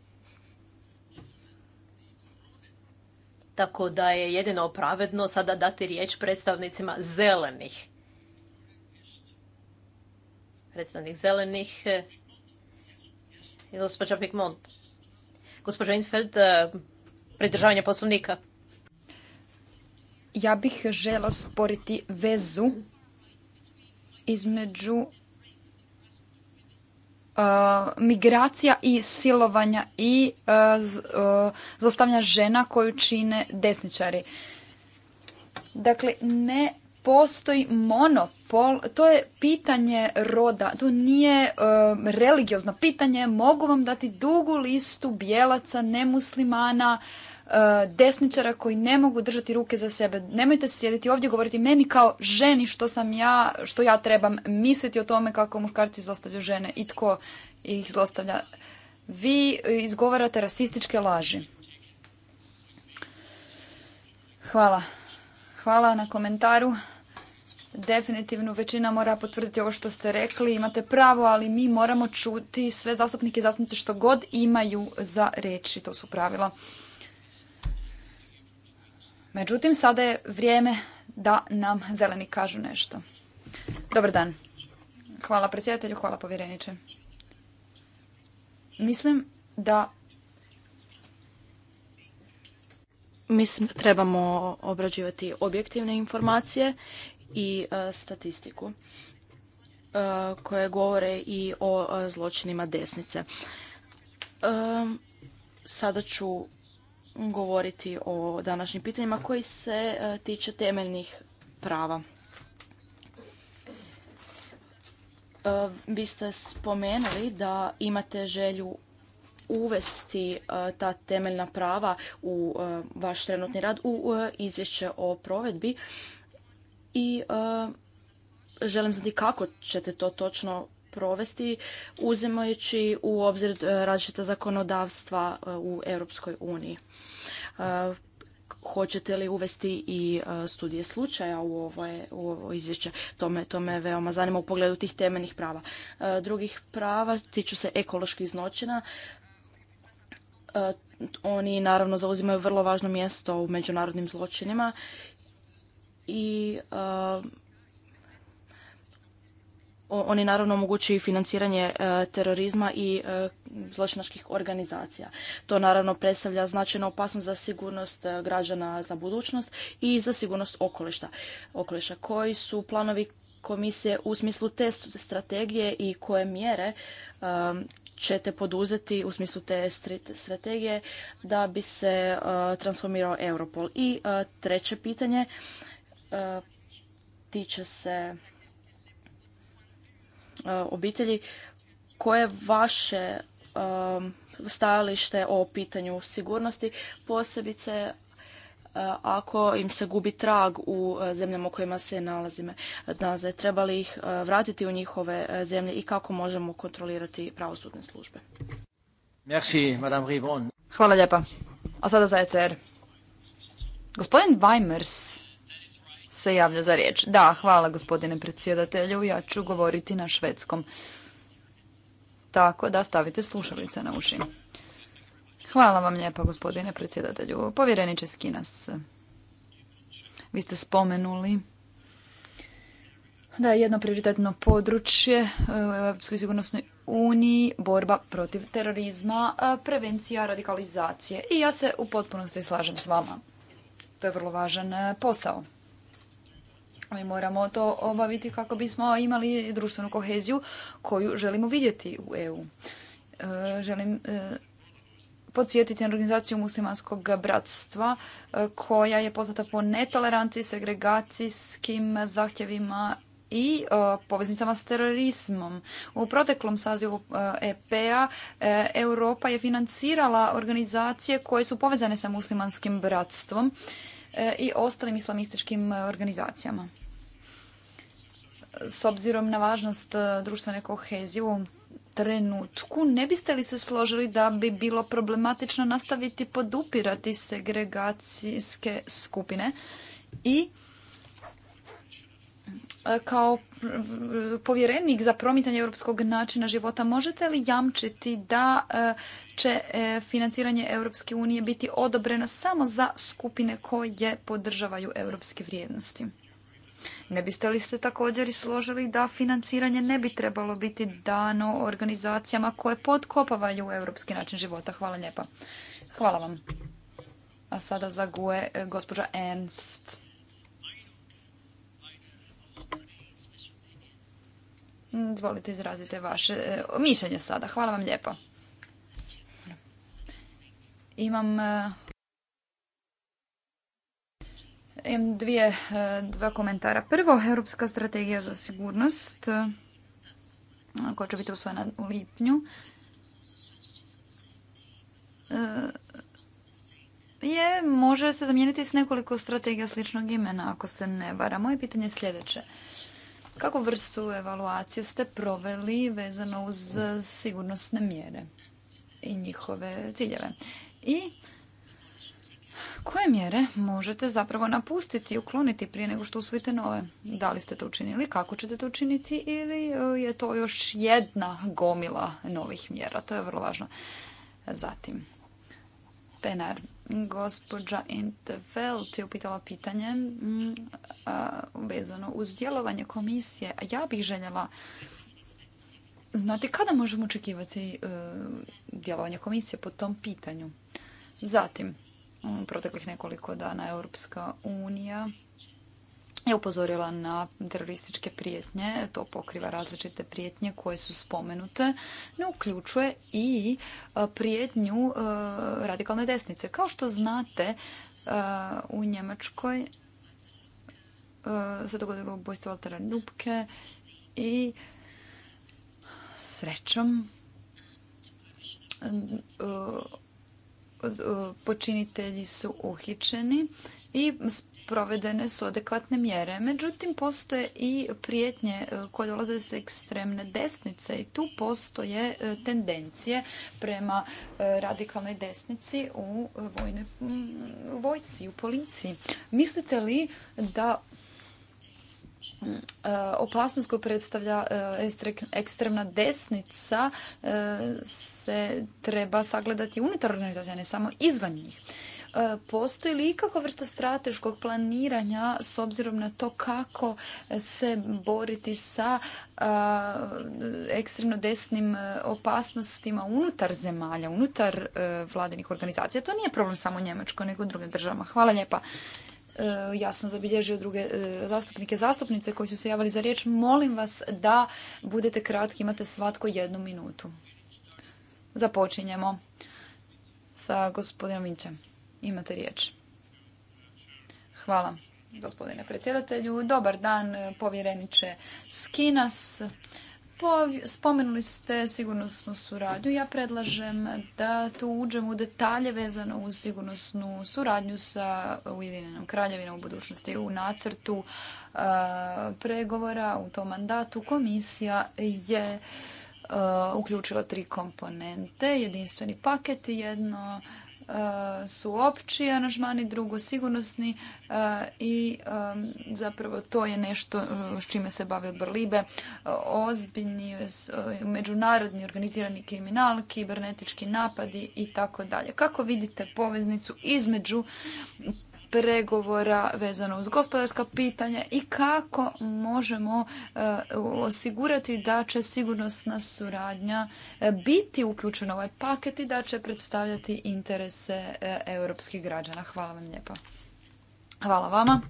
Tako da je jedino pravedno sada dati riječ predstavnicima zelenih. Predstavnik zelenih i eh, gospođa Pikmont. Gospođa Infeld, eh, pridržavanje poslovnika. Ja bih žela sporiti vezu između Uh, migracija i silovanja i uh, zlostavljanja uh, žena koju čine desničari. Dakle, ne postoji monopol, to je pitanje roda, to nije um, religiozno pitanje, mogu vam dati dugu listu bijelaca, nemuslimana, E, desničara koji ne mogu držati ruke za sebe. Nemojte sjediti ovdje i govoriti meni kao ženi što sam ja, što ja trebam misliti o tome kako muškarci zlostavljaju žene i tko ih zlostavlja. Vi izgovarate rasističke laži. Hvala. Hvala na komentaru. Definitivno većina mora potvrditi ovo što ste rekli. Imate pravo, ali mi moramo čuti sve zastupnike i zastupnice što god imaju za reći. To su pravila. Međutim, sada je vrijeme da nam zeleni kažu nešto. Dobar dan. Hvala predsjedatelju, hvala povjereniče. Mislim da Mislim da trebamo obrađivati objektivne informacije i e, statistiku e, koje govore i o e, zločinima desnice. Sada ću govoriti o današnjim pitanjima koji se e, tiče temeljnih prava. E, vi ste spomenuli da imate želju uvesti e, ta temeljna prava u vaš trenutni rad u izvješće o provedbi i želim znati kako ćete to točno provesti uzimajući u obzir e, različita zakonodavstva e, u Europskoj uniji. E, hoćete li uvesti i studije slučaja u ovo, ovaj, u ovo izvješće? To me, veoma zanima u pogledu tih temeljnih prava. Drugih prava tiču se ekoloških zločina oni naravno zauzimaju vrlo važno mjesto u međunarodnim zločinima i oni naravno omogućuju financiranje e, terorizma i e, zločinačkih organizacija. To naravno predstavlja značajnu opasnost za sigurnost e, građana za budućnost i za sigurnost okoliša. Koji su planovi komisije u smislu te strategije i koje mjere ćete poduzeti u smislu te strategije da bi se transformirao Europol? I treće pitanje tiče se E, obitelji. Koje vaše e, stajalište o pitanju sigurnosti, posebice e, ako im se gubi trag u zemljama u kojima se nalazime. treba li ih vratiti u njihove zemlje i kako možemo kontrolirati pravosudne službe? Hvala lijepa. A sada za ECR. Gospodin Weimers se javlja za riječ. Da, hvala gospodine predsjedatelju. Ja ću govoriti na švedskom. Tako da stavite slušalice na uši. Hvala vam lijepa gospodine predsjedatelju. Povjereniče Skinas, vi ste spomenuli da je jedno prioritetno područje e, u sigurnosnoj uniji borba protiv terorizma, e, prevencija radikalizacije. I ja se u potpunosti slažem s vama. To je vrlo važan e, posao. Mi moramo to obaviti kako bismo imali društvenu koheziju koju želimo vidjeti u EU. E, želim e, podsjetiti na organizaciju muslimanskog bratstva e, koja je poznata po netoleranciji, segregacijskim zahtjevima i poveznicama s terorizmom. U proteklom sazivu ep p-a, Europa je financirala organizacije koje su povezane sa muslimanskim bratstvom E, i ostalim islamističkim e, organizacijama. S obzirom na važnost e, društvene kohezije u trenutku, ne biste li se složili da bi bilo problematično nastaviti podupirati segregacijske skupine i E, kao povjerenik za promicanje europskog načina života, možete li jamčiti da e, će e, financiranje Europske unije biti odobreno samo za skupine koje podržavaju europske vrijednosti? Ne biste li se također složili da financiranje ne bi trebalo biti dano organizacijama koje potkopavaju europski način života? Hvala lijepa. Hvala vam. A sada za gospođa Ernst. Mm, izvolite, izrazite vaše e, mišljenje sada. Hvala vam lijepo. Imam e, dvije, e, dva komentara. Prvo, Europska strategija za sigurnost koja će biti usvojena u lipnju je, može se zamijeniti s nekoliko strategija sličnog imena, ako se ne varamo. Moje pitanje je sljedeće. Kako vrstu evaluacije ste proveli vezano uz sigurnosne mjere i njihove ciljeve? I koje mjere možete zapravo napustiti i ukloniti prije nego što usvojite nove? Da li ste to učinili, kako ćete to učiniti ili e, je to još jedna gomila novih mjera? To je vrlo važno. Zatim, Penar, Gospođa Intervelt je upitala pitanje mm, vezano uz djelovanje komisije. A ja bih željela znati kada možemo očekivati e, djelovanje komisije po tom pitanju. Zatim, proteklih nekoliko dana Europska unija je upozorila na terorističke prijetnje, to pokriva različite prijetnje koje su spomenute, ne uključuje i e, prijetnju e, radikalne desnice. Kao što znate, e, u Njemačkoj se dogodilo ubojstvo Altera Ljubke i srećom počinitelji su uhičeni i provedene su adekvatne mjere. Međutim, postoje i prijetnje e, koje dolaze s ekstremne desnice i tu postoje e, tendencije prema e, radikalnoj desnici u vojnoj mm, vojsci, u policiji. Mislite li da mm, opasnost koju predstavlja ekstremna desnica se treba sagledati unutar organizacija, ne samo izvan njih. E, postoji li ikakva vrsta strateškog planiranja s obzirom na to kako se boriti sa e, ekstremno desnim e, opasnostima unutar zemalja, unutar vladinih organizacija? To nije problem samo Njemačkoj nego u drugim državama. Hvala lijepa. Ja sam zabilježio druge zastupnike, zastupnice koji su se javili za riječ. Molim vas da budete kratki, imate svatko jednu minutu. Započinjemo sa gospodinom Vinčem. Imate riječ. Hvala, gospodine predsjedatelju. Dobar dan, povjereniče Skinas. Spomenuli ste sigurnosnu suradnju. Ja predlažem da tu uđemo u detalje vezano uz sigurnosnu suradnju sa Ujedinjenom kraljevinom u budućnosti. U nacrtu e, pregovora u tom mandatu komisija je e, uključila tri komponente. Jedinstveni paket i jedno su opći aranžmani, drugo sigurnosni e, i e, zapravo to je nešto e, s čime se bavi odbor Libe. Ozbiljni međunarodni organizirani kriminal, kibernetički napadi i tako dalje. Kako vidite poveznicu između pregovora vezano uz gospodarska pitanja i kako možemo e, osigurati da će sigurnosna suradnja e, biti uključena u ovaj paket i da će predstavljati interese e, europskih građana. Hvala vam lijepa. Hvala vama.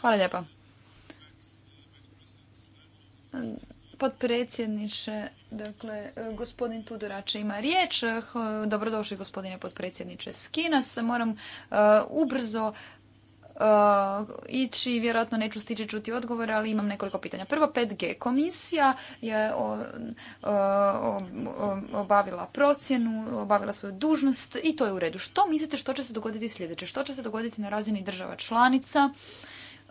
Hvala lijepa. Potpredsjedniče, dakle, gospodin Tudorače ima riječ. Dobrodošli, gospodine potpredsjedniče Skinas. Moram e, ubrzo e, ići, vjerojatno neću stići čuti odgovore, ali imam nekoliko pitanja. Prvo, 5G komisija je e, obavila procjenu, obavila svoju dužnost i to je u redu. Što mislite što će se dogoditi sljedeće? Što će se dogoditi na razini država članica?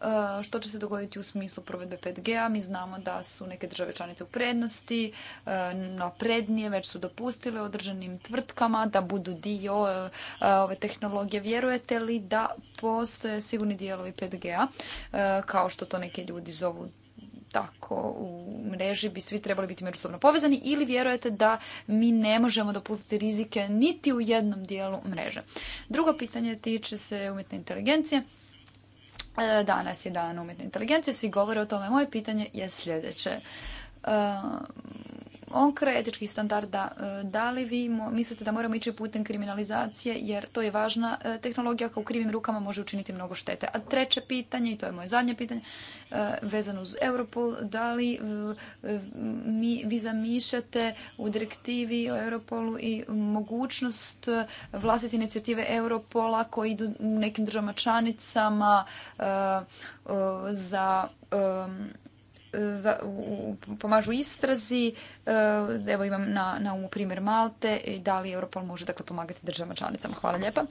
E, što će se dogoditi u smislu provedbe 5G-a. Mi znamo da su neke države članice u prednosti, e, naprednije, već su dopustile održanim tvrtkama da budu dio e, ove tehnologije. Vjerujete li da postoje sigurni dijelovi 5G-a, kao što to neki ljudi zovu tako u mreži bi svi trebali biti međusobno povezani ili vjerujete da mi ne možemo dopustiti rizike niti u jednom dijelu mreže. Drugo pitanje tiče se umjetne inteligencije. E, danas je dan umjetne inteligencije, svi govore o tome. Moje pitanje je sljedeće. E, onkre etičkih standarda. E, da li vi mislite da moramo ići putem kriminalizacije jer to je važna e, tehnologija koja u krivim rukama može učiniti mnogo štete? A treće pitanje, i to je moje zadnje pitanje, e, vezano uz Europol, da li vi zamišljate u direktivi o Europolu i mogućnost vlastiti inicijative Europola koji idu nekim državama članicama za za, pomažu istrazi. E, evo imam na, na umu primjer Malte i da li Europol može dakle, pomagati državama članicama. Hvala lijepa.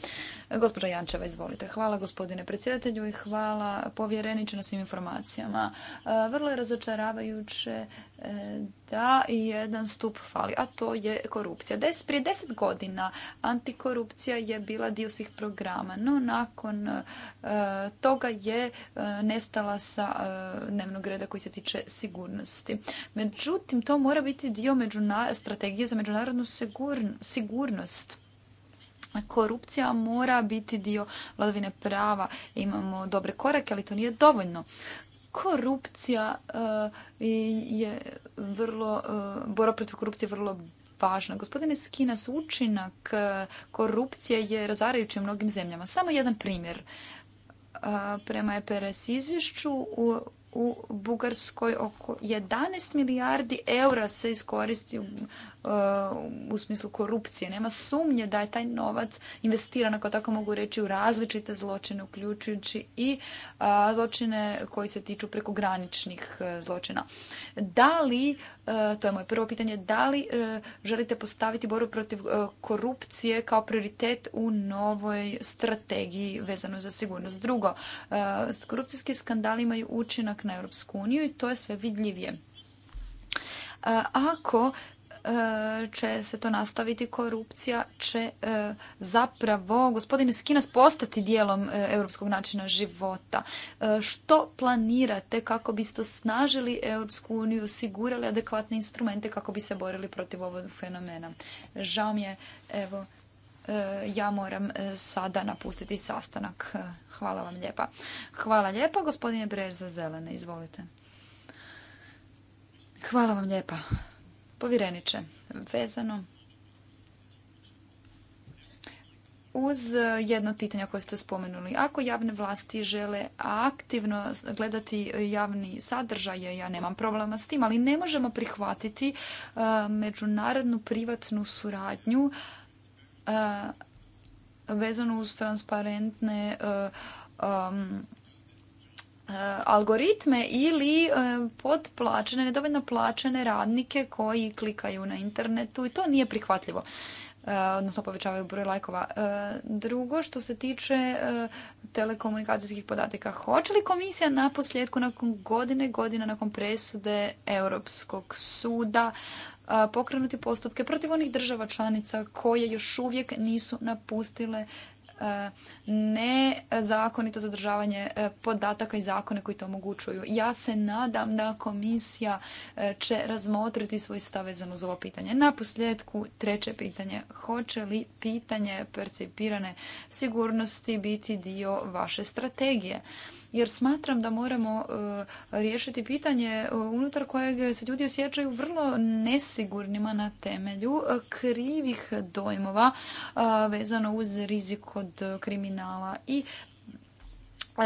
Gospođa Jančeva, izvolite. Hvala gospodine predsjedatelju i hvala povjereniče na svim informacijama. E, vrlo je razočaravajuće e, da i jedan stup fali, a to je korupcija. prije deset godina antikorupcija je bila dio svih programa, no nakon e, toga je e, nestala sa e, dnevnog reda koji se tiče sigurnosti. Međutim, to mora biti dio strategije za međunarodnu sigurnost. Korupcija mora biti dio vladavine prava. Imamo dobre korake, ali to nije dovoljno korupcija eh, je vrlo, eh, borba protiv korupcije vrlo važna. Gospodine Skinas, učinak eh, korupcije je razarajući u mnogim zemljama. Samo jedan primjer. Prema EPRS izvješću u, u Bugarskoj oko 11 milijardi eura se iskoristi u u smislu korupcije. Nema sumnje da je taj novac investiran, ako tako mogu reći, u različite zločine, uključujući i zločine koji se tiču prekograničnih e, zločina. Da li, e, to je moje prvo pitanje, da li e, želite postaviti boru protiv korupcije kao prioritet u novoj strategiji vezano za sigurnost? Drugo, korupcijski skandali imaju učinak na Europsku uniju i to je sve vidljivije. Ako E, će se to nastaviti, korupcija će e, zapravo, gospodine Skinas, postati dijelom e, europskog načina života. Što planirate kako biste snažili Europsku uniju, osigurali adekvatne instrumente kako bi se borili protiv ovog fenomena? Žao mi je, evo, ja moram sada napustiti sastanak. Hvala vam lijepa. Hvala lijepa, gospodine Brež za zelene, izvolite. Hvala vam lijepa. Povjereniče, vezano uz jedno od pitanja koje ste spomenuli. Ako javne vlasti žele aktivno gledati javni sadržaj, ja nemam problema s tim, ali ne možemo prihvatiti e, međunarodnu privatnu suradnju vezano vezanu uz transparentne e, e, E, algoritme ili e, potplaćene nedovoljno plaćene radnike koji klikaju na internetu i to nije prihvatljivo. E, odnosno povećavaju broj lajkova. Drugo, što se tiče telekomunikacijskih podataka, hoće li komisija na nakon godine godina nakon presude Europskog suda pokrenuti postupke protiv onih država članica koje još uvijek nisu napustile E, nezakonito zadržavanje e, podataka i zakone koji to omogućuju. Ja se nadam da komisija e, će razmotriti svoj stav vezano uz ovo pitanje. Na posljedku treće pitanje. Hoće li pitanje percipirane sigurnosti biti dio vaše strategije? jer smatram da moramo e, riješiti pitanje e, unutar kojeg se ljudi osjećaju vrlo nesigurnima na temelju e, krivih dojmova vezano uz rizik od kriminala i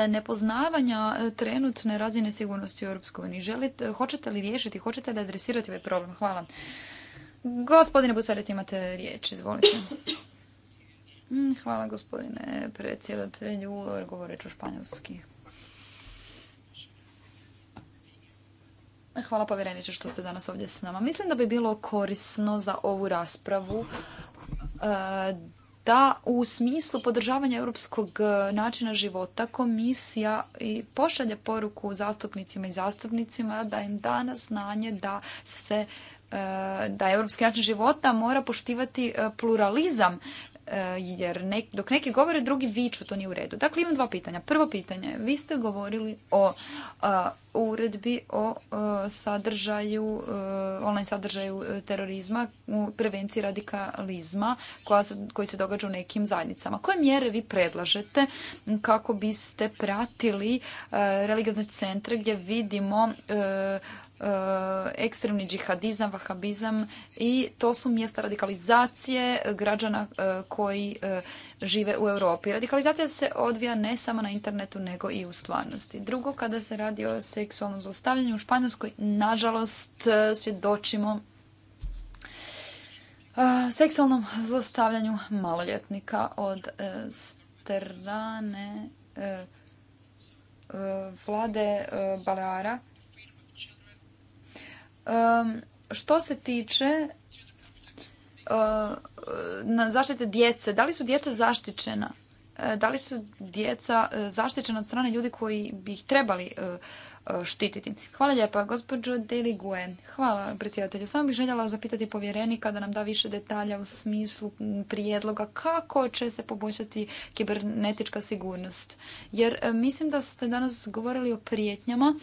nepoznavanja trenutne razine sigurnosti u Europskoj uniji. hoćete li riješiti, hoćete li adresirati ovaj problem? Hvala. Gospodine Bucaret, imate riječ, izvolite. Mm, hvala gospodine predsjedatelju, govoreću španjolski. Hvala povjereniče što ste danas ovdje s nama. Mislim da bi bilo korisno za ovu raspravu e, da u smislu podržavanja europskog e, načina života komisija i pošalje poruku zastupnicima i zastupnicima da im da na znanje da se e, da europski način života mora poštivati pluralizam jer dok neki govore, drugi viču, to nije u redu. Dakle, imam dva pitanja. Prvo pitanje, vi ste govorili o uredbi o e, sadržaju, e, online sadržaju e, terorizma u prevenciji radikalizma koja se, koji se događa u nekim zajednicama. Koje mjere vi predlažete kako biste pratili religiozne centre gdje vidimo ekstremni džihadizam, vahabizam i to su mjesta radikalizacije građana koji žive u Europi. Radikalizacija se odvija ne samo na internetu nego i u stvarnosti. Drugo, kada se radi o se seksualnom zlostavljanju u Španjolskoj, nažalost, e, svjedočimo e, seksualnom zlostavljanju maloljetnika od e, strane vlade Baleara. Što se tiče zaštite djece, da li su djeca zaštićena? Da li su djeca zaštićena od strane ljudi koji bi ih trebali štititi. Hvala lijepa, gospođo Deligue. Hvala, predsjedatelju. Samo bih željela zapitati povjerenika da nam da više detalja u smislu prijedloga kako će se poboljšati kibernetička sigurnost. Jer e, mislim da ste danas govorili o prijetnjama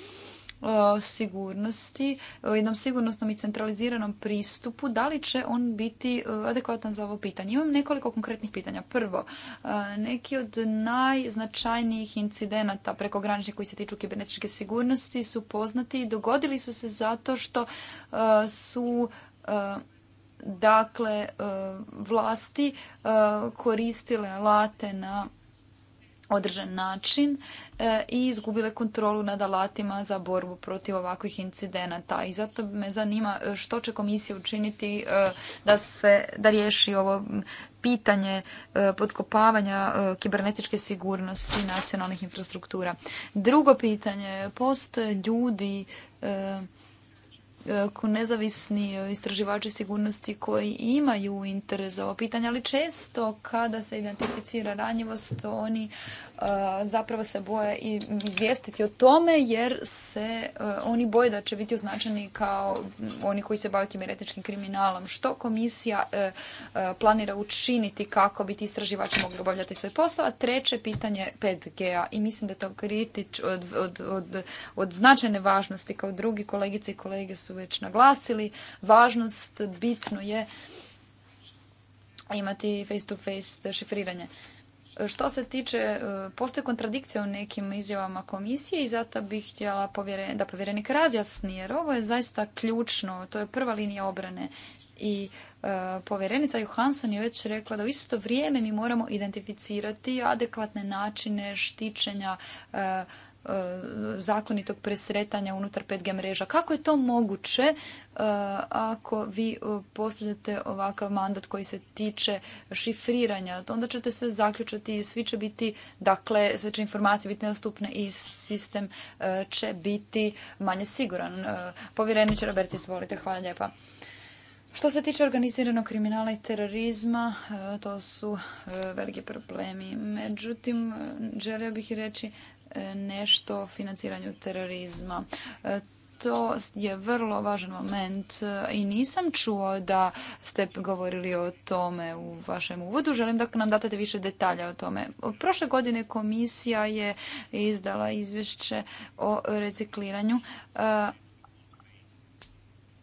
E, sigurnosti, o e, jednom sigurnosnom i centraliziranom pristupu, da li će on biti e, adekvatan za ovo pitanje? Imam nekoliko konkretnih pitanja. Prvo, neki od najznačajnijih incidenata prekograničnih koji se tiču kibernetičke sigurnosti su poznati i dogodili su se zato što su dakle vlasti koristile alate na održan način e, i izgubile kontrolu nad alatima za borbu protiv ovakvih incidenata. I zato me zanima e, što će komisija učiniti e, da se da riješi ovo pitanje podkopavanja kibernetičke sigurnosti nacionalnih infrastruktura. Drugo pitanje, postoje ljudi E, nezavisni e, istraživači sigurnosti koji imaju interes za ovo pitanje, ali često kada se identificira ranjivost, oni e, zapravo se boje i izvijestiti o tome jer se oni boje da će biti označeni kao oni koji se bave kimeretičkim kriminalom. Što komisija planira učiniti kako bi ti istraživači mogli obavljati svoj posao? A treće pitanje 5G-a i mislim da je to kritič od, od značajne važnosti kao drugi kolegice i kolege su već naglasili, važnost bitno je imati face-to-face -face šifriranje. Što se tiče, e, postoje kontradikcija u nekim izjavama komisije i zato bih htjela da povjerenik razjasni, jer ovo je zaista ključno, to je prva linija obrane i e, povjerenica Johansson je već rekla da u isto vrijeme mi moramo identificirati adekvatne načine štićenja e, E, zakonitog presretanja unutar 5G mreža. Kako je to moguće e, ako vi e, postavljate ovakav mandat koji se tiče šifriranja? Onda ćete sve zaključati i svi će biti, dakle, sve će informacije biti nedostupne i sistem će biti manje siguran. Povjereniče Robert, izvolite. Hvala lijepa. Što se tiče organiziranog kriminala i terorizma, to su veliki problemi. Međutim, želio bih reći nešto o financiranju terorizma. E, to je vrlo važan moment i nisam čuo da ste govorili o tome u vašem uvodu. Želim da nam date više detalja o tome. prošle godine komisija je izdala izvješće o recikliranju e,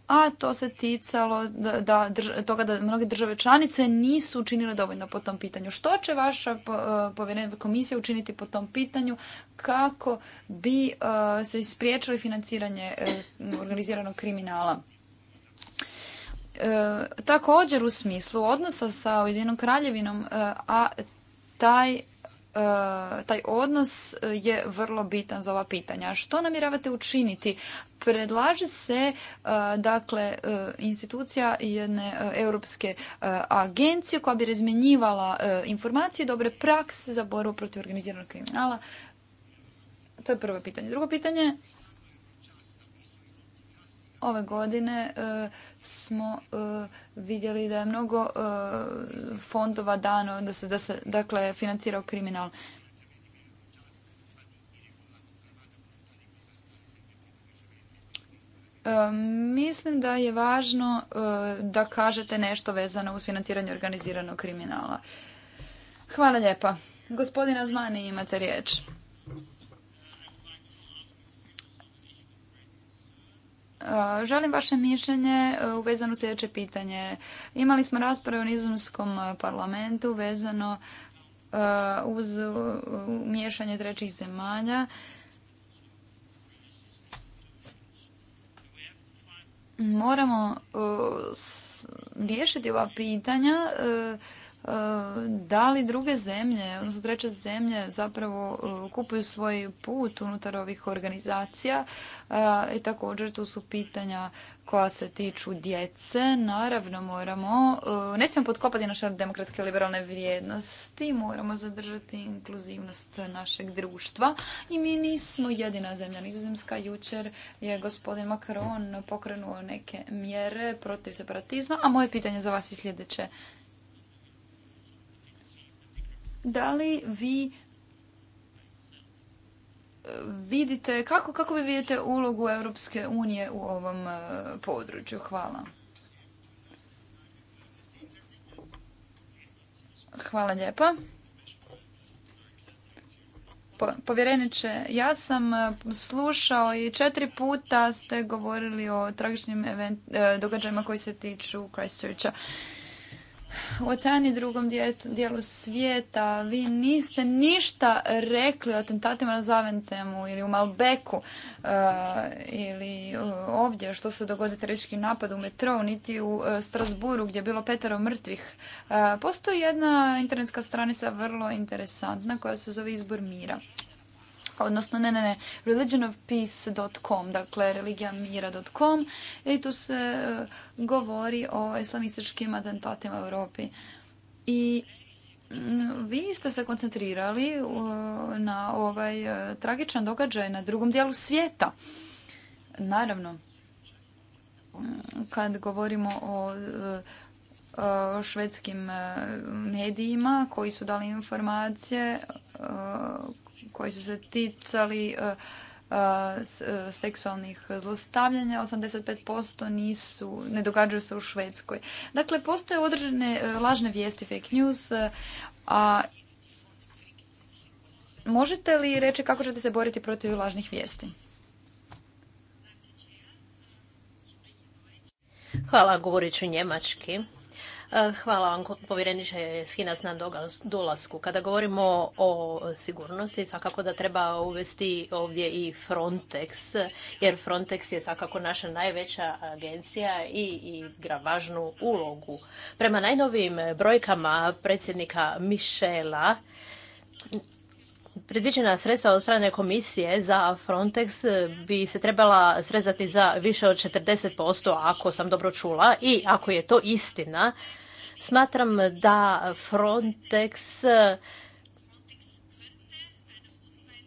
a to se ticalo da, da, toga da mnoge države članice nisu učinile dovoljno po tom pitanju. Što će vaša e, povjerenja komisija učiniti po tom pitanju kako bi e, se ispriječili financiranje e, organiziranog kriminala? također u smislu odnosa sa Ujedinom kraljevinom, a taj E, taj odnos e, je vrlo bitan za ova pitanja. Što namjeravate učiniti? Predlaže se e, dakle institucija jedne europske agencije koja bi razmjenjivala informacije i dobre prakse za borbu protiv organiziranog kriminala. To je prvo pitanje. Drugo pitanje Ove godine e, smo e, vidjeli da je mnogo e, fondova dano da se, da se dakle financirao kriminal. Mislim da je važno da kažete nešto vezano uz financiranje organiziranog kriminala. Hvala lijepa. Gospodina Zmani imate riječ. Eh, želim vaše mišljenje eh, vezano sljedeće pitanje. Imali smo rasprave u nizomskom eh, parlamentu vezano uz miješanje trećih zemalja. Moramo riješiti ova pitanja E, da li druge zemlje, odnosno treće zemlje zapravo e, kupuju svoj put unutar ovih organizacija e, i također tu su pitanja koja se tiču djece. Naravno moramo, ne smijemo potkopati naše demokratske liberalne vrijednosti, moramo zadržati inkluzivnost našeg društva i mi nismo jedina zemlja. Nizozemska jučer je gospodin Macron pokrenuo neke mjere protiv separatizma, a moje pitanje za vas je sljedeće. Da li vi e, vidite, kako, kako vi vidite ulogu Europske unije u ovom e, području? Hvala. Hvala lijepa. Povjereniče, ja sam e, slušao i četiri puta ste govorili o tragičnim događajima koji se tiču Christchurcha u oceani drugom dijelu svijeta. Vi niste ništa rekli o atentatima na Zaventemu ili u Malbeku uh, ili uh, ovdje što se dogodi teroristički napad u metrou, niti u uh, Strasburu gdje je bilo petero mrtvih. Uh, postoji jedna internetska stranica vrlo interesantna koja se zove Izbor mira odnosno ne, ne, ne, religionofpeace.com, dakle religijamira.com i tu se e, govori o islamističkim atentatima u Europi. I vi ste se koncentrirali e, na ovaj e, tragičan događaj na drugom dijelu svijeta. Naravno, kad govorimo o o švedskim medijima koji su dali informacije koji su se ticali e, e, e, seksualnih zlostavljanja, 85% nisu, ne događaju se u Švedskoj. Dakle, postoje određene lažne vijesti, fake news, možete li reći kako ćete se boriti protiv lažnih vijesti? Hvala, govorit ću njemački. Eh, hvala vam, povjereniče Skinac, na dolasku. Kada govorimo o sigurnosti, svakako da treba uvesti ovdje i Frontex, jer Frontex je svakako naša najveća agencija i igra važnu ulogu. Prema najnovijim brojkama predsjednika Mišela, Predviđena sredstva od strane komisije za Frontex bi se trebala srezati za više od 40%, ako sam dobro čula, i ako je to istina, smatram da Frontex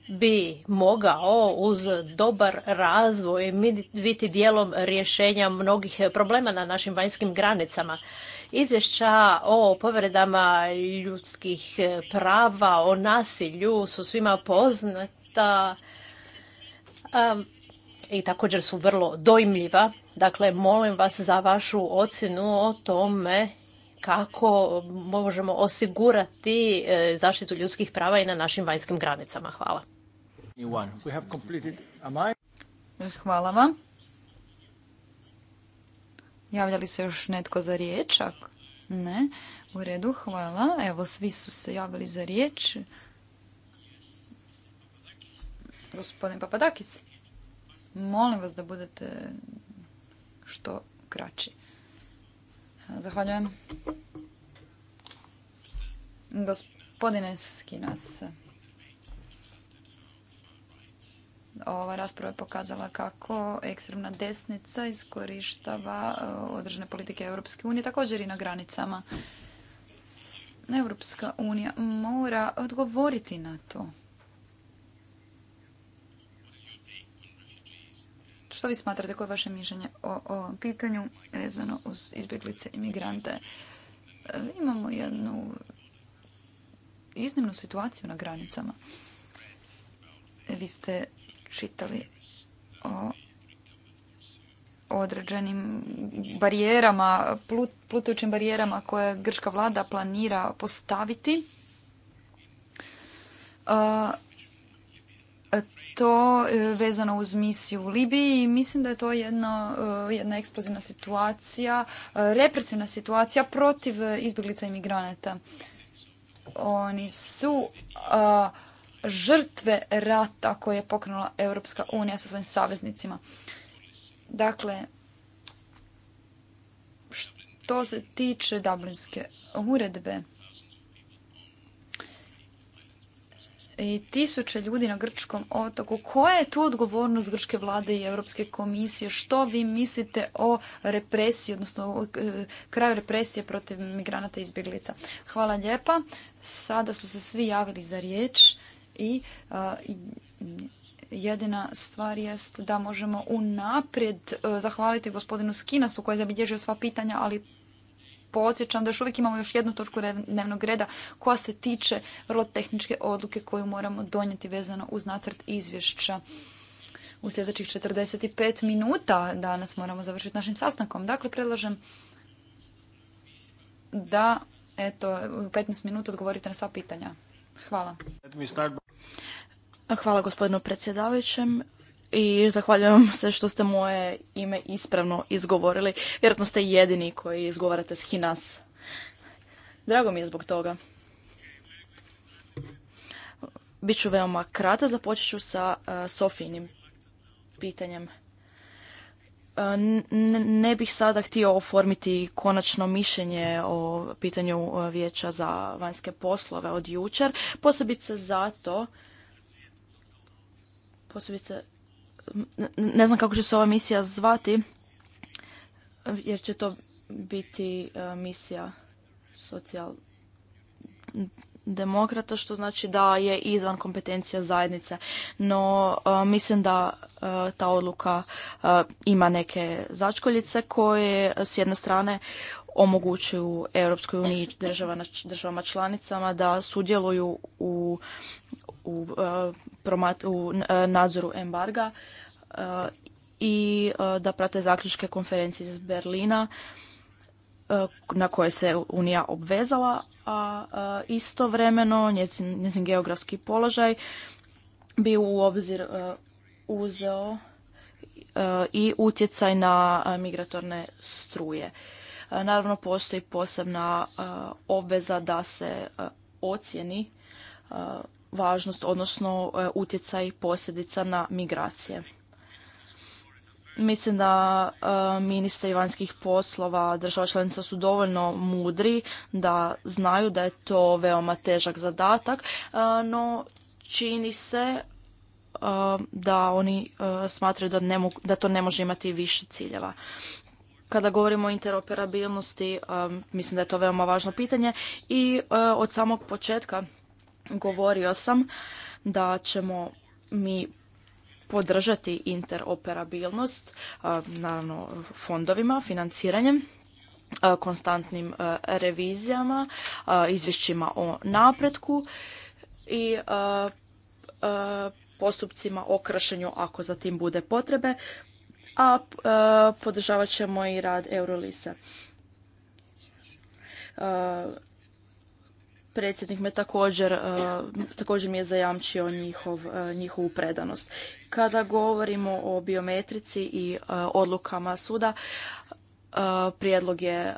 bi mogao uz dobar razvoj biti dijelom rješenja mnogih problema na našim vanjskim granicama. Izvješća o povredama ljudskih e, prava, o nasilju su svima poznata i također su vrlo dojmljiva. Dakle, molim vas za vašu ocjenu o tome kako možemo osigurati e, zaštitu ljudskih prava i na našim vanjskim granicama. Hvala. Hvala vam. Javlja li se još netko za riječ? Ne. U redu, hvala. Evo, svi su se javili za riječ. Gospodin Papadakis, molim vas da budete što kraći. Zahvaljujem. Gospodine Skinas, ova rasprava je pokazala kako ekstremna desnica iskorištava e, određene politike Europske unije, također i na granicama. Europska unija mora odgovoriti na to. Što vi smatrate, koje je vaše mišljenje o, o pitanju vezano uz izbjeglice i migrante? E, imamo jednu iznimnu situaciju na granicama. Vi ste čitali o određenim barijerama, plutajućim barijerama koje grška vlada planira postaviti. E, to e, vezano uz misiju u Libiji mislim da je to e, jedna, eksplozivna situacija, represivna situacija protiv izbjeglica imigranata. Oni su žrtve rata koje je pokrenula Europska unija sa svojim saveznicima. Dakle, što se tiče Dublinske uredbe i tisuće ljudi na grčkom otoku, koja je tu odgovornost grčke vlade i Europske komisije? Što vi mislite o represiji, odnosno o e, kraju represije protiv migranata i izbjeglica? Hvala lijepa. Sada smo se svi javili za riječ i jedina stvar jest da možemo unaprijed e, zahvaliti gospodinu Skinasu koji je zabilježio sva pitanja, ali podsjećam da još uvijek imamo još jednu točku dnevnog reda koja se tiče vrlo tehničke odluke koju moramo donijeti vezano uz nacrt izvješća. U sljedećih 45 minuta danas moramo završiti našim sastankom. Dakle, predlažem da eto, u 15 minuta odgovorite na sva pitanja. Hvala. Hvala gospodinu predsjedavajućem i zahvaljujem se što ste moje ime ispravno izgovorili. Vjerojatno ste jedini koji izgovarate s Hinas. Drago mi je zbog toga. Biću veoma krata, započet ću sa e, Sofinim pitanjem. E, ne bih sada htio oformiti konačno mišljenje o pitanju e, Vijeća za vanjske poslove od jučer, posebice zato posebice ne znam kako će se ova misija zvati, jer će to biti e, misija socijal demokrata, što znači da je izvan kompetencija zajednice. No, e, mislim da e, ta odluka ima neke začkoljice koje s jedne strane omogućuju Europskoj uniji državama članicama da sudjeluju u u, e, u e, nadzoru embarga e, i da prate zaključke konferencije iz Berlina na koje se Unija obvezala, a istovremeno njezin, njezin geografski položaj bi u obzir uzeo i utjecaj na migratorne struje. Naravno, postoji posebna obveza da se ocjeni važnost, odnosno e, utjecaj posljedica na migracije. Mislim da e, ministri vanjskih poslova država članica su dovoljno mudri da znaju da je to veoma težak zadatak, e, no čini se da oni smatraju da, da to ne može imati više ciljeva. Kada govorimo o interoperabilnosti, mislim da je to veoma važno pitanje i od samog početka Govorio sam da ćemo mi podržati interoperabilnost, e, naravno fondovima, financiranjem, e, konstantnim e, revizijama, izvješćima o napretku i postupcima o kršenju ako za tim bude potrebe, a podržavat ćemo i rad Eurolisa predsjednik me također, e, također mi je zajamčio njihov, e, njihovu predanost. Kada govorimo o biometrici i e, odlukama suda, prijedlog je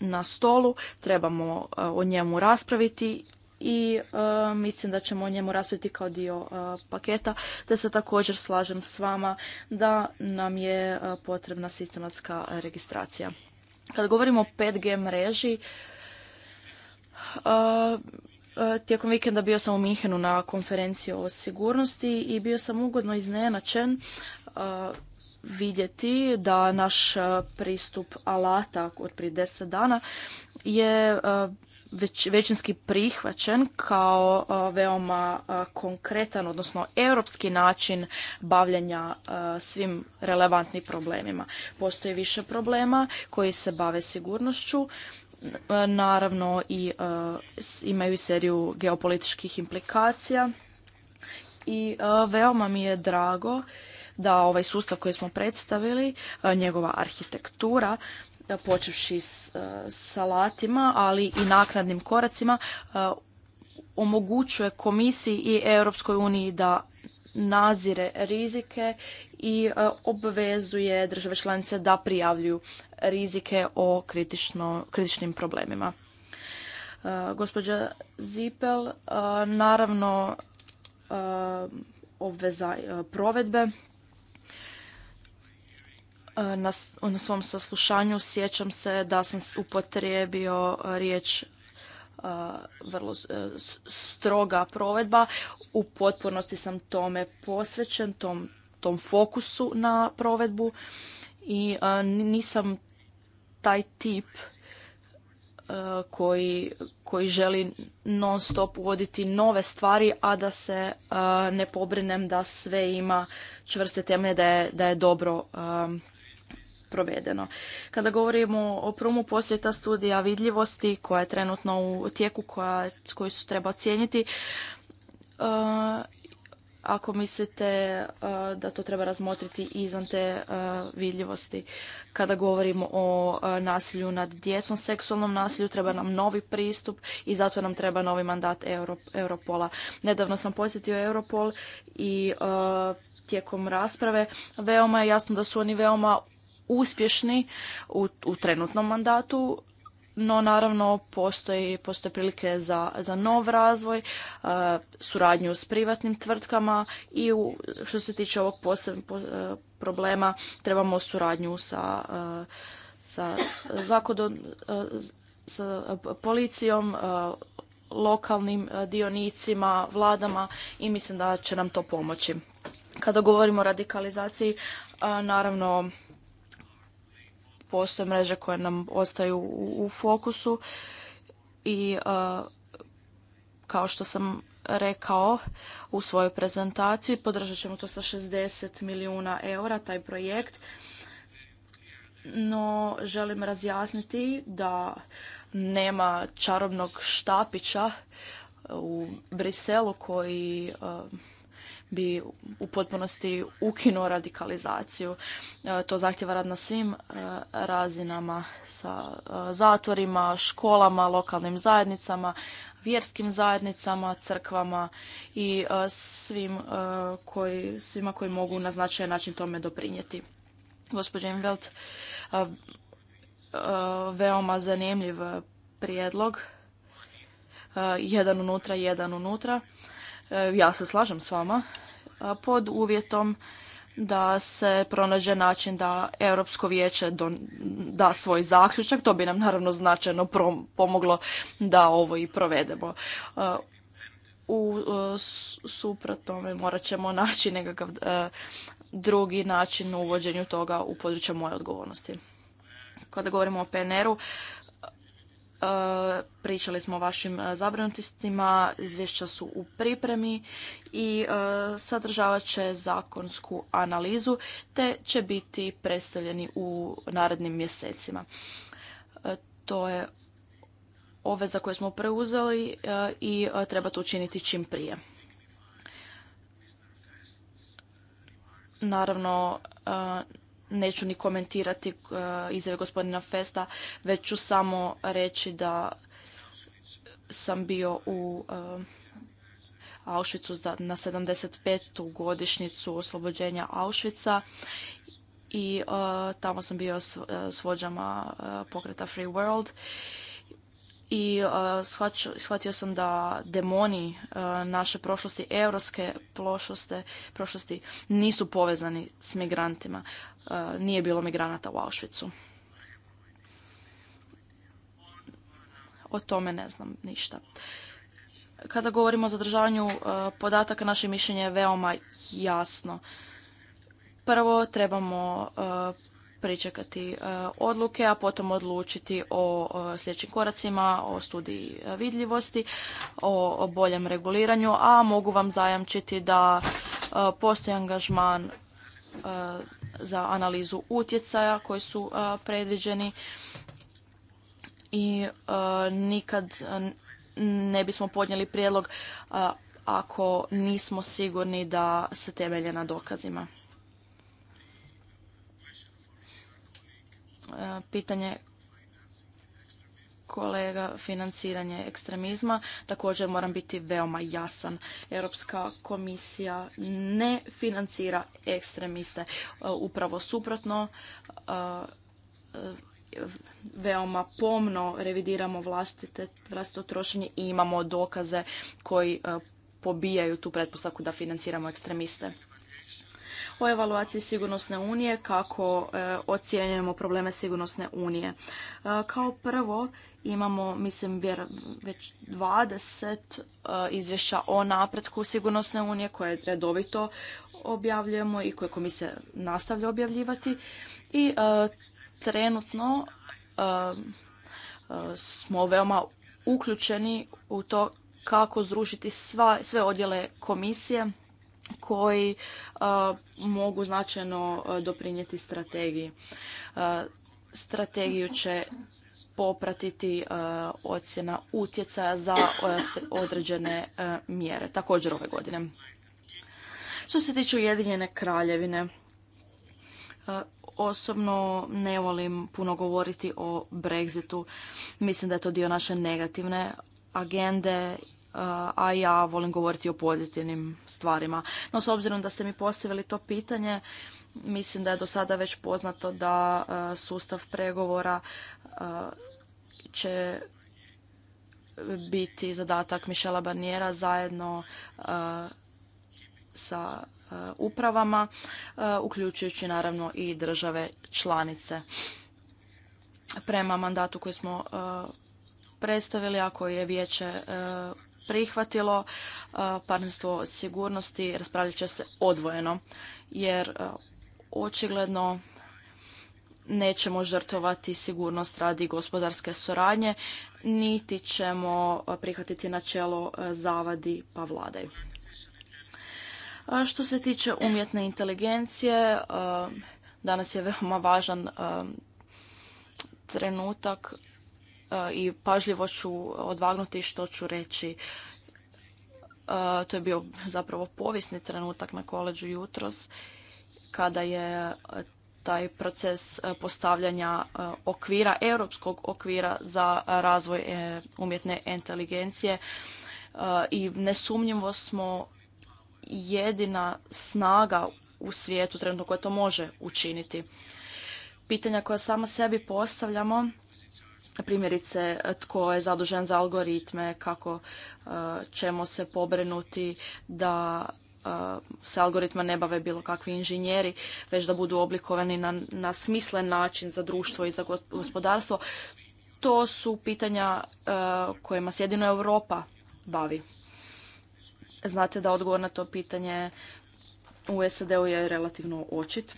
na stolu, trebamo o njemu raspraviti i mislim da ćemo o njemu raspraviti kao dio paketa, te se također slažem s vama da nam je potrebna sistematska registracija. Kada govorimo o 5G mreži, Tijekom vikenda bio sam u Minhenu na konferenciji o sigurnosti i bio sam ugodno iznenačen vidjeti da naš pristup alata od prije deset dana je već, većinski prihvaćen kao veoma konkretan, odnosno europski način bavljanja svim relevantnim problemima. Postoji više problema koji se bave sigurnošću naravno i e, imaju i seriju geopolitičkih implikacija i e, veoma mi je drago da ovaj sustav koji smo predstavili, e, njegova arhitektura, počevši s salatima, ali i naknadnim koracima, omogućuje komisiji i Europskoj uniji da nazire rizike i e, obvezuje države članice da prijavljuju rizike o kritično, kritičnim problemima. E, gospođa Zipel, e, naravno obveza provedbe. Na, svom saslušanju sjećam se da sam upotrijebio riječ vrlo stroga provedba. U potpunosti sam tome posvećen, tom tom fokusu na provedbu i e, nisam taj tip e, koji, koji želi non stop uvoditi nove stvari, a da se e, ne pobrinem da sve ima čvrste temelje, da je, da je dobro provedeno. Kada govorimo o promu posjeta studija vidljivosti koja je trenutno u tijeku, koja, koju se treba ocijeniti ako mislite e, da to treba razmotriti izvan te e, vidljivosti. Kada govorimo o e, nasilju nad djecom, seksualnom nasilju, treba nam novi pristup i zato nam treba novi mandat Europola. Nedavno sam posjetio Europol i tijekom rasprave veoma je jasno da su oni veoma uspješni u, u trenutnom mandatu no naravno postoji, postoje prilike za, za nov razvoj, e, suradnju s privatnim tvrtkama i u, što se tiče ovog posebnog e, problema trebamo suradnju sa, e, sa, sa policijom, lokalnim dionicima, vladama i mislim da će nam to pomoći. Kada govorimo o radikalizaciji, naravno postoje mreže koje nam ostaju u, fokusu i kao što sam rekao u svojoj prezentaciji, podržat ćemo to sa 60 milijuna eura, taj projekt. No, želim razjasniti da nema čarobnog štapića u Briselu koji bi u potpunosti ukinuo radikalizaciju. E, to zahtjeva rad na svim e, razinama sa e, zatvorima, školama, lokalnim zajednicama, vjerskim zajednicama, crkvama i svim koji, svima koji mogu na značajan način tome doprinijeti. Gospođa Invelt, veoma zanimljiv prijedlog. Jedan unutra, jedan unutra. E, ja se slažem s vama e, pod uvjetom da se pronađe način da Europsko vijeće da svoj zaključak. To bi nam naravno značajno pomoglo da ovo i provedemo. E, u tome, morat ćemo naći nekakav drugi način u uvođenju toga u području moje odgovornosti. Kada govorimo o PNR-u, E, pričali smo o vašim e, zabranutistima, izvješća su u pripremi i e, sadržavat će zakonsku analizu te će biti predstavljeni u narednim mjesecima. To je obveza koju smo preuzeli i treba to učiniti čim prije. Naravno, neću ni komentirati uh, izjave gospodina Festa, već ću samo reći da sam bio u uh, Auschwitzu na 75. godišnjicu oslobođenja Auschwitza i uh, tamo sam bio s vođama pokreta Free World i e, shvatio sam da demoni e, naše prošlosti, europske prošlosti, nisu povezani s migrantima. E, nije bilo migranata u Auschwitzu. O tome ne znam ništa. Kada govorimo o zadržavanju podataka, naše mišljenje je veoma jasno. Prvo trebamo pričekati e, odluke, a potom odlučiti o e, sljedećim koracima, o studiji vidljivosti, o boljem reguliranju, a mogu vam zajamčiti da e, postoji angažman za analizu utjecaja koji su predviđeni i nikad ne bismo podnijeli prijedlog ako nismo sigurni da se temelje na dokazima. E, pitanje kolega financiranje ekstremizma. Također moram biti veoma jasan. Europska komisija ne financira ekstremiste. E, upravo suprotno, e, veoma pomno revidiramo vlastite, vlastito trošenje i imamo dokaze koji pobijaju tu pretpostavku da financiramo ekstremiste o evaluaciji sigurnosne unije, kako e, ocjenjujemo probleme sigurnosne unije. E, kao prvo imamo, mislim, već 20 e, izvješća o napretku sigurnosne unije koje redovito objavljujemo i koje komisija nastavlja objavljivati. I trenutno smo veoma uključeni u to kako zrušiti sve odjele komisije koji e, mogu značajno e, doprinijeti strategiji. E, strategiju će popratiti ocjena utjecaja za određene mjere, također ove godine. Što se tiče Ujedinjene kraljevine, osobno ne volim puno govoriti o Brexitu. Mislim da je to dio naše negativne agende a ja volim govoriti o pozitivnim stvarima. No, s obzirom da ste mi postavili to pitanje, mislim da je do sada već poznato da e, sustav pregovora e, će biti zadatak Mišela Barnijera zajedno e, sa upravama, uključujući naravno i države članice. Prema mandatu koji smo predstavili, ako je vijeće prihvatilo. E, partnerstvo sigurnosti raspravljat će se odvojeno, jer e, očigledno nećemo žrtovati sigurnost radi gospodarske suradnje, niti ćemo e, prihvatiti načelo zavadi pa vladaj. Što se tiče umjetne inteligencije, danas je veoma važan trenutak i pažljivo ću odvagnuti što ću reći. E, to je bio zapravo povijesni trenutak na koleđu jutros kada je e, taj proces e, postavljanja okvira, europskog okvira za razvoj umjetne inteligencije i nesumnjivo smo jedina snaga u svijetu trenutno koja to može učiniti. Pitanja koja sama sebi postavljamo primjerice tko je zadužen za algoritme, kako e, ćemo se pobrinuti da e, se algoritma ne bave bilo kakvi inženjeri, već da budu oblikovani na, na smislen način za društvo i za gospodarstvo. To su pitanja e, kojima se jedino Europa bavi. Znate da odgovor na to pitanje u SAD-u je relativno očit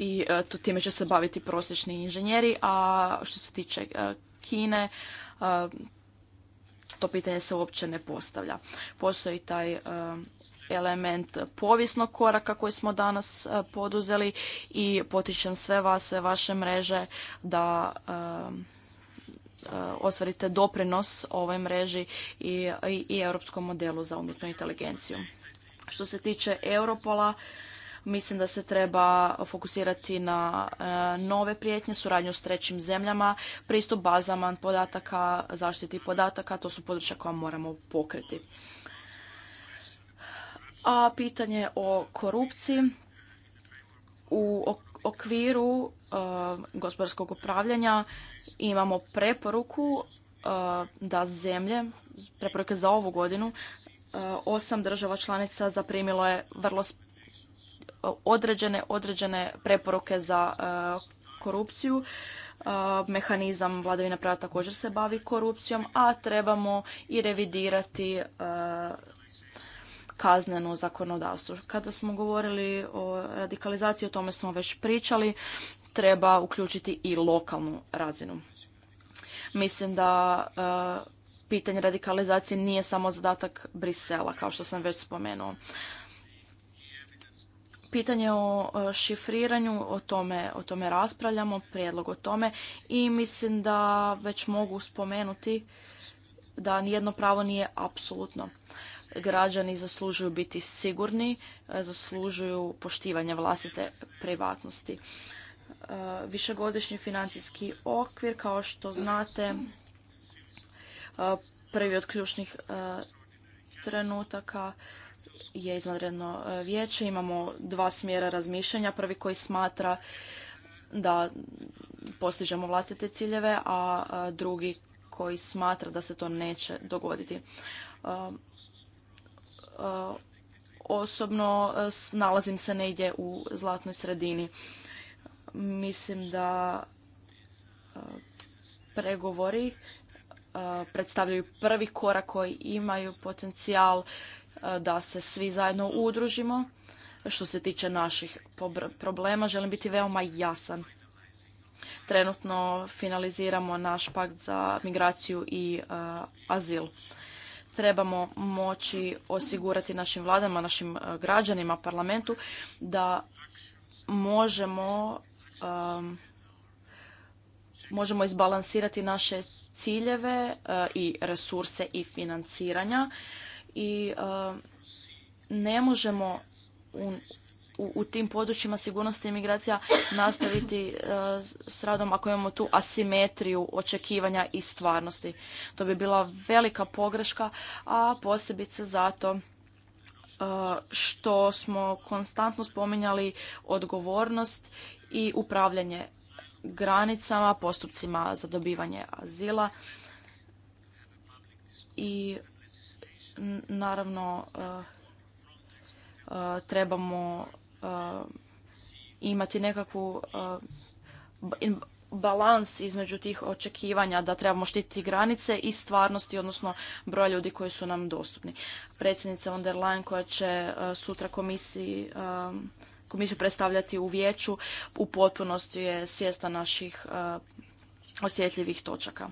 i e, to time će se baviti prosječni inženjeri, a što se tiče e, Kine, e, to pitanje se uopće ne postavlja. Postoji taj element povijesnog koraka koji smo danas poduzeli i potičem sve vas, sve vaše mreže da ostvarite doprinos ovoj mreži i europskom modelu za umjetnu inteligenciju. Što se tiče Europola, Mislim da se treba fokusirati na e, nove prijetnje, suradnju s trećim zemljama, pristup bazama podataka, zaštiti podataka, to su područja koja moramo pokriti. A pitanje o korupciji u okviru e, gospodarskog upravljanja imamo preporuku e, da zemlje, preporuke za ovu godinu, osam država članica zaprimilo je vrlo određene, određene preporuke za e, korupciju. E, mehanizam vladavina prava također se bavi korupcijom, a trebamo i revidirati e, kaznenu zakonodavstvo. Kada smo govorili o radikalizaciji, o tome smo već pričali, treba uključiti i lokalnu razinu. Mislim da pitanje radikalizacije nije samo zadatak Brisela, kao što sam već spomenuo. Pitanje o e, šifriranju, o tome, o tome raspravljamo, prijedlog o tome i mislim da već mogu spomenuti da nijedno pravo nije apsolutno. Građani zaslužuju biti sigurni, e, zaslužuju poštivanje vlastite privatnosti. E, višegodišnji financijski okvir, kao što znate, prvi od ključnih trenutaka je izvanredno e, vijeće. Imamo dva smjera razmišljanja. Prvi koji smatra da postižemo vlastite ciljeve, a drugi koji smatra da se to neće dogoditi. E, e, osobno nalazim se negdje u zlatnoj sredini. Mislim da pregovori predstavljaju prvi korak koji imaju potencijal E, da se svi zajedno udružimo. Što se tiče naših problema, želim biti veoma jasan. Trenutno finaliziramo naš pakt za migraciju i e, azil. Trebamo moći osigurati našim vladama, našim e, građanima, parlamentu da možemo možemo izbalansirati naše ciljeve i resurse i financiranja i ne možemo u, u, u tim područjima sigurnosti i migracija nastaviti s radom ako imamo tu asimetriju očekivanja i stvarnosti. To bi bila velika pogreška, a posebice zato što smo konstantno spominjali odgovornost i upravljanje granicama, postupcima za dobivanje azila i naravno e, e, trebamo e, imati nekakvu balans između tih očekivanja da trebamo štititi granice i stvarnosti, odnosno broja ljudi koji su nam dostupni. Predsjednica von der Leyen koja će sutra komisiji komisiju predstavljati u vijeću u potpunosti je svijesta naših osjetljivih točaka.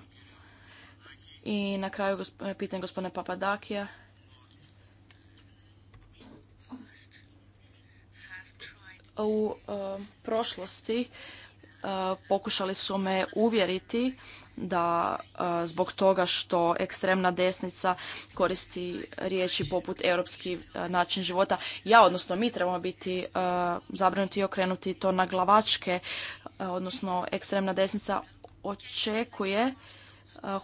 I na kraju e, pitanje gospodine Papadakija. U e, prošlosti e, pokušali su me uvjeriti da zbog toga što ekstremna desnica koristi riječi poput europski način života, ja odnosno mi trebamo biti zabrinuti i okrenuti to na glavačke, odnosno ekstremna desnica očekuje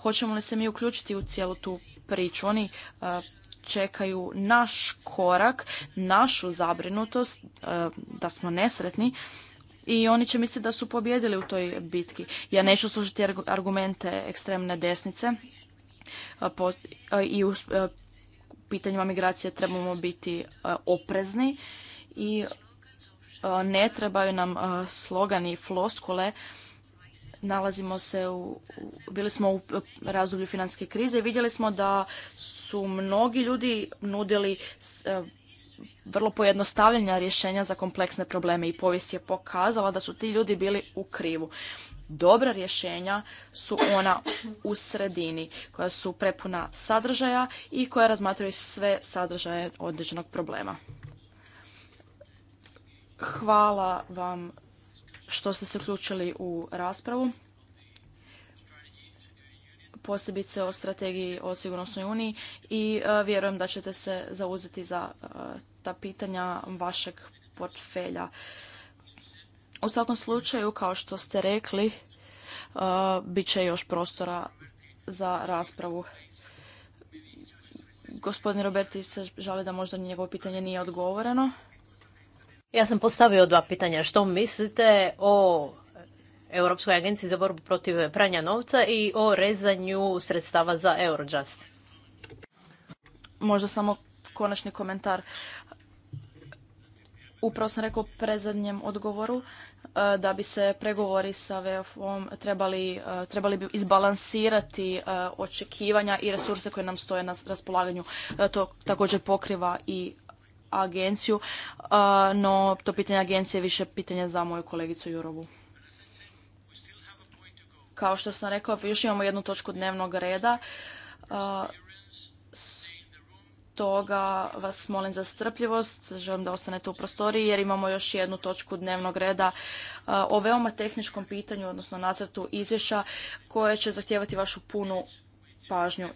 hoćemo li se mi uključiti u cijelu tu priču. Oni čekaju naš korak, našu zabrinutost, da smo nesretni i oni će misliti da su pobjedili u toj bitki. Ja neću služiti argumente ekstremne desnice i u pitanjima migracije trebamo biti oprezni i ne trebaju nam slogani i floskule nalazimo se u, bili smo u razdoblju financijske krize i vidjeli smo da su mnogi ljudi nudili e, vrlo pojednostavljenja rješenja za kompleksne probleme i povijest je pokazala da su ti ljudi bili u krivu. Dobra rješenja su ona u sredini koja su prepuna sadržaja i koja razmatraju sve sadržaje određenog problema. Hvala vam što ste se uključili u raspravu posebice o strategiji o sigurnosnoj uniji i e, vjerujem da ćete se zauzeti za e, ta pitanja vašeg portfelja. U svakom slučaju, kao što ste rekli, e, bit će još prostora za raspravu. Gospodin Roberti se žali da možda njegovo pitanje nije odgovoreno. Ja sam postavio dva pitanja. Što mislite o Europskoj agenciji za borbu protiv pranja novca i o rezanju sredstava za Eurojust? Možda samo konačni komentar. Upravo sam rekao prezadnjem odgovoru e, da bi se pregovori sa VFO-om trebali, e, trebali bi izbalansirati e, očekivanja i resurse koje nam stoje na raspolaganju. To također pokriva i agenciju, e, no to pitanje agencije je više pitanje za moju kolegicu Jurovu. Kao što sam rekao, još imamo jednu točku dnevnog reda. E, toga vas molim za strpljivost, želim da ostanete u prostoriji jer imamo još jednu točku dnevnog reda e, o veoma tehničkom pitanju, odnosno nacrtu izvješća koje će zahtijevati vašu punu pažnju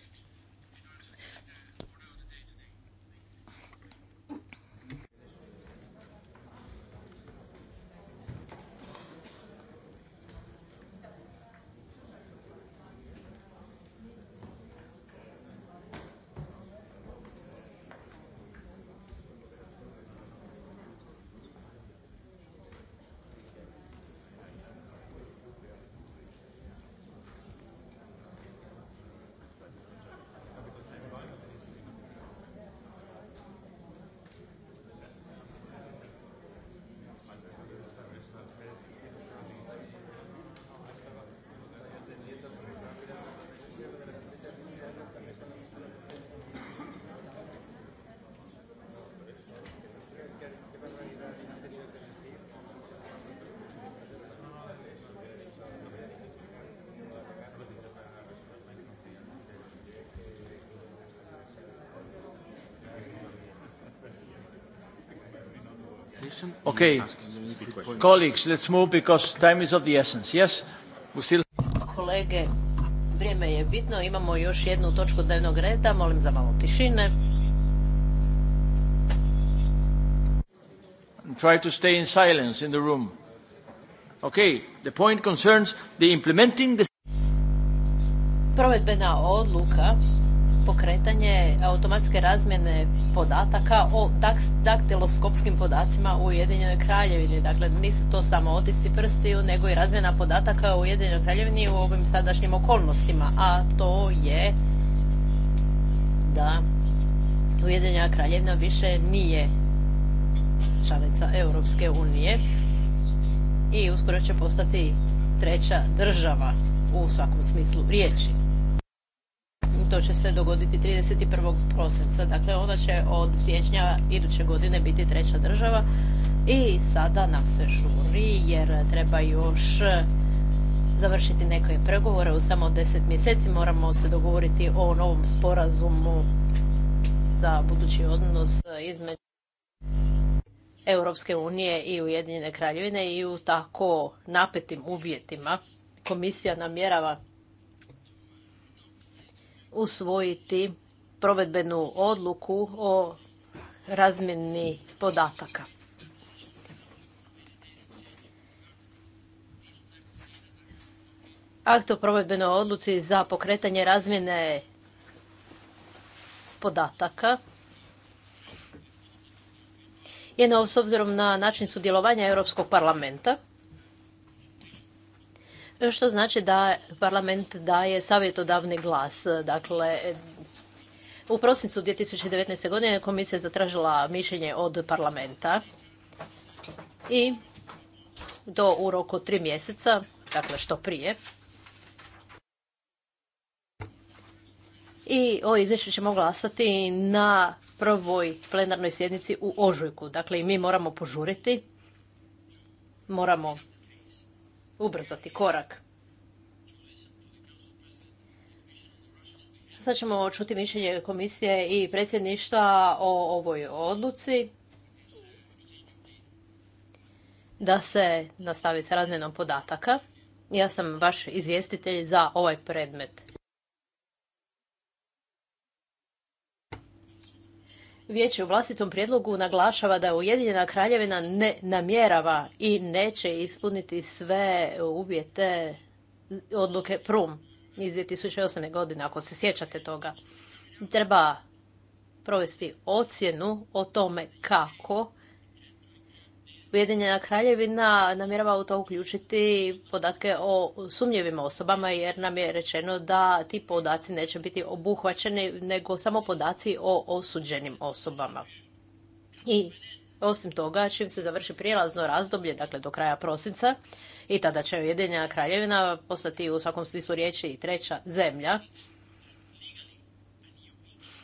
Okay, colleagues, let's move because time is of the essence. Yes, Kolege, vrijeme je bitno. Imamo još jednu točku dnevnog reda. Molim za malo tišine. Try to stay in silence in the room. Okay, the point concerns the implementing the... Provedbena odluka pokretanje automatske razmjene podataka o daktiloskopskim podacima u Ujedinjenoj Kraljevini. Dakle, nisu to samo otisci prstiju, nego i razmjena podataka u Ujedinjenoj Kraljevini u ovim sadašnjim okolnostima, a to je da Ujedinjena Kraljevina više nije članica Europske unije i uskoro će postati treća država u svakom smislu riječi. To će se dogoditi 31. prosinca. Dakle, ona će od siječnja iduće godine biti treća država. I sada nam se žuri jer treba još završiti neke pregovore u samo 10 mjeseci. Moramo se dogovoriti o novom sporazumu za budući odnos između Europske unije i Ujedinjene kraljevine i u tako napetim uvjetima komisija namjerava usvojiti provedbenu odluku o razmjeni podataka. Akt o provedbenoj odluci za pokretanje razmjene podataka je s obzirom na način sudjelovanja Europskog parlamenta što znači da parlament daje savjetodavni glas. Dakle, u prosincu 2019. godine komisija je zatražila mišljenje od parlamenta i do u roku tri mjeseca, dakle što prije. I o izvješću ćemo glasati na prvoj plenarnoj sjednici u Ožujku. Dakle, i mi moramo požuriti, moramo ubrzati korak. Sad ćemo čuti mišljenje komisije i predsjedništva o ovoj odluci da se nastavi s razmjenom podataka. Ja sam vaš izvjestitelj za ovaj predmet. Vijeće u vlastitom prijedlogu naglašava da Ujedinjena kraljevina ne namjerava i neće ispuniti sve uvjete odluke PRUM iz 2008. godine, ako se sjećate toga. Treba provesti ocjenu o tome kako Ujedinjena kraljevina namjerava u to uključiti podatke o sumnjivim osobama jer nam je rečeno da ti podaci neće biti obuhvaćeni nego samo podaci o osuđenim osobama. I osim toga, čim se završi prijelazno razdoblje, dakle do kraja prosinca, i tada će Ujedinjena kraljevina postati u svakom smislu riječi i treća zemlja,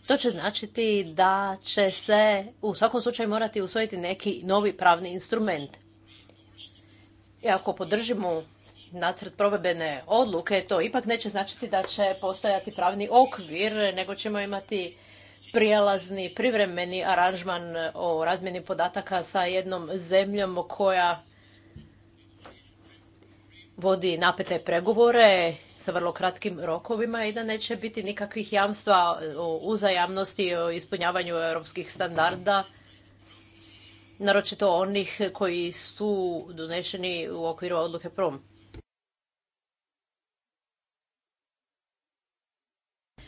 to će značiti da će se u svakom slučaju morati usvojiti neki novi pravni instrument. I ako podržimo nacrt provedbene odluke, to ipak neće značiti da će postojati pravni okvir, nego ćemo imati prijelazni privremeni aranžman o razmjeni podataka sa jednom zemljom koja vodi napete pregovore sa vrlo kratkim rokovima i da neće biti nikakvih jamstva e, o uzajamnosti, o ispunjavanju europskih standarda, naročito onih koji su donešeni u okviru odluke PROM.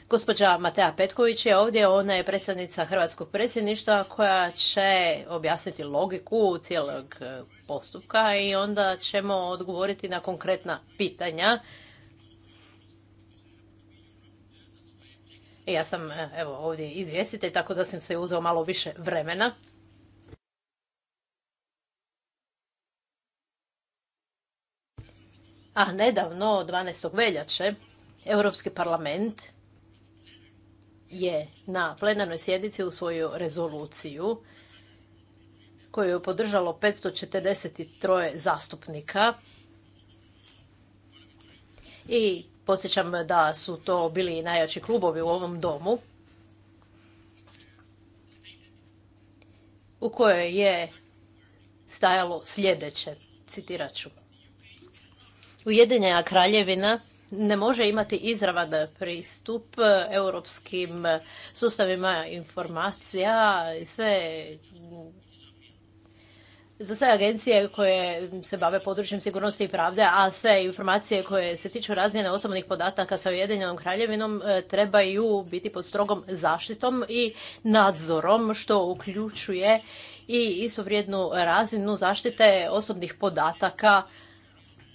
Gospođa Matea Petković je ovdje, ona je predsjednica Hrvatskog predsjedništva koja će objasniti logiku cijelog e, postupka i onda ćemo odgovoriti na konkretna pitanja E, ja sam e, evo, ovdje izvjestitelj, tako da sam se uzeo malo više vremena. A nedavno, 12. veljače, Europski parlament je na plenarnoj sjednici usvojio rezoluciju koju je podržalo 543 zastupnika i Podsjećam da su to bili najjači klubovi u ovom domu u kojoj je stajalo sljedeće, citirat ću. Ujedinjena kraljevina ne može imati izravan pristup europskim sustavima informacija i sve za sve agencije koje se bave područjem sigurnosti i pravde, a sve informacije koje se tiču razmjene osobnih podataka sa Ujedinjenom kraljevinom e, trebaju biti pod strogom zaštitom i nadzorom, što uključuje i istovrijednu razinu zaštite osobnih podataka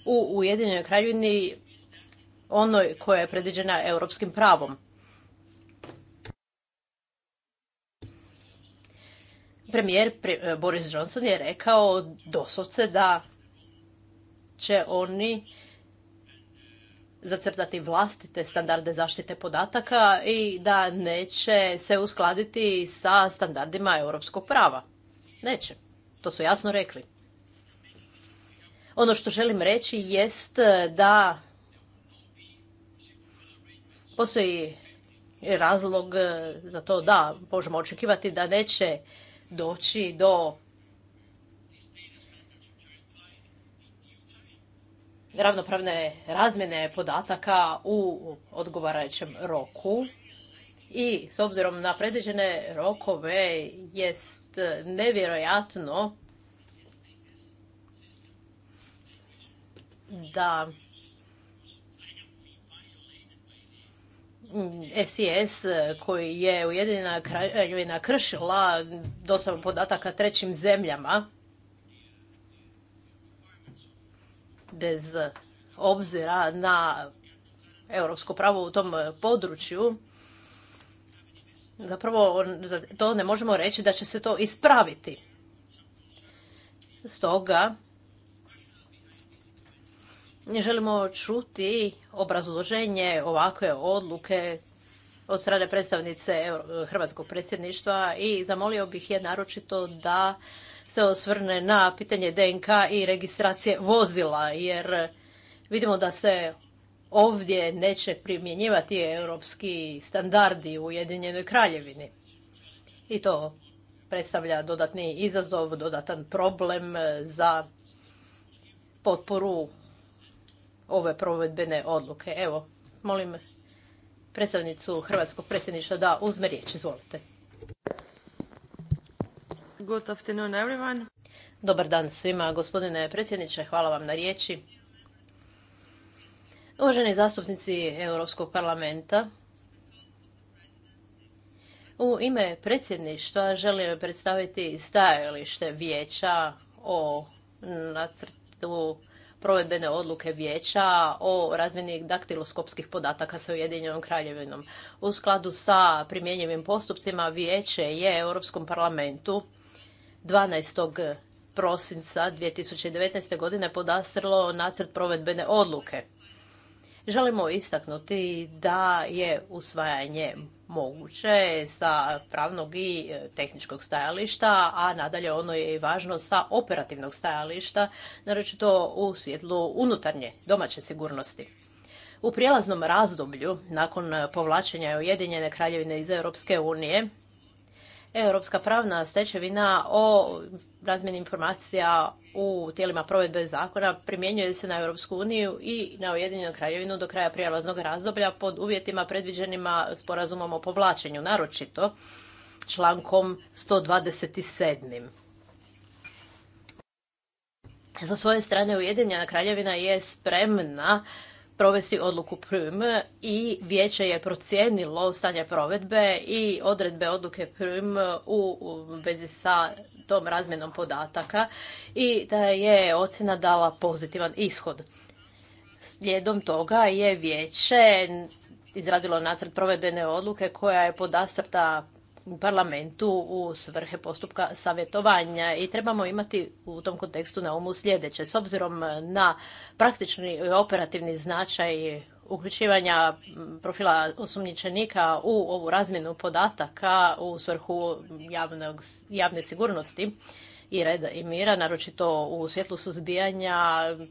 u Ujedinjenoj kraljevini onoj koja je predviđena europskim pravom. premijer e, Boris Johnson je rekao doslovce da će oni zacrtati vlastite standarde zaštite podataka i da neće se uskladiti sa standardima europskog prava. Neće. To su jasno rekli. Ono što želim reći jest da postoji razlog za to da možemo očekivati da neće doći do ravnopravne razmjene podataka u odgovarajućem roku. I s obzirom na predviđene rokove jest nevjerojatno da SIS eh, koji je Ujedinjena kraljevina kršila dostavu podataka trećim zemljama bez obzira na europsko pravo u tom području, zapravo to ne možemo reći da će se to ispraviti. Stoga želimo čuti obrazloženje ovakve odluke od strane predstavnice Hrvatskog predsjedništva i zamolio bih je naročito da se osvrne na pitanje DNK i registracije vozila, jer vidimo da se ovdje neće primjenjivati europski standardi u Ujedinjenoj kraljevini. I to predstavlja dodatni izazov, dodatan problem za potporu ove provedbene odluke. Evo, molim predstavnicu Hrvatskog predsjedništva da uzme riječ. Izvolite. Dobar dan svima, gospodine predsjedniče, hvala vam na riječi. Uvaženi zastupnici Europskog parlamenta, u ime predsjedništva želim predstaviti stajalište vijeća o nacrtu provedbene odluke vijeća o razmjeni daktiloskopskih podataka sa Ujedinjenom kraljevinom. U skladu sa primjenjivim postupcima vijeće je Europskom parlamentu 12. prosinca 2019. godine podastrlo nacrt provedbene odluke. Želimo istaknuti da je usvajanje moguće sa pravnog i e, tehničkog stajališta, a nadalje ono je i važno sa operativnog stajališta, naročito u svjetlu unutarnje domaće sigurnosti. U prijelaznom razdoblju nakon povlačenja Ujedinjene kraljevine iz Europske unije europska pravna stečevina o razmjeni informacija u tijelima provedbe zakona primjenjuje se na Europsku uniju i na Ujedinjenu kraljevinu do kraja prijelaznog razdoblja pod uvjetima predviđenima sporazumom o povlačenju, naročito člankom 127. Za svoje strane Ujedinjena kraljevina je spremna provesti odluku prm i vijeće je procijenilo stanje provedbe i odredbe odluke prm u, vezi sa tom razmjenom podataka i da je ocjena dala pozitivan ishod. Slijedom toga je vijeće izradilo nacrt provedbene odluke koja je podastrta u parlamentu u svrhe postupka savjetovanja i trebamo imati u tom kontekstu na umu sljedeće. S obzirom na praktični i operativni značaj uključivanja profila osumnjičenika u ovu razmjenu podataka u svrhu javnog, javne sigurnosti i reda i mira, naročito u svjetlu suzbijanja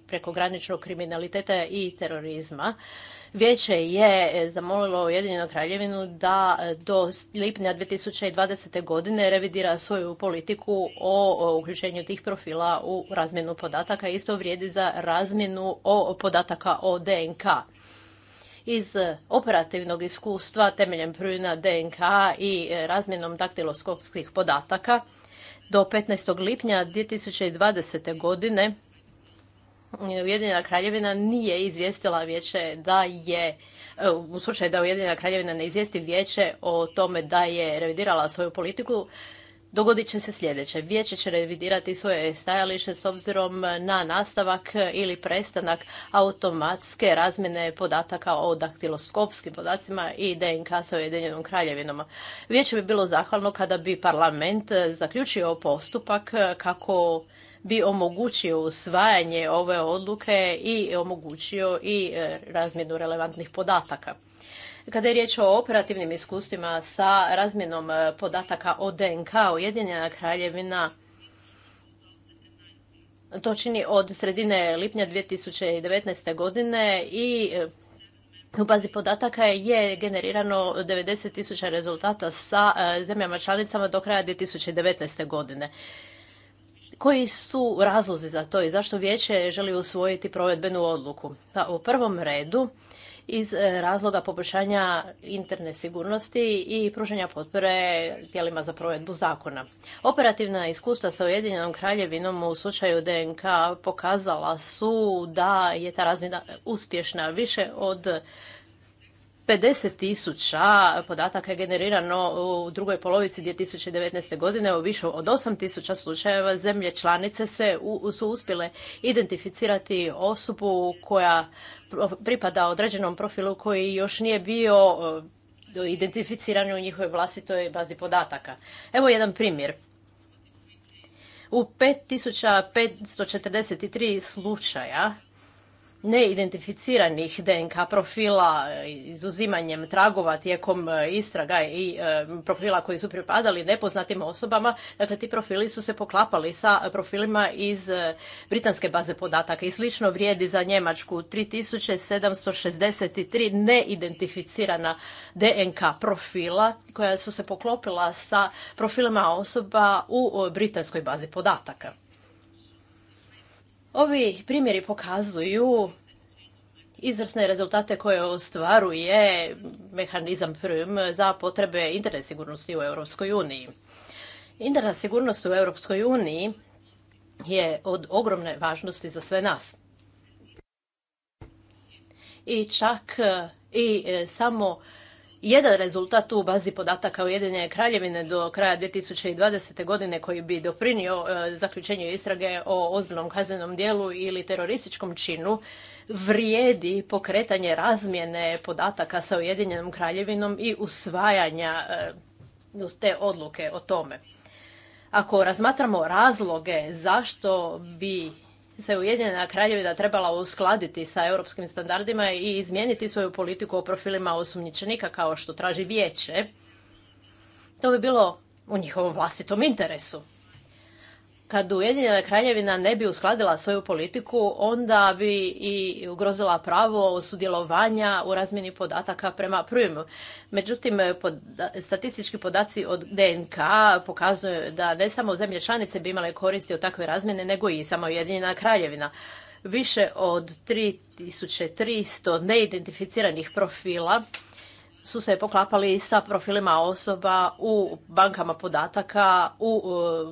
prekograničnog kriminaliteta i terorizma. Vijeće je e, zamolilo Ujedinjenu kraljevinu da e, do lipnja 2020. godine revidira svoju politiku o uključenju tih profila u razmjenu podataka. Isto vrijedi za razmjenu o podataka o DNK iz operativnog iskustva temeljem prvina DNK i e, razmjenom daktiloskopskih podataka do 15. lipnja 2020. godine Ujedinjena kraljevina nije izvijestila vijeće da je e, u slučaju da Ujedinjena kraljevina ne izvijesti vijeće o tome da je revidirala svoju politiku, dogodit će se sljedeće. Vijeće će revidirati svoje stajalište s obzirom na nastavak ili prestanak automatske razmjene podataka o daktiloskopskim podacima i DNK sa Ujedinjenom kraljevinom. Vijeće bi bilo zahvalno kada bi parlament zaključio postupak kako bi omogućio usvajanje ove odluke i omogućio i e, razmjenu relevantnih podataka. Kada je riječ o operativnim iskustvima sa razmjenom e, podataka o DNK, Ujedinjena kraljevina to čini od sredine lipnja 2019. godine i e, u bazi podataka je generirano 90.000 rezultata sa zemljama članicama do kraja 2019. godine. Koji su razlozi za to i zašto vijeće želi usvojiti provedbenu odluku? Pa u prvom redu iz e, razloga poboljšanja interne sigurnosti i pružanja potpore tijelima za provedbu zakona. Operativna iskustva sa Ujedinjenom kraljevinom u slučaju DNK pokazala su da je ta razmjena uspješna. Više od 50 tisuća podataka je generirano u drugoj polovici 2019. godine. U više od 8 tisuća slučajeva zemlje članice se su uspjele identificirati osobu koja pripada određenom profilu koji još nije bio e, identificiran u njihovoj vlastitoj bazi podataka. Evo jedan primjer. U 5543 slučaja neidentificiranih DNK profila, e, izuzimanjem tragova tijekom e, istraga i e, profila koji su pripadali nepoznatim osobama. Dakle, ti profili su se poklapali sa profilima iz britanske baze podataka i slično vrijedi za Njemačku 3763 neidentificirana DNK profila koja su se poklopila sa profilima osoba u britanskoj bazi podataka. Ovi primjeri pokazuju izvrsne rezultate koje ostvaruje mehanizam Prv za potrebe internet sigurnosti u Europskoj uniji. Interna sigurnost u Europskoj uniji je od ogromne važnosti za sve nas. I čak i e, samo jedan rezultat u bazi podataka Ujedinjene kraljevine do kraja 2020. godine koji bi doprinio e, zaključenju istrage o ozbiljnom kaznenom dijelu ili terorističkom činu vrijedi pokretanje razmjene podataka sa Ujedinjenom kraljevinom i usvajanja e, te odluke o tome. Ako razmatramo razloge zašto bi se Ujedinjena kraljevina trebala uskladiti sa europskim standardima i izmijeniti svoju politiku o profilima osumnjičenika kao što traži vijeće, to bi bilo u njihovom vlastitom interesu. Kad Ujedinjena kraljevina ne bi uskladila svoju politiku, onda bi i ugrozila pravo sudjelovanja u razmjeni podataka prema prvim. Međutim, statistički podaci od DNK pokazuju da ne samo zemlje članice bi imale koristi od takve razmjene, nego i samo Ujedinjena kraljevina. Više od 3300 neidentificiranih profila su se poklapali sa profilima osoba u bankama podataka u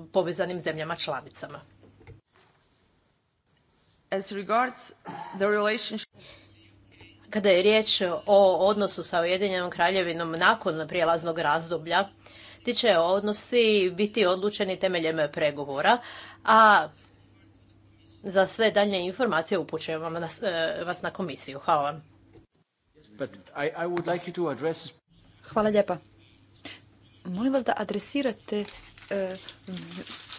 e, povezanim zemljama članicama. As Kada je riječ o odnosu sa Ujedinjenom kraljevinom nakon prijelaznog razdoblja, ti će odnosi biti odlučeni temeljem pregovora, a za sve dalje informacije upućujem e, vas na komisiju. Hvala vam. Hvala lijepa. Molim vas da adresirate e,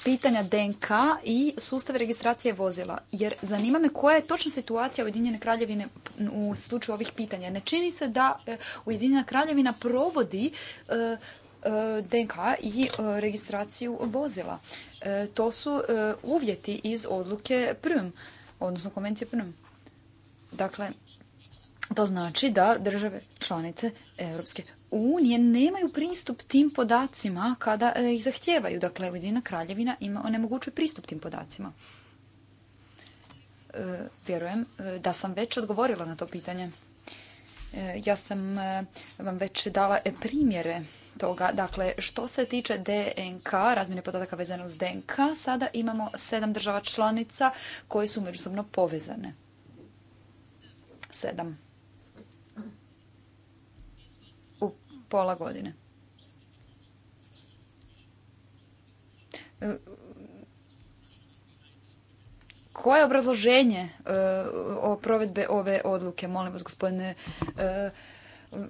pitanja DNK i sustave registracije vozila. Jer zanima me koja je točna situacija Ujedinjene kraljevine u slučaju ovih pitanja. Ne čini se da e, Ujedinjena kraljevina provodi e, DNK i registraciju vozila. To su uvjeti iz odluke prvim, odnosno konvencije prvim. Dakle, to znači da države članice Europske unije nemaju pristup tim podacima kada e, ih zahtijevaju. Dakle, Ujedina kraljevina ima onemogućuje pristup tim podacima. E, vjerujem e, da sam već odgovorila na to pitanje. ja sam vam već dala primjere toga. Dakle, što se tiče DNK, razmjene podataka vezano uz DNK, sada imamo sedam država članica koje su međusobno povezane. Sedam. pola godine. Koje je obrazloženje e, o provedbe ove odluke? Molim vas, gospodine, e,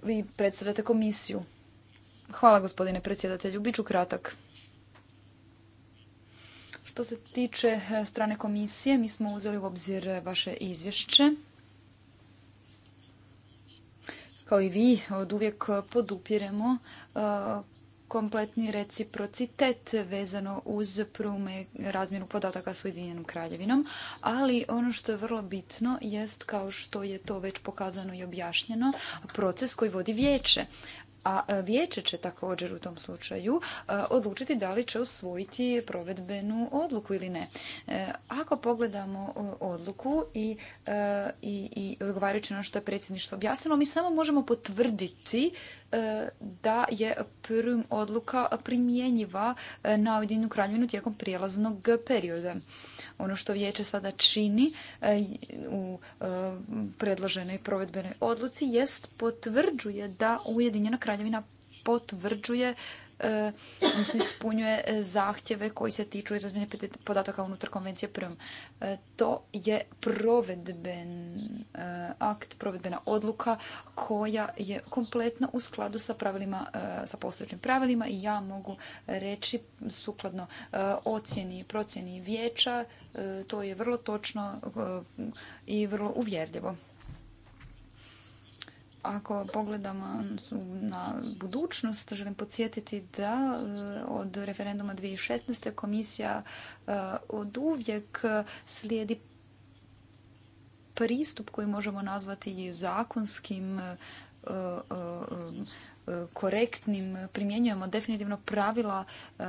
vi predstavljate komisiju. Hvala, gospodine predsjedatelju. Biću kratak. Što se tiče e, strane komisije, mi smo uzeli u obzir vaše izvješće kao i vi od uvijek podupiremo kompletni reciprocitet vezano uz prume razmjenu podataka s Ujedinjenom kraljevinom, ali ono što je vrlo bitno jest kao što je to već pokazano i objašnjeno proces koji vodi vijeće a e, vijeće će također u tom slučaju e, odlučiti da li će usvojiti provedbenu odluku ili ne. E, ako pogledamo odluku i, i, i odgovarajući ono što je predsjedništvo objasnilo, mi samo možemo potvrditi da je prvim odluka primjenjiva na Ujedinjenu kraljevinu tijekom prijelaznog perioda. Ono što vijeće sada čini e, u e, predloženoj provedbenoj odluci jest potvrđuje da Ujedinjena kraljevina potvrđuje Eh, ispunjuje eh, zahtjeve koji se tiču razmjene podataka unutar konvencije prvom. Eh, to je provedben akt, provedbena odluka koja je kompletna u skladu sa pravilima, sa postojećim pravilima i ja mogu reći sukladno ocjeni i procjeni vijeća, to je vrlo točno i vrlo uvjerljivo. Ako pogledamo na budućnost, želim podsjetiti da eh, od referenduma 2016. komisija eh, od uvijek slijedi pristup koji možemo nazvati zakonskim eh, korektnim, primjenjujemo definitivno pravila e,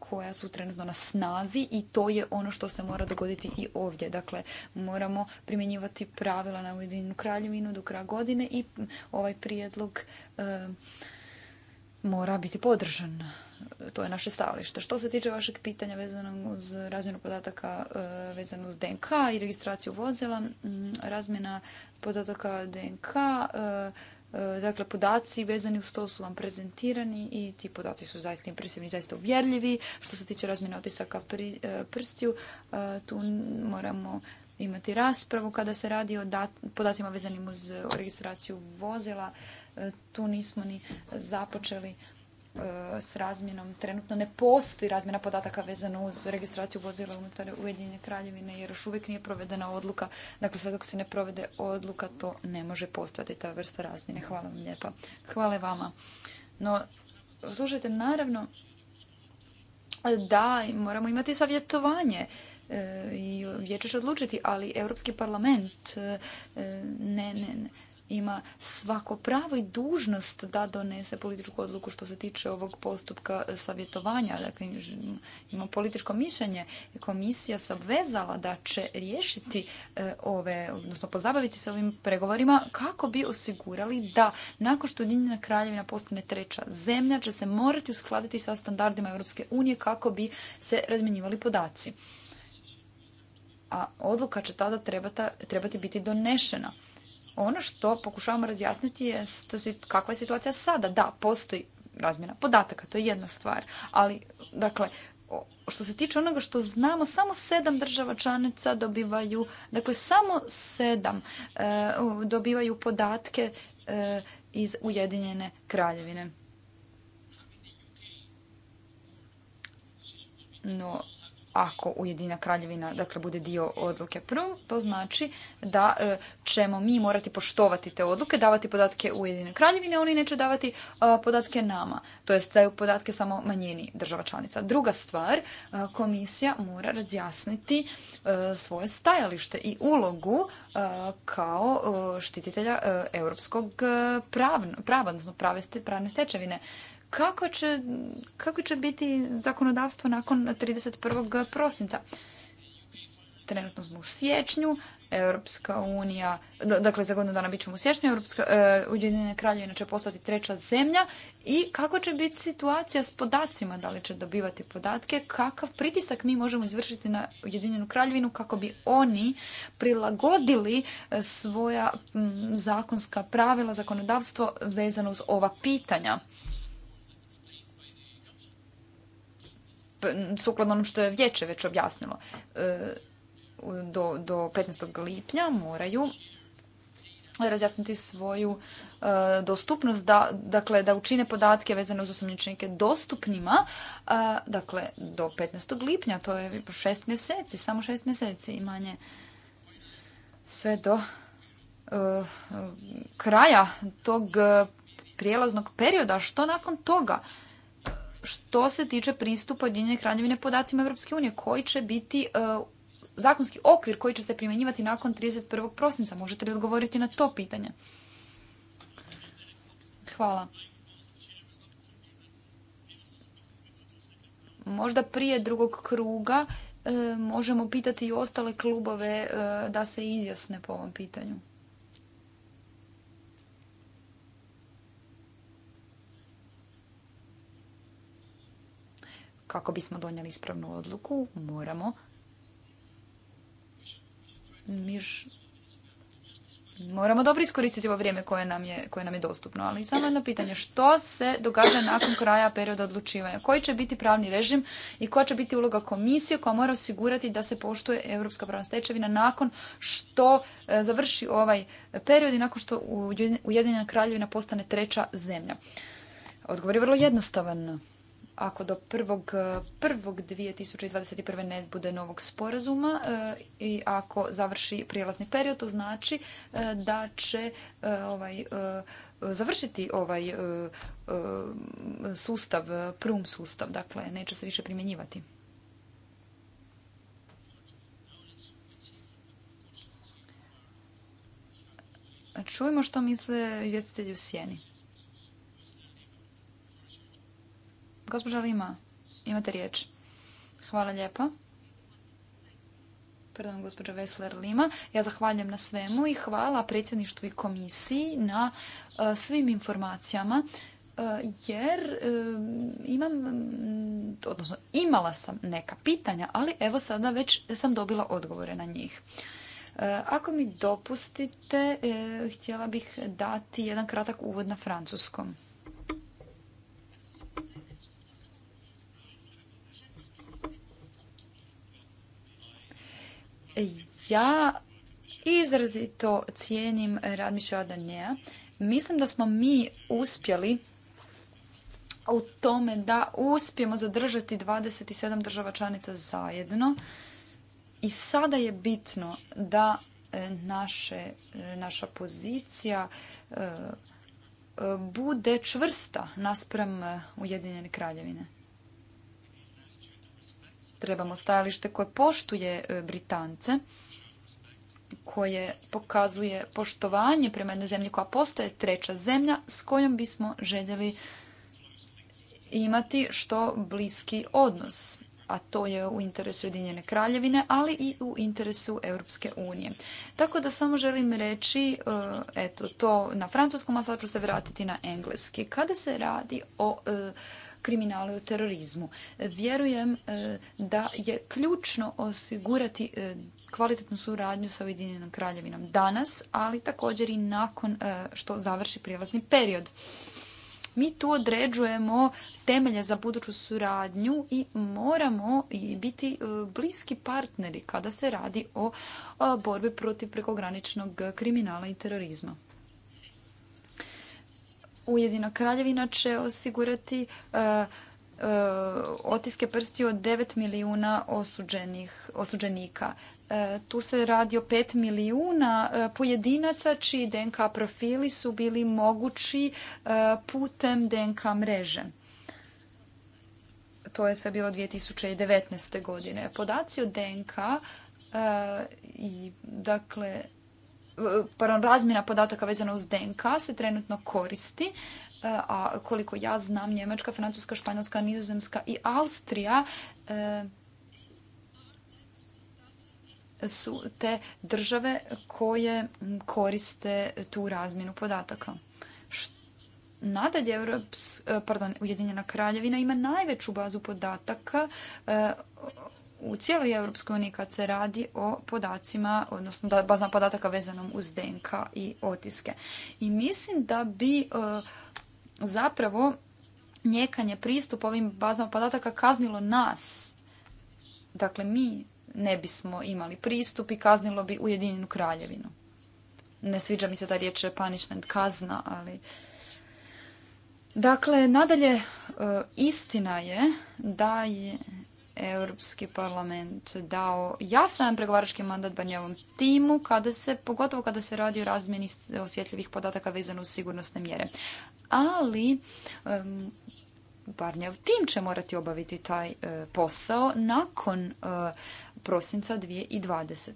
koja su trenutno na snazi i to je ono što se mora dogoditi i ovdje. Dakle, moramo primjenjivati pravila na Ujedinjenu kraljevinu do kraja godine i ovaj prijedlog e, mora biti podržan. To je naše stajalište. Što se tiče vašeg pitanja vezanog uz razmjenu podataka e, vezanog uz DNK i registraciju vozila, razmjena podataka DNK E, dakle, podaci vezani uz to su vam prezentirani i ti podaci su zaista impresivni, zaista uvjerljivi. Što se tiče razmjene otisaka pri, e, prstiju, e, tu moramo imati raspravu kada se radi o podacima vezanim uz registraciju vozila. Tu nismo ni započeli E, s razmjenom. Trenutno ne postoji razmjena podataka vezana uz registraciju vozila unutar Ujedinjene kraljevine jer još uvijek nije provedena odluka. Dakle, sve dok se ne provede odluka, to ne može postojati ta vrsta razmjene. Hvala vam lijepa. Hvala vama. No, slušajte, naravno, da, moramo imati savjetovanje e, i vijeće odlučiti, ali Europski parlament e, ne, ne, ne ima svako pravo i dužnost da donese političku odluku što se tiče ovog postupka e, savjetovanja. Dakle, ima političko mišljenje. Komisija se obvezala da će riješiti e, ove, odnosno pozabaviti se ovim pregovorima kako bi osigurali da nakon što Ujedinjena kraljevina postane treća zemlja će se morati uskladiti sa standardima Europske unije kako bi se razmjenjivali podaci. A odluka će tada trebati biti donešena. Ono što pokušavamo razjasniti je kakva je situacija sada. Da, postoji razmjena podataka, to je jedna stvar. Ali, dakle, što se tiče onoga što znamo, samo sedam država članica dobivaju, dakle samo sedam e, dobivaju podatke e, iz Ujedinjene kraljevine. No, ako Ujedina kraljevina dakle, bude dio odluke prvo, to znači da e, ćemo mi morati poštovati te odluke, davati podatke Ujedine kraljevine, oni neće davati e, podatke nama, to jest daju podatke samo manjini država članica. Druga stvar, e, komisija mora razjasniti svoje stajalište i ulogu kao štititelja europskog prava, odnosno pravne stečevine kako će, kako će biti zakonodavstvo nakon 31. prosinca. Trenutno smo u siječnju, Europska unija, dakle za godinu dana bit ćemo u siječnju, Europska uh, e, Ujedinjena kraljevina će postati treća zemlja i kako će biti situacija s podacima, da li će dobivati podatke, kakav pritisak mi možemo izvršiti na Ujedinjenu kraljevinu kako bi oni prilagodili e, svoja zakonska pravila, zakonodavstvo vezano uz ova pitanja. sukladno onom što je vječe već objasnilo, e, do, do 15. lipnja moraju razjasniti svoju e, dostupnost, da, dakle da učine podatke vezane uz osumnjičenike dostupnima, dakle do 15. lipnja, to je šest mjeseci, samo šest mjeseci i manje sve do e, kraja tog prijelaznog perioda, što nakon toga? što se tiče pristupa Ujedinjene kraljevine podacima Europske unije, koji će biti e, zakonski okvir koji će se primjenjivati nakon 31. prosinca. Možete li odgovoriti na to pitanje? Hvala. Možda prije drugog kruga e, možemo pitati i ostale klubove e, da se izjasne po ovom pitanju. Kako bismo donijeli ispravnu odluku, moramo moramo dobro iskoristiti ovo vrijeme koje nam, je, koje nam je dostupno. Ali samo jedno pitanje, što se događa nakon kraja perioda odlučivanja? Koji će biti pravni režim i koja će biti uloga komisije koja mora osigurati da se poštuje europska pravna stečevina nakon što e, završi ovaj period i nakon što Ujedinjena kraljevina postane treća zemlja? Odgovor je vrlo jednostavan ako do 1.1.2021. ne bude novog sporazuma e, i ako završi prijelazni period, to znači e, da će e, ovaj, završiti ovaj sustav, prum sustav, dakle neće se više primjenjivati. Čujemo što misle izvjestitelji u sjeni. Gospođa Lima, imate riječ. Hvala lijepa. Pardon, gospođa Vesler Lima. Ja zahvaljujem na svemu i hvala predsjedništvu i komisiji na e, svim informacijama e, jer e, imam, odnosno imala sam neka pitanja, ali evo sada već sam dobila odgovore na njih. Ako mi dopustite, htjela bih dati jedan kratak uvod na francuskom. Ja izrazito cijenim rad Mišela Danjeja. Mislim da smo mi uspjeli u tome da uspijemo zadržati 27 država članica zajedno. I sada je bitno da e, naše, e, naša pozicija e, bude čvrsta naspram Ujedinjene kraljevine. Trebamo stajalište koje poštuje e, Britance, koje pokazuje poštovanje prema jednoj zemlji koja postaje treća zemlja s kojom bismo željeli imati što bliski odnos a to je u interesu Ujedinjene kraljevine, ali i u interesu Europske unije. Tako da samo želim reći, e, eto, to na francuskom, a sad ću se vratiti na engleski. Kada se radi o e, kriminalu i terorizmu. Vjerujem e, da je ključno osigurati e, kvalitetnu suradnju sa Ujedinjenom kraljevinom danas, ali također i nakon e, što završi prijelazni period. Mi tu određujemo temelje za buduću suradnju i moramo biti bliski partneri kada se radi o borbi protiv prekograničnog kriminala i terorizma. Ujedina kraljevina će osigurati e, e, otiske prsti od 9 milijuna osuđenika. E, tu se radi o 5 milijuna pojedinaca čiji DNK profili su bili mogući putem DNK mreže. To je sve bilo 2019. godine. Podaci o DNK i dakle pardon, razmjena podataka vezana uz DNK se trenutno koristi, e, a koliko ja znam, Njemačka, Francuska, Španjolska, Nizozemska i Austrija e, su te države koje koriste tu razmjenu podataka. Nadalje, e, pardon, Ujedinjena kraljevina ima najveću bazu podataka u cijeloj Europskoj uniji kad se radi o podacima, odnosno da bazama podataka vezanom uz DNK i otiske. I mislim da bi e, zapravo njekanje pristup ovim bazama podataka kaznilo nas. Dakle, mi ne bismo imali pristup i kaznilo bi Ujedinjenu kraljevinu. Ne sviđa mi se ta riječ punishment kazna, ali... Dakle, nadalje, e, istina je da je Europski parlament dao jasan pregovarački mandat Barnjevom timu, kada se, pogotovo kada se radi o razmjeni osjetljivih podataka vezano u sigurnosne mjere. Ali um, Barnjev tim će morati obaviti taj e, posao nakon uh, prosinca 2020.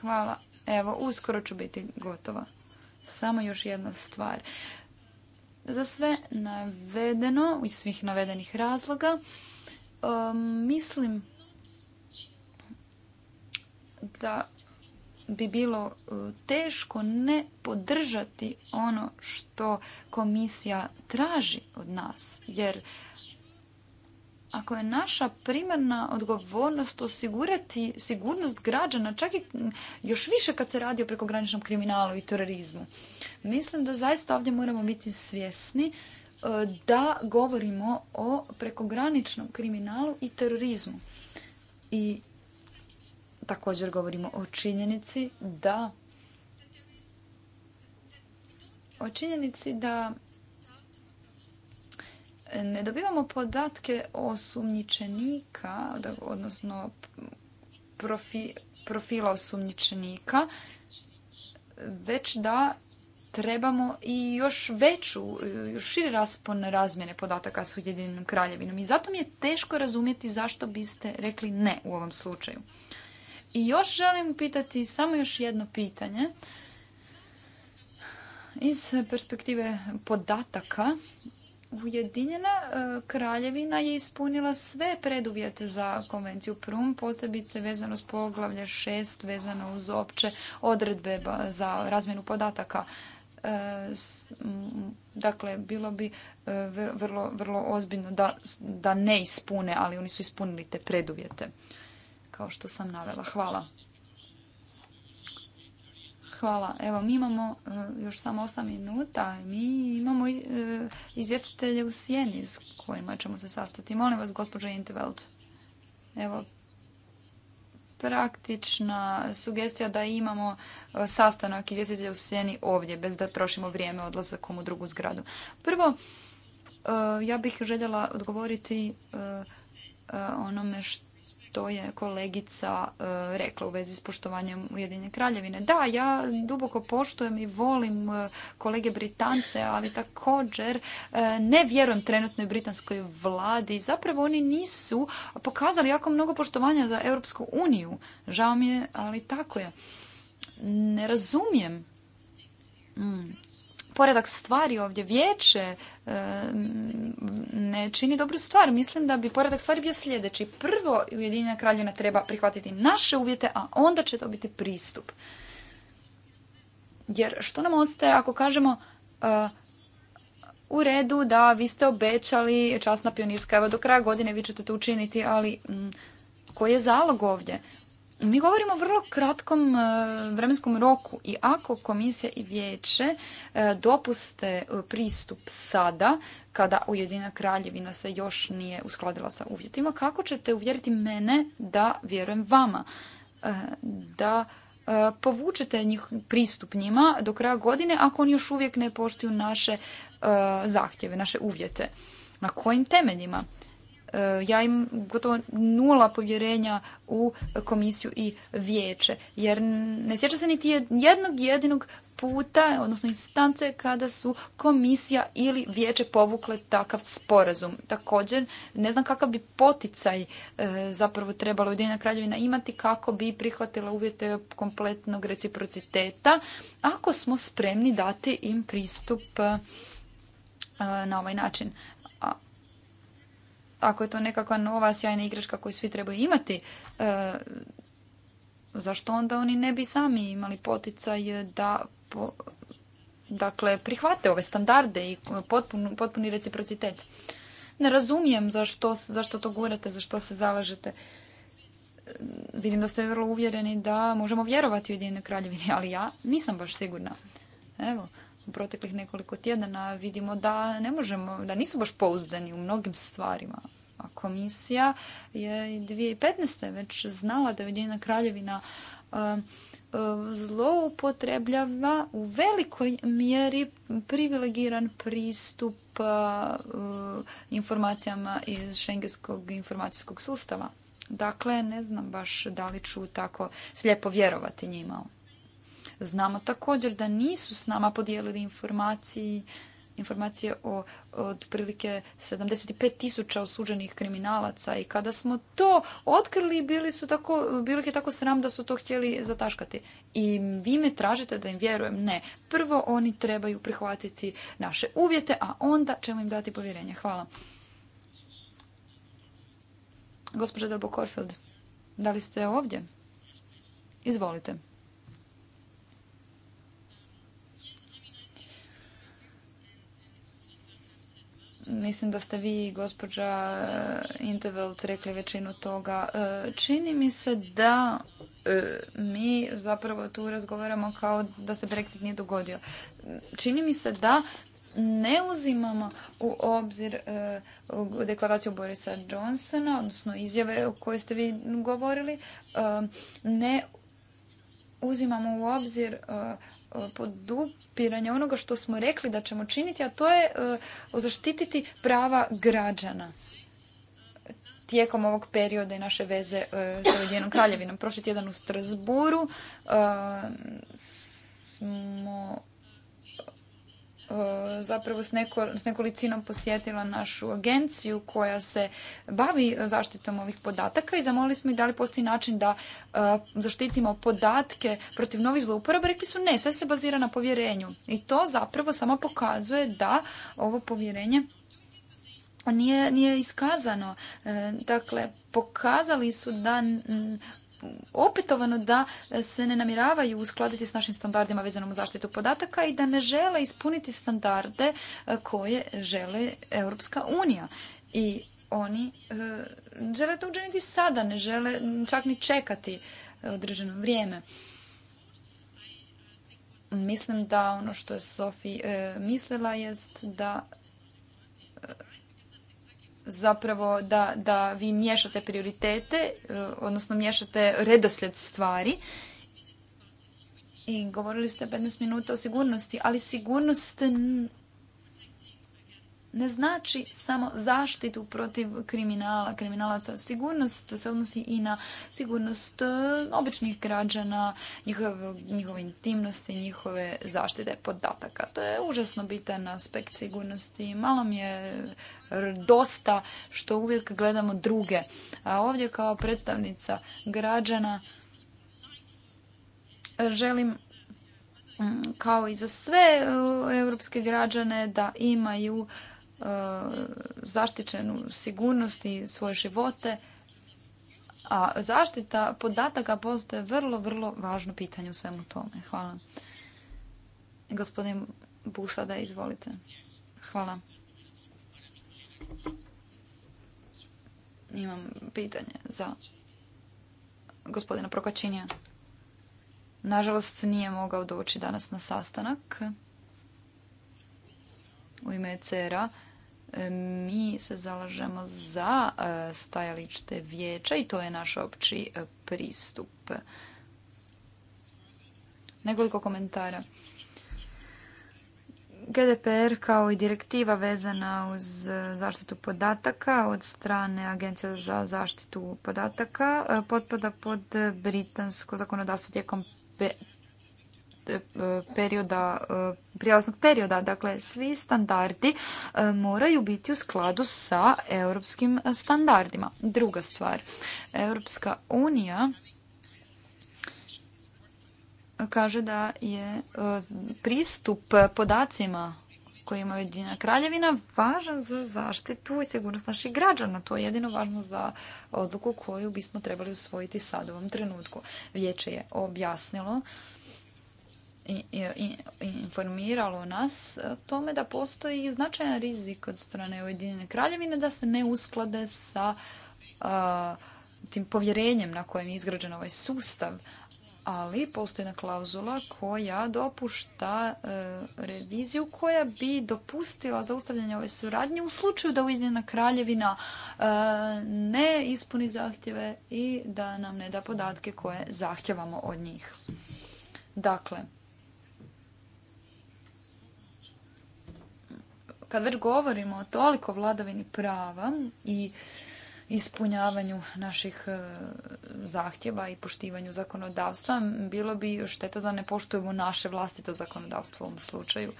Hvala. Evo, uskoro ću biti gotova. Samo još jedna stvar. Za sve navedeno, iz svih navedenih razloga, um, mislim da bi bilo uh, teško ne podržati ono što komisija traži od nas jer ako je naša primarna odgovornost osigurati sigurnost građana, čak i još više kad se radi o prekograničnom kriminalu i terorizmu, mislim da zaista ovdje moramo biti svjesni e, da govorimo o prekograničnom kriminalu i terorizmu. I također govorimo o činjenici da o činjenici da ne dobivamo podatke osumnjičenika, odnosno profila osumnjičenika, već da trebamo i još veću, još širi raspon razmjene podataka s Ujedinjenom kraljevinom. I zato mi je teško razumjeti zašto biste rekli ne u ovom slučaju. I još želim pitati samo još jedno pitanje. Iz perspektive podataka Ujedinjena e, kraljevina je ispunila sve preduvjete za konvenciju PRUM, posebice vezano s poglavlje 6, vezano uz opće odredbe za razmjenu podataka. E, dakle, bilo bi e, vrlo, vrlo ozbiljno da, da ne ispune, ali oni su ispunili te preduvjete, kao što sam navela. Hvala. Hvala. Evo, mi imamo e, još samo osam minuta. Mi imamo e, izvjestitelje u sjeni s kojima ćemo se sastati. Molim vas, gospođo Interveld. Evo, praktična sugestija da imamo e, sastanak izvjestitelja u sjeni ovdje, bez da trošimo vrijeme odlazakom u drugu zgradu. Prvo, ja bih željela odgovoriti onome što to je kolegica e, rekla u vezi s poštovanjem Ujedinje kraljevine. Da, ja duboko poštujem i volim e, kolege Britance, ali također e, ne vjerujem trenutnoj britanskoj vladi. Zapravo oni nisu pokazali jako mnogo poštovanja za Europsku uniju. Žao mi je, ali tako je. Ne razumijem mm poredak stvari ovdje. Vijeće e, ne čini dobru stvar. Mislim da bi poredak stvari bio sljedeći. Prvo Ujedinjena kraljevina treba prihvatiti naše uvjete, a onda će to biti pristup. Jer što nam ostaje ako kažemo e, u redu da vi ste obećali časna pionirska, evo do kraja godine vi ćete to učiniti, ali koji je zalog ovdje? Mi govorimo o vrlo kratkom e, vremenskom roku i ako komisija i vijeće e, dopuste e, pristup sada, kada Ujedina kraljevina se još nije uskladila sa uvjetima, kako ćete uvjeriti mene da vjerujem vama? Da povučete njih, pristup njima do kraja godine ako oni još uvijek ne poštuju naše zahtjeve, naše uvjete. Na kojim temeljima? E, ja im gotovo nula povjerenja u komisiju i vijeće. Jer ne sjeća se niti jednog jedinog puta, odnosno instance kada su komisija ili vijeće povukle takav sporazum. Također, ne znam kakav bi poticaj e, zapravo trebalo Ujedinjena kraljevina imati kako bi prihvatila uvjete kompletnog reciprociteta ako smo spremni dati im pristup e, na ovaj način. Ako je to nekakva nova sjajna igračka koju svi trebaju imati, e, zašto onda oni ne bi sami imali poticaj da dakle, prihvate ove standarde i potpuni reciprocitet? Ne razumijem zašto, to gurate, zašto se zalažete. Vidim da ste vrlo uvjereni da možemo vjerovati u Ujedinjenoj kraljevini, ali ja nisam baš sigurna. Evo, u proteklih nekoliko tjedana vidimo da ne možemo, da nisu baš pouzdani u mnogim stvarima. A komisija je 2015. već znala da je Ujedinjena kraljevina e, e, zloupotrebljava u velikoj mjeri privilegiran pristup e, informacijama iz šengenskog informacijskog sustava. Dakle, ne znam baš da li ću tako slijepo vjerovati njima. Znamo također da nisu s nama podijelili informacije informacije o otprilike 75 tisuća osuđenih kriminalaca i kada smo to otkrili bili su tako, je tako sram da su to htjeli zataškati. I vi me tražite da im vjerujem. Ne. Prvo oni trebaju prihvatiti naše uvjete, a onda ćemo im dati povjerenje. Hvala. Gospođa Delbo Korfeld, da li ste ovdje? Izvolite. Mislim da ste vi, gospođa Intervelt, rekli većinu toga. E, čini mi se da e, mi zapravo tu razgovaramo kao da se Brexit nije dogodio. Čini mi se da ne uzimamo u obzir e, deklaraciju Borisa Johnsona, odnosno izjave o kojoj ste vi govorili, ne uzimamo u obzir podup kopiranje onoga što smo rekli da ćemo činiti, a to je e, zaštititi prava građana tijekom ovog perioda i naše veze e, sa Ujedinom kraljevinom. Prošli tjedan u Strasburu e, smo E, zapravo s, neko, s nekolicinom posjetila našu agenciju koja se bavi zaštitom ovih podataka i zamolili smo ih da li postoji način da e, zaštitimo podatke protiv novih zlouporaba. Rekli su ne, sve se bazira na povjerenju. I to zapravo samo pokazuje da ovo povjerenje nije, nije iskazano. E, dakle, pokazali su da opetovano da se ne namiravaju uskladiti s našim standardima vezanom u zaštitu podataka i da ne žele ispuniti standarde e, koje žele Europska unija. I oni e, žele to učiniti sada, ne žele čak ni čekati e, određeno vrijeme. Mislim da ono što je Sofi mislila jest da zapravo da, da vi miješate prioritete, e, odnosno miješate redosljed stvari. I govorili ste 15 minuta o sigurnosti, ali sigurnost ne znači samo zaštitu protiv kriminala, kriminalaca. Sigurnost se odnosi i na sigurnost e, običnih građana, njihove, njihove intimnosti, njihove zaštite podataka. To je užasno bitan aspekt sigurnosti. Malo mi je dosta što uvijek gledamo druge. A ovdje kao predstavnica građana e, želim mm, kao i za sve e, europske građane da imaju E, zaštićenu sigurnost i svoje živote. A zaštita podataka postoje vrlo, vrlo važno pitanje u svemu tome. Hvala. Gospodin Busada, izvolite. Hvala. Imam pitanje za gospodina Prokačinja. Nažalost, nije mogao doći danas na sastanak u ime ECR-a e, mi se zalažemo za e, stajalište vijeća i to je naš opći e, pristup. Nekoliko komentara. GDPR kao i direktiva vezana uz zaštitu podataka od strane Agencije za zaštitu podataka potpada pod britansko zakonodavstvo tijekom Eh, perioda, eh, prijelaznog perioda. Dakle, svi standardi eh, moraju biti u skladu sa europskim standardima. Druga stvar, Europska unija kaže da je pristup podacima koje imaju Jedina kraljevina važan za zaštitu i sigurnost naših građana. To je jedino važno za odluku koju bismo trebali usvojiti sad u ovom trenutku. Vijeće je objasnilo informiralo nas o tome da postoji značajan rizik od strane Ujedinjene kraljevine da se ne usklade sa tim povjerenjem na kojem je izgrađen ovaj sustav, ali postoji jedna klauzula koja dopušta e, reviziju koja bi dopustila zaustavljanje ove suradnje u slučaju da Ujedinjena kraljevina e, ne ispuni zahtjeve i da nam ne da podatke koje zahtjevamo od njih. Dakle, Kad već govorimo o toliko vladavini prava i ispunjavanju naših e, zahtjeva i poštivanju zakonodavstva, bilo bi šteta da ne poštujemo naše vlastito zakonodavstvo u ovom slučaju.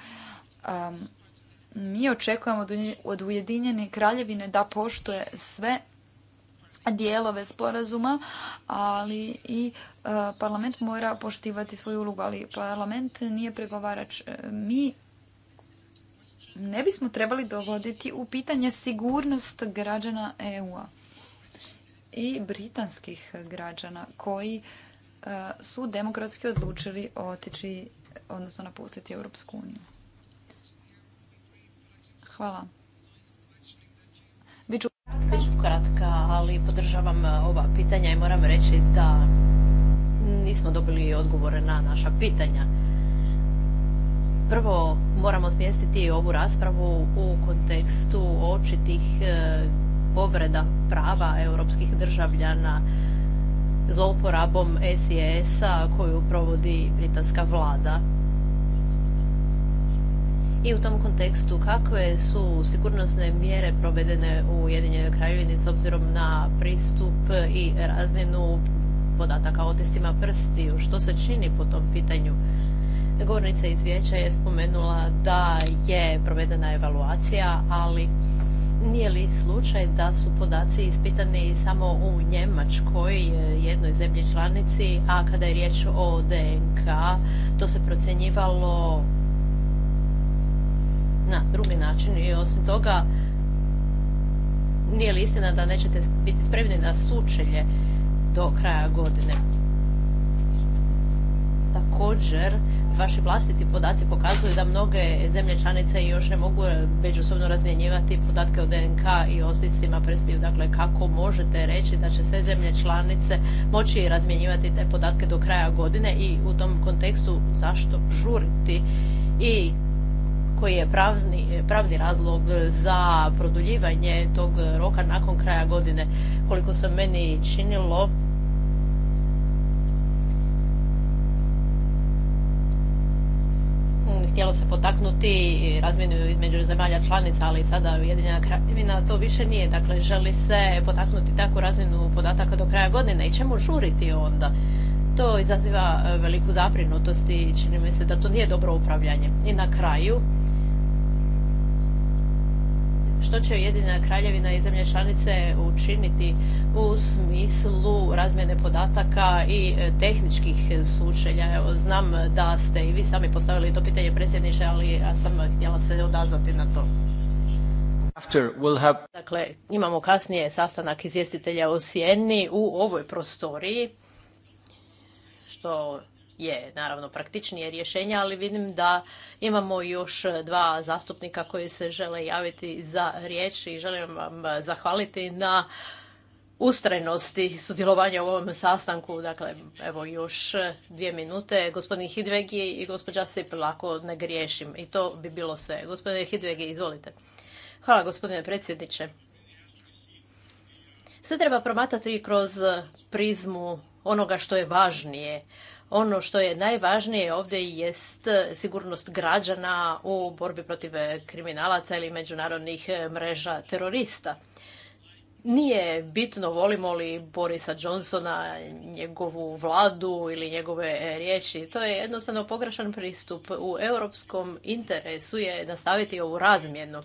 mi očekujemo od Ujedinjene kraljevine da poštuje sve dijelove sporazuma, ali i e, parlament mora poštivati svoju ulogu, ali parlament nije pregovarač. E, mi ne bismo trebali dovoditi u pitanje sigurnost građana EU-a i britanskih građana koji e, su demokratski odlučili otići, odnosno napustiti Europsku uniju. Hvala. Biću kratka, ali podržavam e, ova pitanja i moram reći da nismo dobili odgovore na naša pitanja. Prvo moramo smjestiti ovu raspravu u kontekstu očitih e, povreda prava europskih državljana zlouporabom SIS-a koju provodi britanska vlada. I u tom kontekstu kakve su sigurnosne mjere provedene u Ujedinjenoj kraljevini s obzirom na pristup i razmjenu podataka o testima prstiju? Što se čini po tom pitanju? Govornica iz vijeća je spomenula da je provedena evaluacija, ali nije li slučaj da su podaci ispitani samo u Njemačkoj, jednoj zemlji članici, a kada je riječ o DNK, to se procjenjivalo na drugi način i osim toga nije li istina da nećete biti spremni na sučelje do kraja godine? Također, vaši vlastiti podaci pokazuju da mnoge zemlje članice još ne mogu eh, međusobno razmjenjivati podatke o DNK i osticima prstiju. Dakle, kako možete reći da će sve zemlje članice moći razmjenjivati te podatke do kraja godine i u tom kontekstu zašto žuriti i koji je pravni, pravni razlog za produljivanje tog roka nakon kraja godine. Koliko se meni činilo, htjelo se potaknuti razmjenu između zemalja članica, ali sada Ujedinjena kraljevina to više nije. Dakle, želi se potaknuti takvu razmjenu podataka do kraja godine i ćemo žuriti onda? To izaziva e, veliku zabrinutost i čini mi se da to nije dobro upravljanje. I na kraju, što će jedina Kraljevina i zemlje članice učiniti u smislu razmjene podataka i e, tehničkih sučelja. Evo, znam da ste i vi sami postavili to pitanje predsjedniče, ali ja sam htjela se odazvati na to. Dakle, imamo kasnije sastanak izvjestitelja o sjeni u ovoj prostoriji, što je naravno praktičnije rješenje, ali vidim da imamo još dva zastupnika koji se žele javiti za riječ i želim vam zahvaliti na ustrajnosti sudjelovanja u ovom sastanku. Dakle, evo još dvije minute. Gospodin Hidvegi i gospođa Sipel, ako ne griješim. I to bi bilo sve. Gospodine Hidvegi, izvolite. Hvala gospodine predsjedniče. Sve treba promatrati kroz prizmu onoga što je važnije. Ono što je najvažnije ovdje jest e, sigurnost građana u borbi protiv e, kriminalaca ili međunarodnih e, mreža terorista. Nije bitno volimo li Borisa Johnsona, njegovu vladu ili njegove riječi. To je jednostavno pogrešan pristup. U europskom interesu je nastaviti ovu razmjenu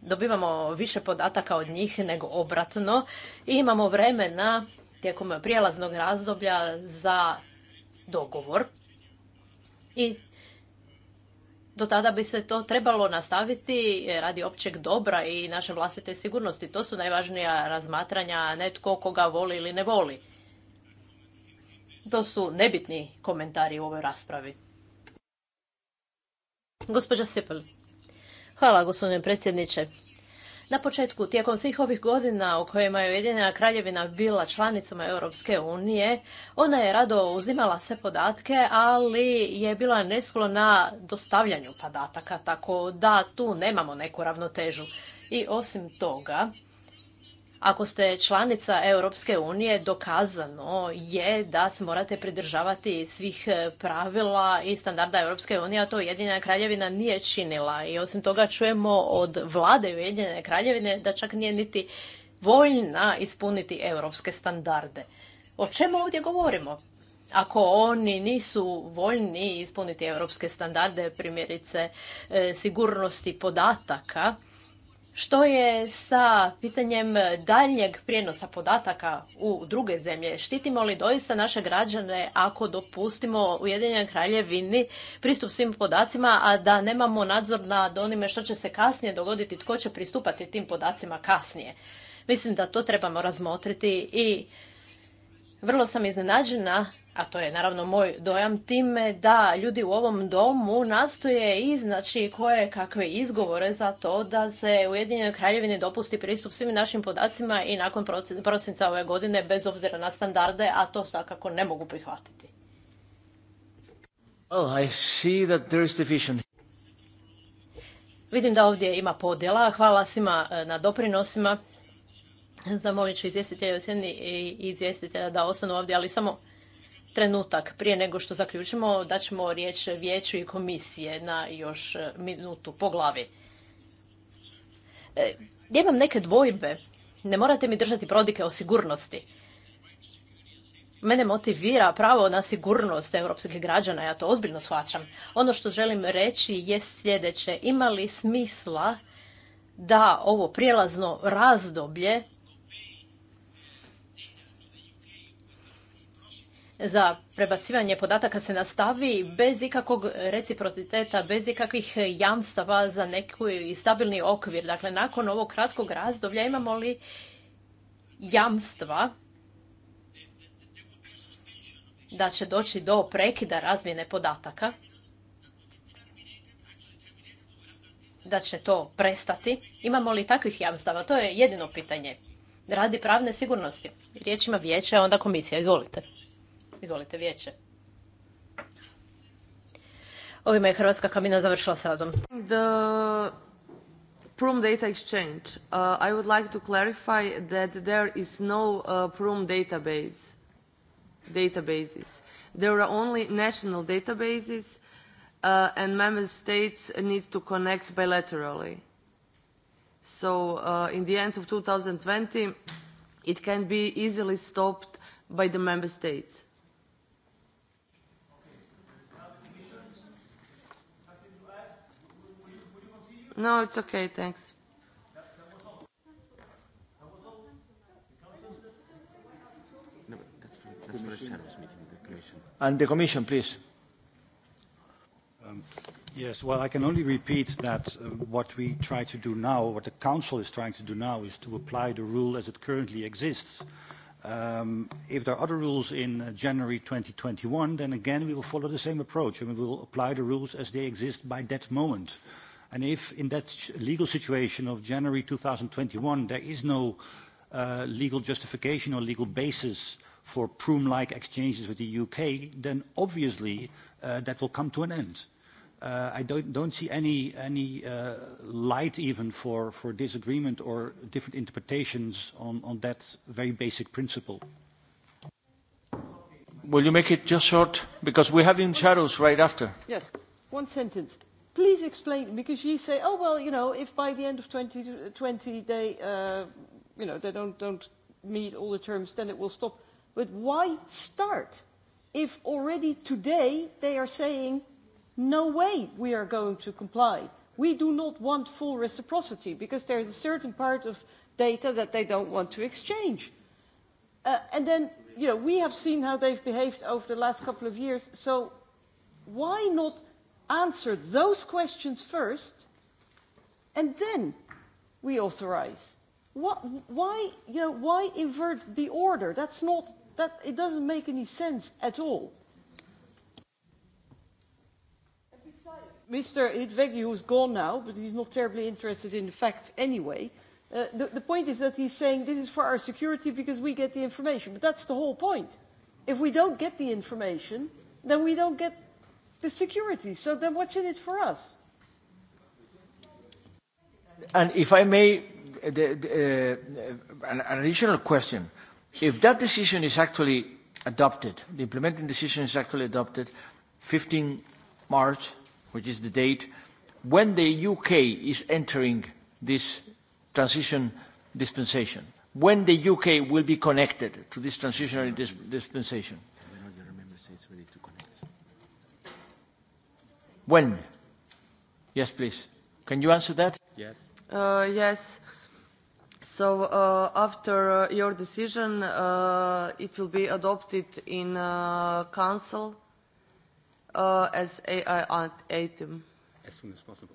dobivamo više podataka od njih nego obratno i imamo vremena tijekom prijelaznog razdoblja za dogovor. I do tada bi se to trebalo nastaviti radi općeg dobra i naše vlastite sigurnosti. To su najvažnija razmatranja netko koga voli ili ne voli. To su nebitni komentari u ovoj raspravi. Gospođa Sipel. Hvala, gospodine predsjedniče. Na početku, tijekom svih ovih godina u kojima je Ujedinjena kraljevina bila članicama Europske unije, ona je rado uzimala sve podatke, ali je bila na dostavljanju podataka, tako da tu nemamo neku ravnotežu. I osim toga, ako ste članica Europske unije, dokazano je da se morate pridržavati svih e, pravila i standarda Europske unije, a to Ujedinjena kraljevina nije činila. I osim toga čujemo od vlade Ujedinjene kraljevine da čak nije niti voljna ispuniti europske standarde. O čemu ovdje govorimo? Ako oni nisu voljni ispuniti europske standarde, primjerice e, sigurnosti podataka, što je sa pitanjem daljnjeg prijenosa podataka u druge zemlje? Štitimo li doista naše građane ako dopustimo Ujedinjenoj kraljevini pristup svim podacima, a da nemamo nadzor nad onime što će se kasnije dogoditi, tko će pristupati tim podacima kasnije? Mislim da to trebamo razmotriti i vrlo sam iznenađena a to je naravno moj dojam time da ljudi u ovom domu nastoje iznaći koje kakve izgovore za to da se Ujedinjenoj kraljevini dopusti pristup svim našim podacima i nakon prosinca ove godine bez obzira na standarde, a to svakako ne mogu prihvatiti. Vidim da ovdje ima podjela. Hvala svima e, na doprinosima. Zamolit ću izvjestitelja i izvjestitelja da ostanu ovdje, ali samo trenutak prije nego što zaključimo da ćemo riječ vijeću i komisije na još e, minutu po glavi. E, imam neke dvojbe. Ne morate mi držati prodike o sigurnosti. Mene motivira pravo na sigurnost europskih građana, ja to ozbiljno shvaćam. Ono što želim reći je sljedeće. Ima li smisla da ovo prijelazno razdoblje za prebacivanje podataka se nastavi bez ikakvog reciprociteta, bez ikakvih jamstava za neki stabilni okvir. Dakle, nakon ovog kratkog razdoblja imamo li jamstva da će doći do prekida razmjene podataka, da će to prestati. Imamo li takvih jamstava? To je jedino pitanje. Radi pravne sigurnosti. Riječ ima vijeće, onda komisija. Izvolite. Izvolite, vijeće. Ovime je Hrvatska kamina završila s radom. The Prum data exchange. Uh, I would like to clarify that there is no uh, Prum database. Databases. There are only national databases uh, and member states need to connect bilaterally. So uh, in the end of 2020, it can be easily stopped by the member states. No, it's okay, thanks. that's for, the commission. And the commission, please. Um, yes, well, I can only repeat that uh, what we try to do now, what the council is trying to do now, is to apply the rule as it currently exists. Um, if there are other rules in uh, January 2021, then again, we will follow the same approach, and we will apply the rules as they exist by that moment. And if in that legal situation of January 2021 there is no uh, legal justification or legal basis for prune like exchanges with the UK, then obviously uh, that will come to an end. Uh, I don't, don't see any, any uh, light even for, for disagreement or different interpretations on, on that very basic principle. Will you make it just short? Because we have in shadows right after. Yes. One sentence please explain because you say oh well you know if by the end of 2020 they uh, you know they don't don't meet all the terms then it will stop but why start if already today they are saying no way we are going to comply we do not want full reciprocity because there is a certain part of data that they don't want to exchange uh, and then you know we have seen how they've behaved over the last couple of years so why not answer those questions first and then we authorize. What, why, you know, why invert the order? That's not, that, it doesn't make any sense at all. Mr. Hitvegi, who's gone now, but he's not terribly interested in the facts anyway, uh, the, the point is that he's saying this is for our security because we get the information. But that's the whole point. If we don't get the information, then we don't get the security. So then what's in it for us? And if I may, the, the, uh, an, an additional question. If that decision is actually adopted, the implementing decision is actually adopted 15 March, which is the date, when the UK is entering this transition dispensation, when the UK will be connected to this transitional dis dispensation. when? Yes, please. Can you answer that? Yes. Uh, yes. So uh, after uh, your decision, uh, it will be adopted in uh, Council uh, as AI item. As soon as possible.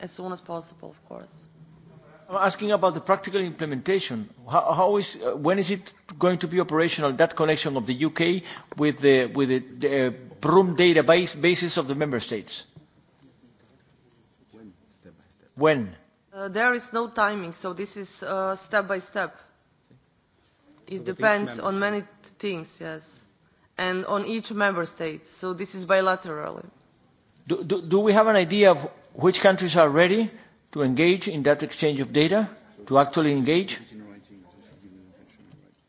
As soon as possible, of course. I'm asking about the practical implementation. How, how is, uh, when is it going to be operational, that connection of the UK with the, with the, the uh, PRUM database basis of the member states? When? Step by step. When? Uh, there is no timing, so this is uh, step by step. It so depends on many things, yes, and on each member state. So this is bilaterally. Do, do, do we have an idea of which countries are ready? to engage in that exchange of data, to actually engage?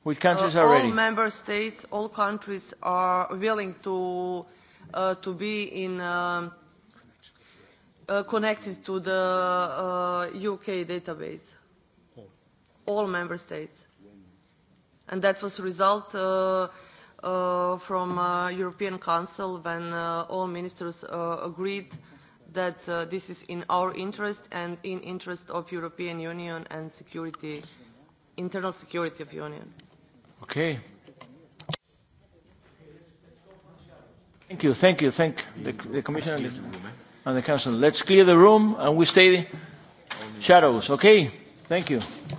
Which countries uh, all member states, all countries are willing to, uh, to be in uh, uh connected to the uh, UK database. All member states. And that was a result uh, uh, from uh, European Council when uh, all ministers uh, agreed that uh, this is in our interest and in interest of European Union and security, internal security of Union. Okay. Thank you, thank you, thank the, the Commission and and Council. Let's clear the room and we stay shadows, okay? Thank you.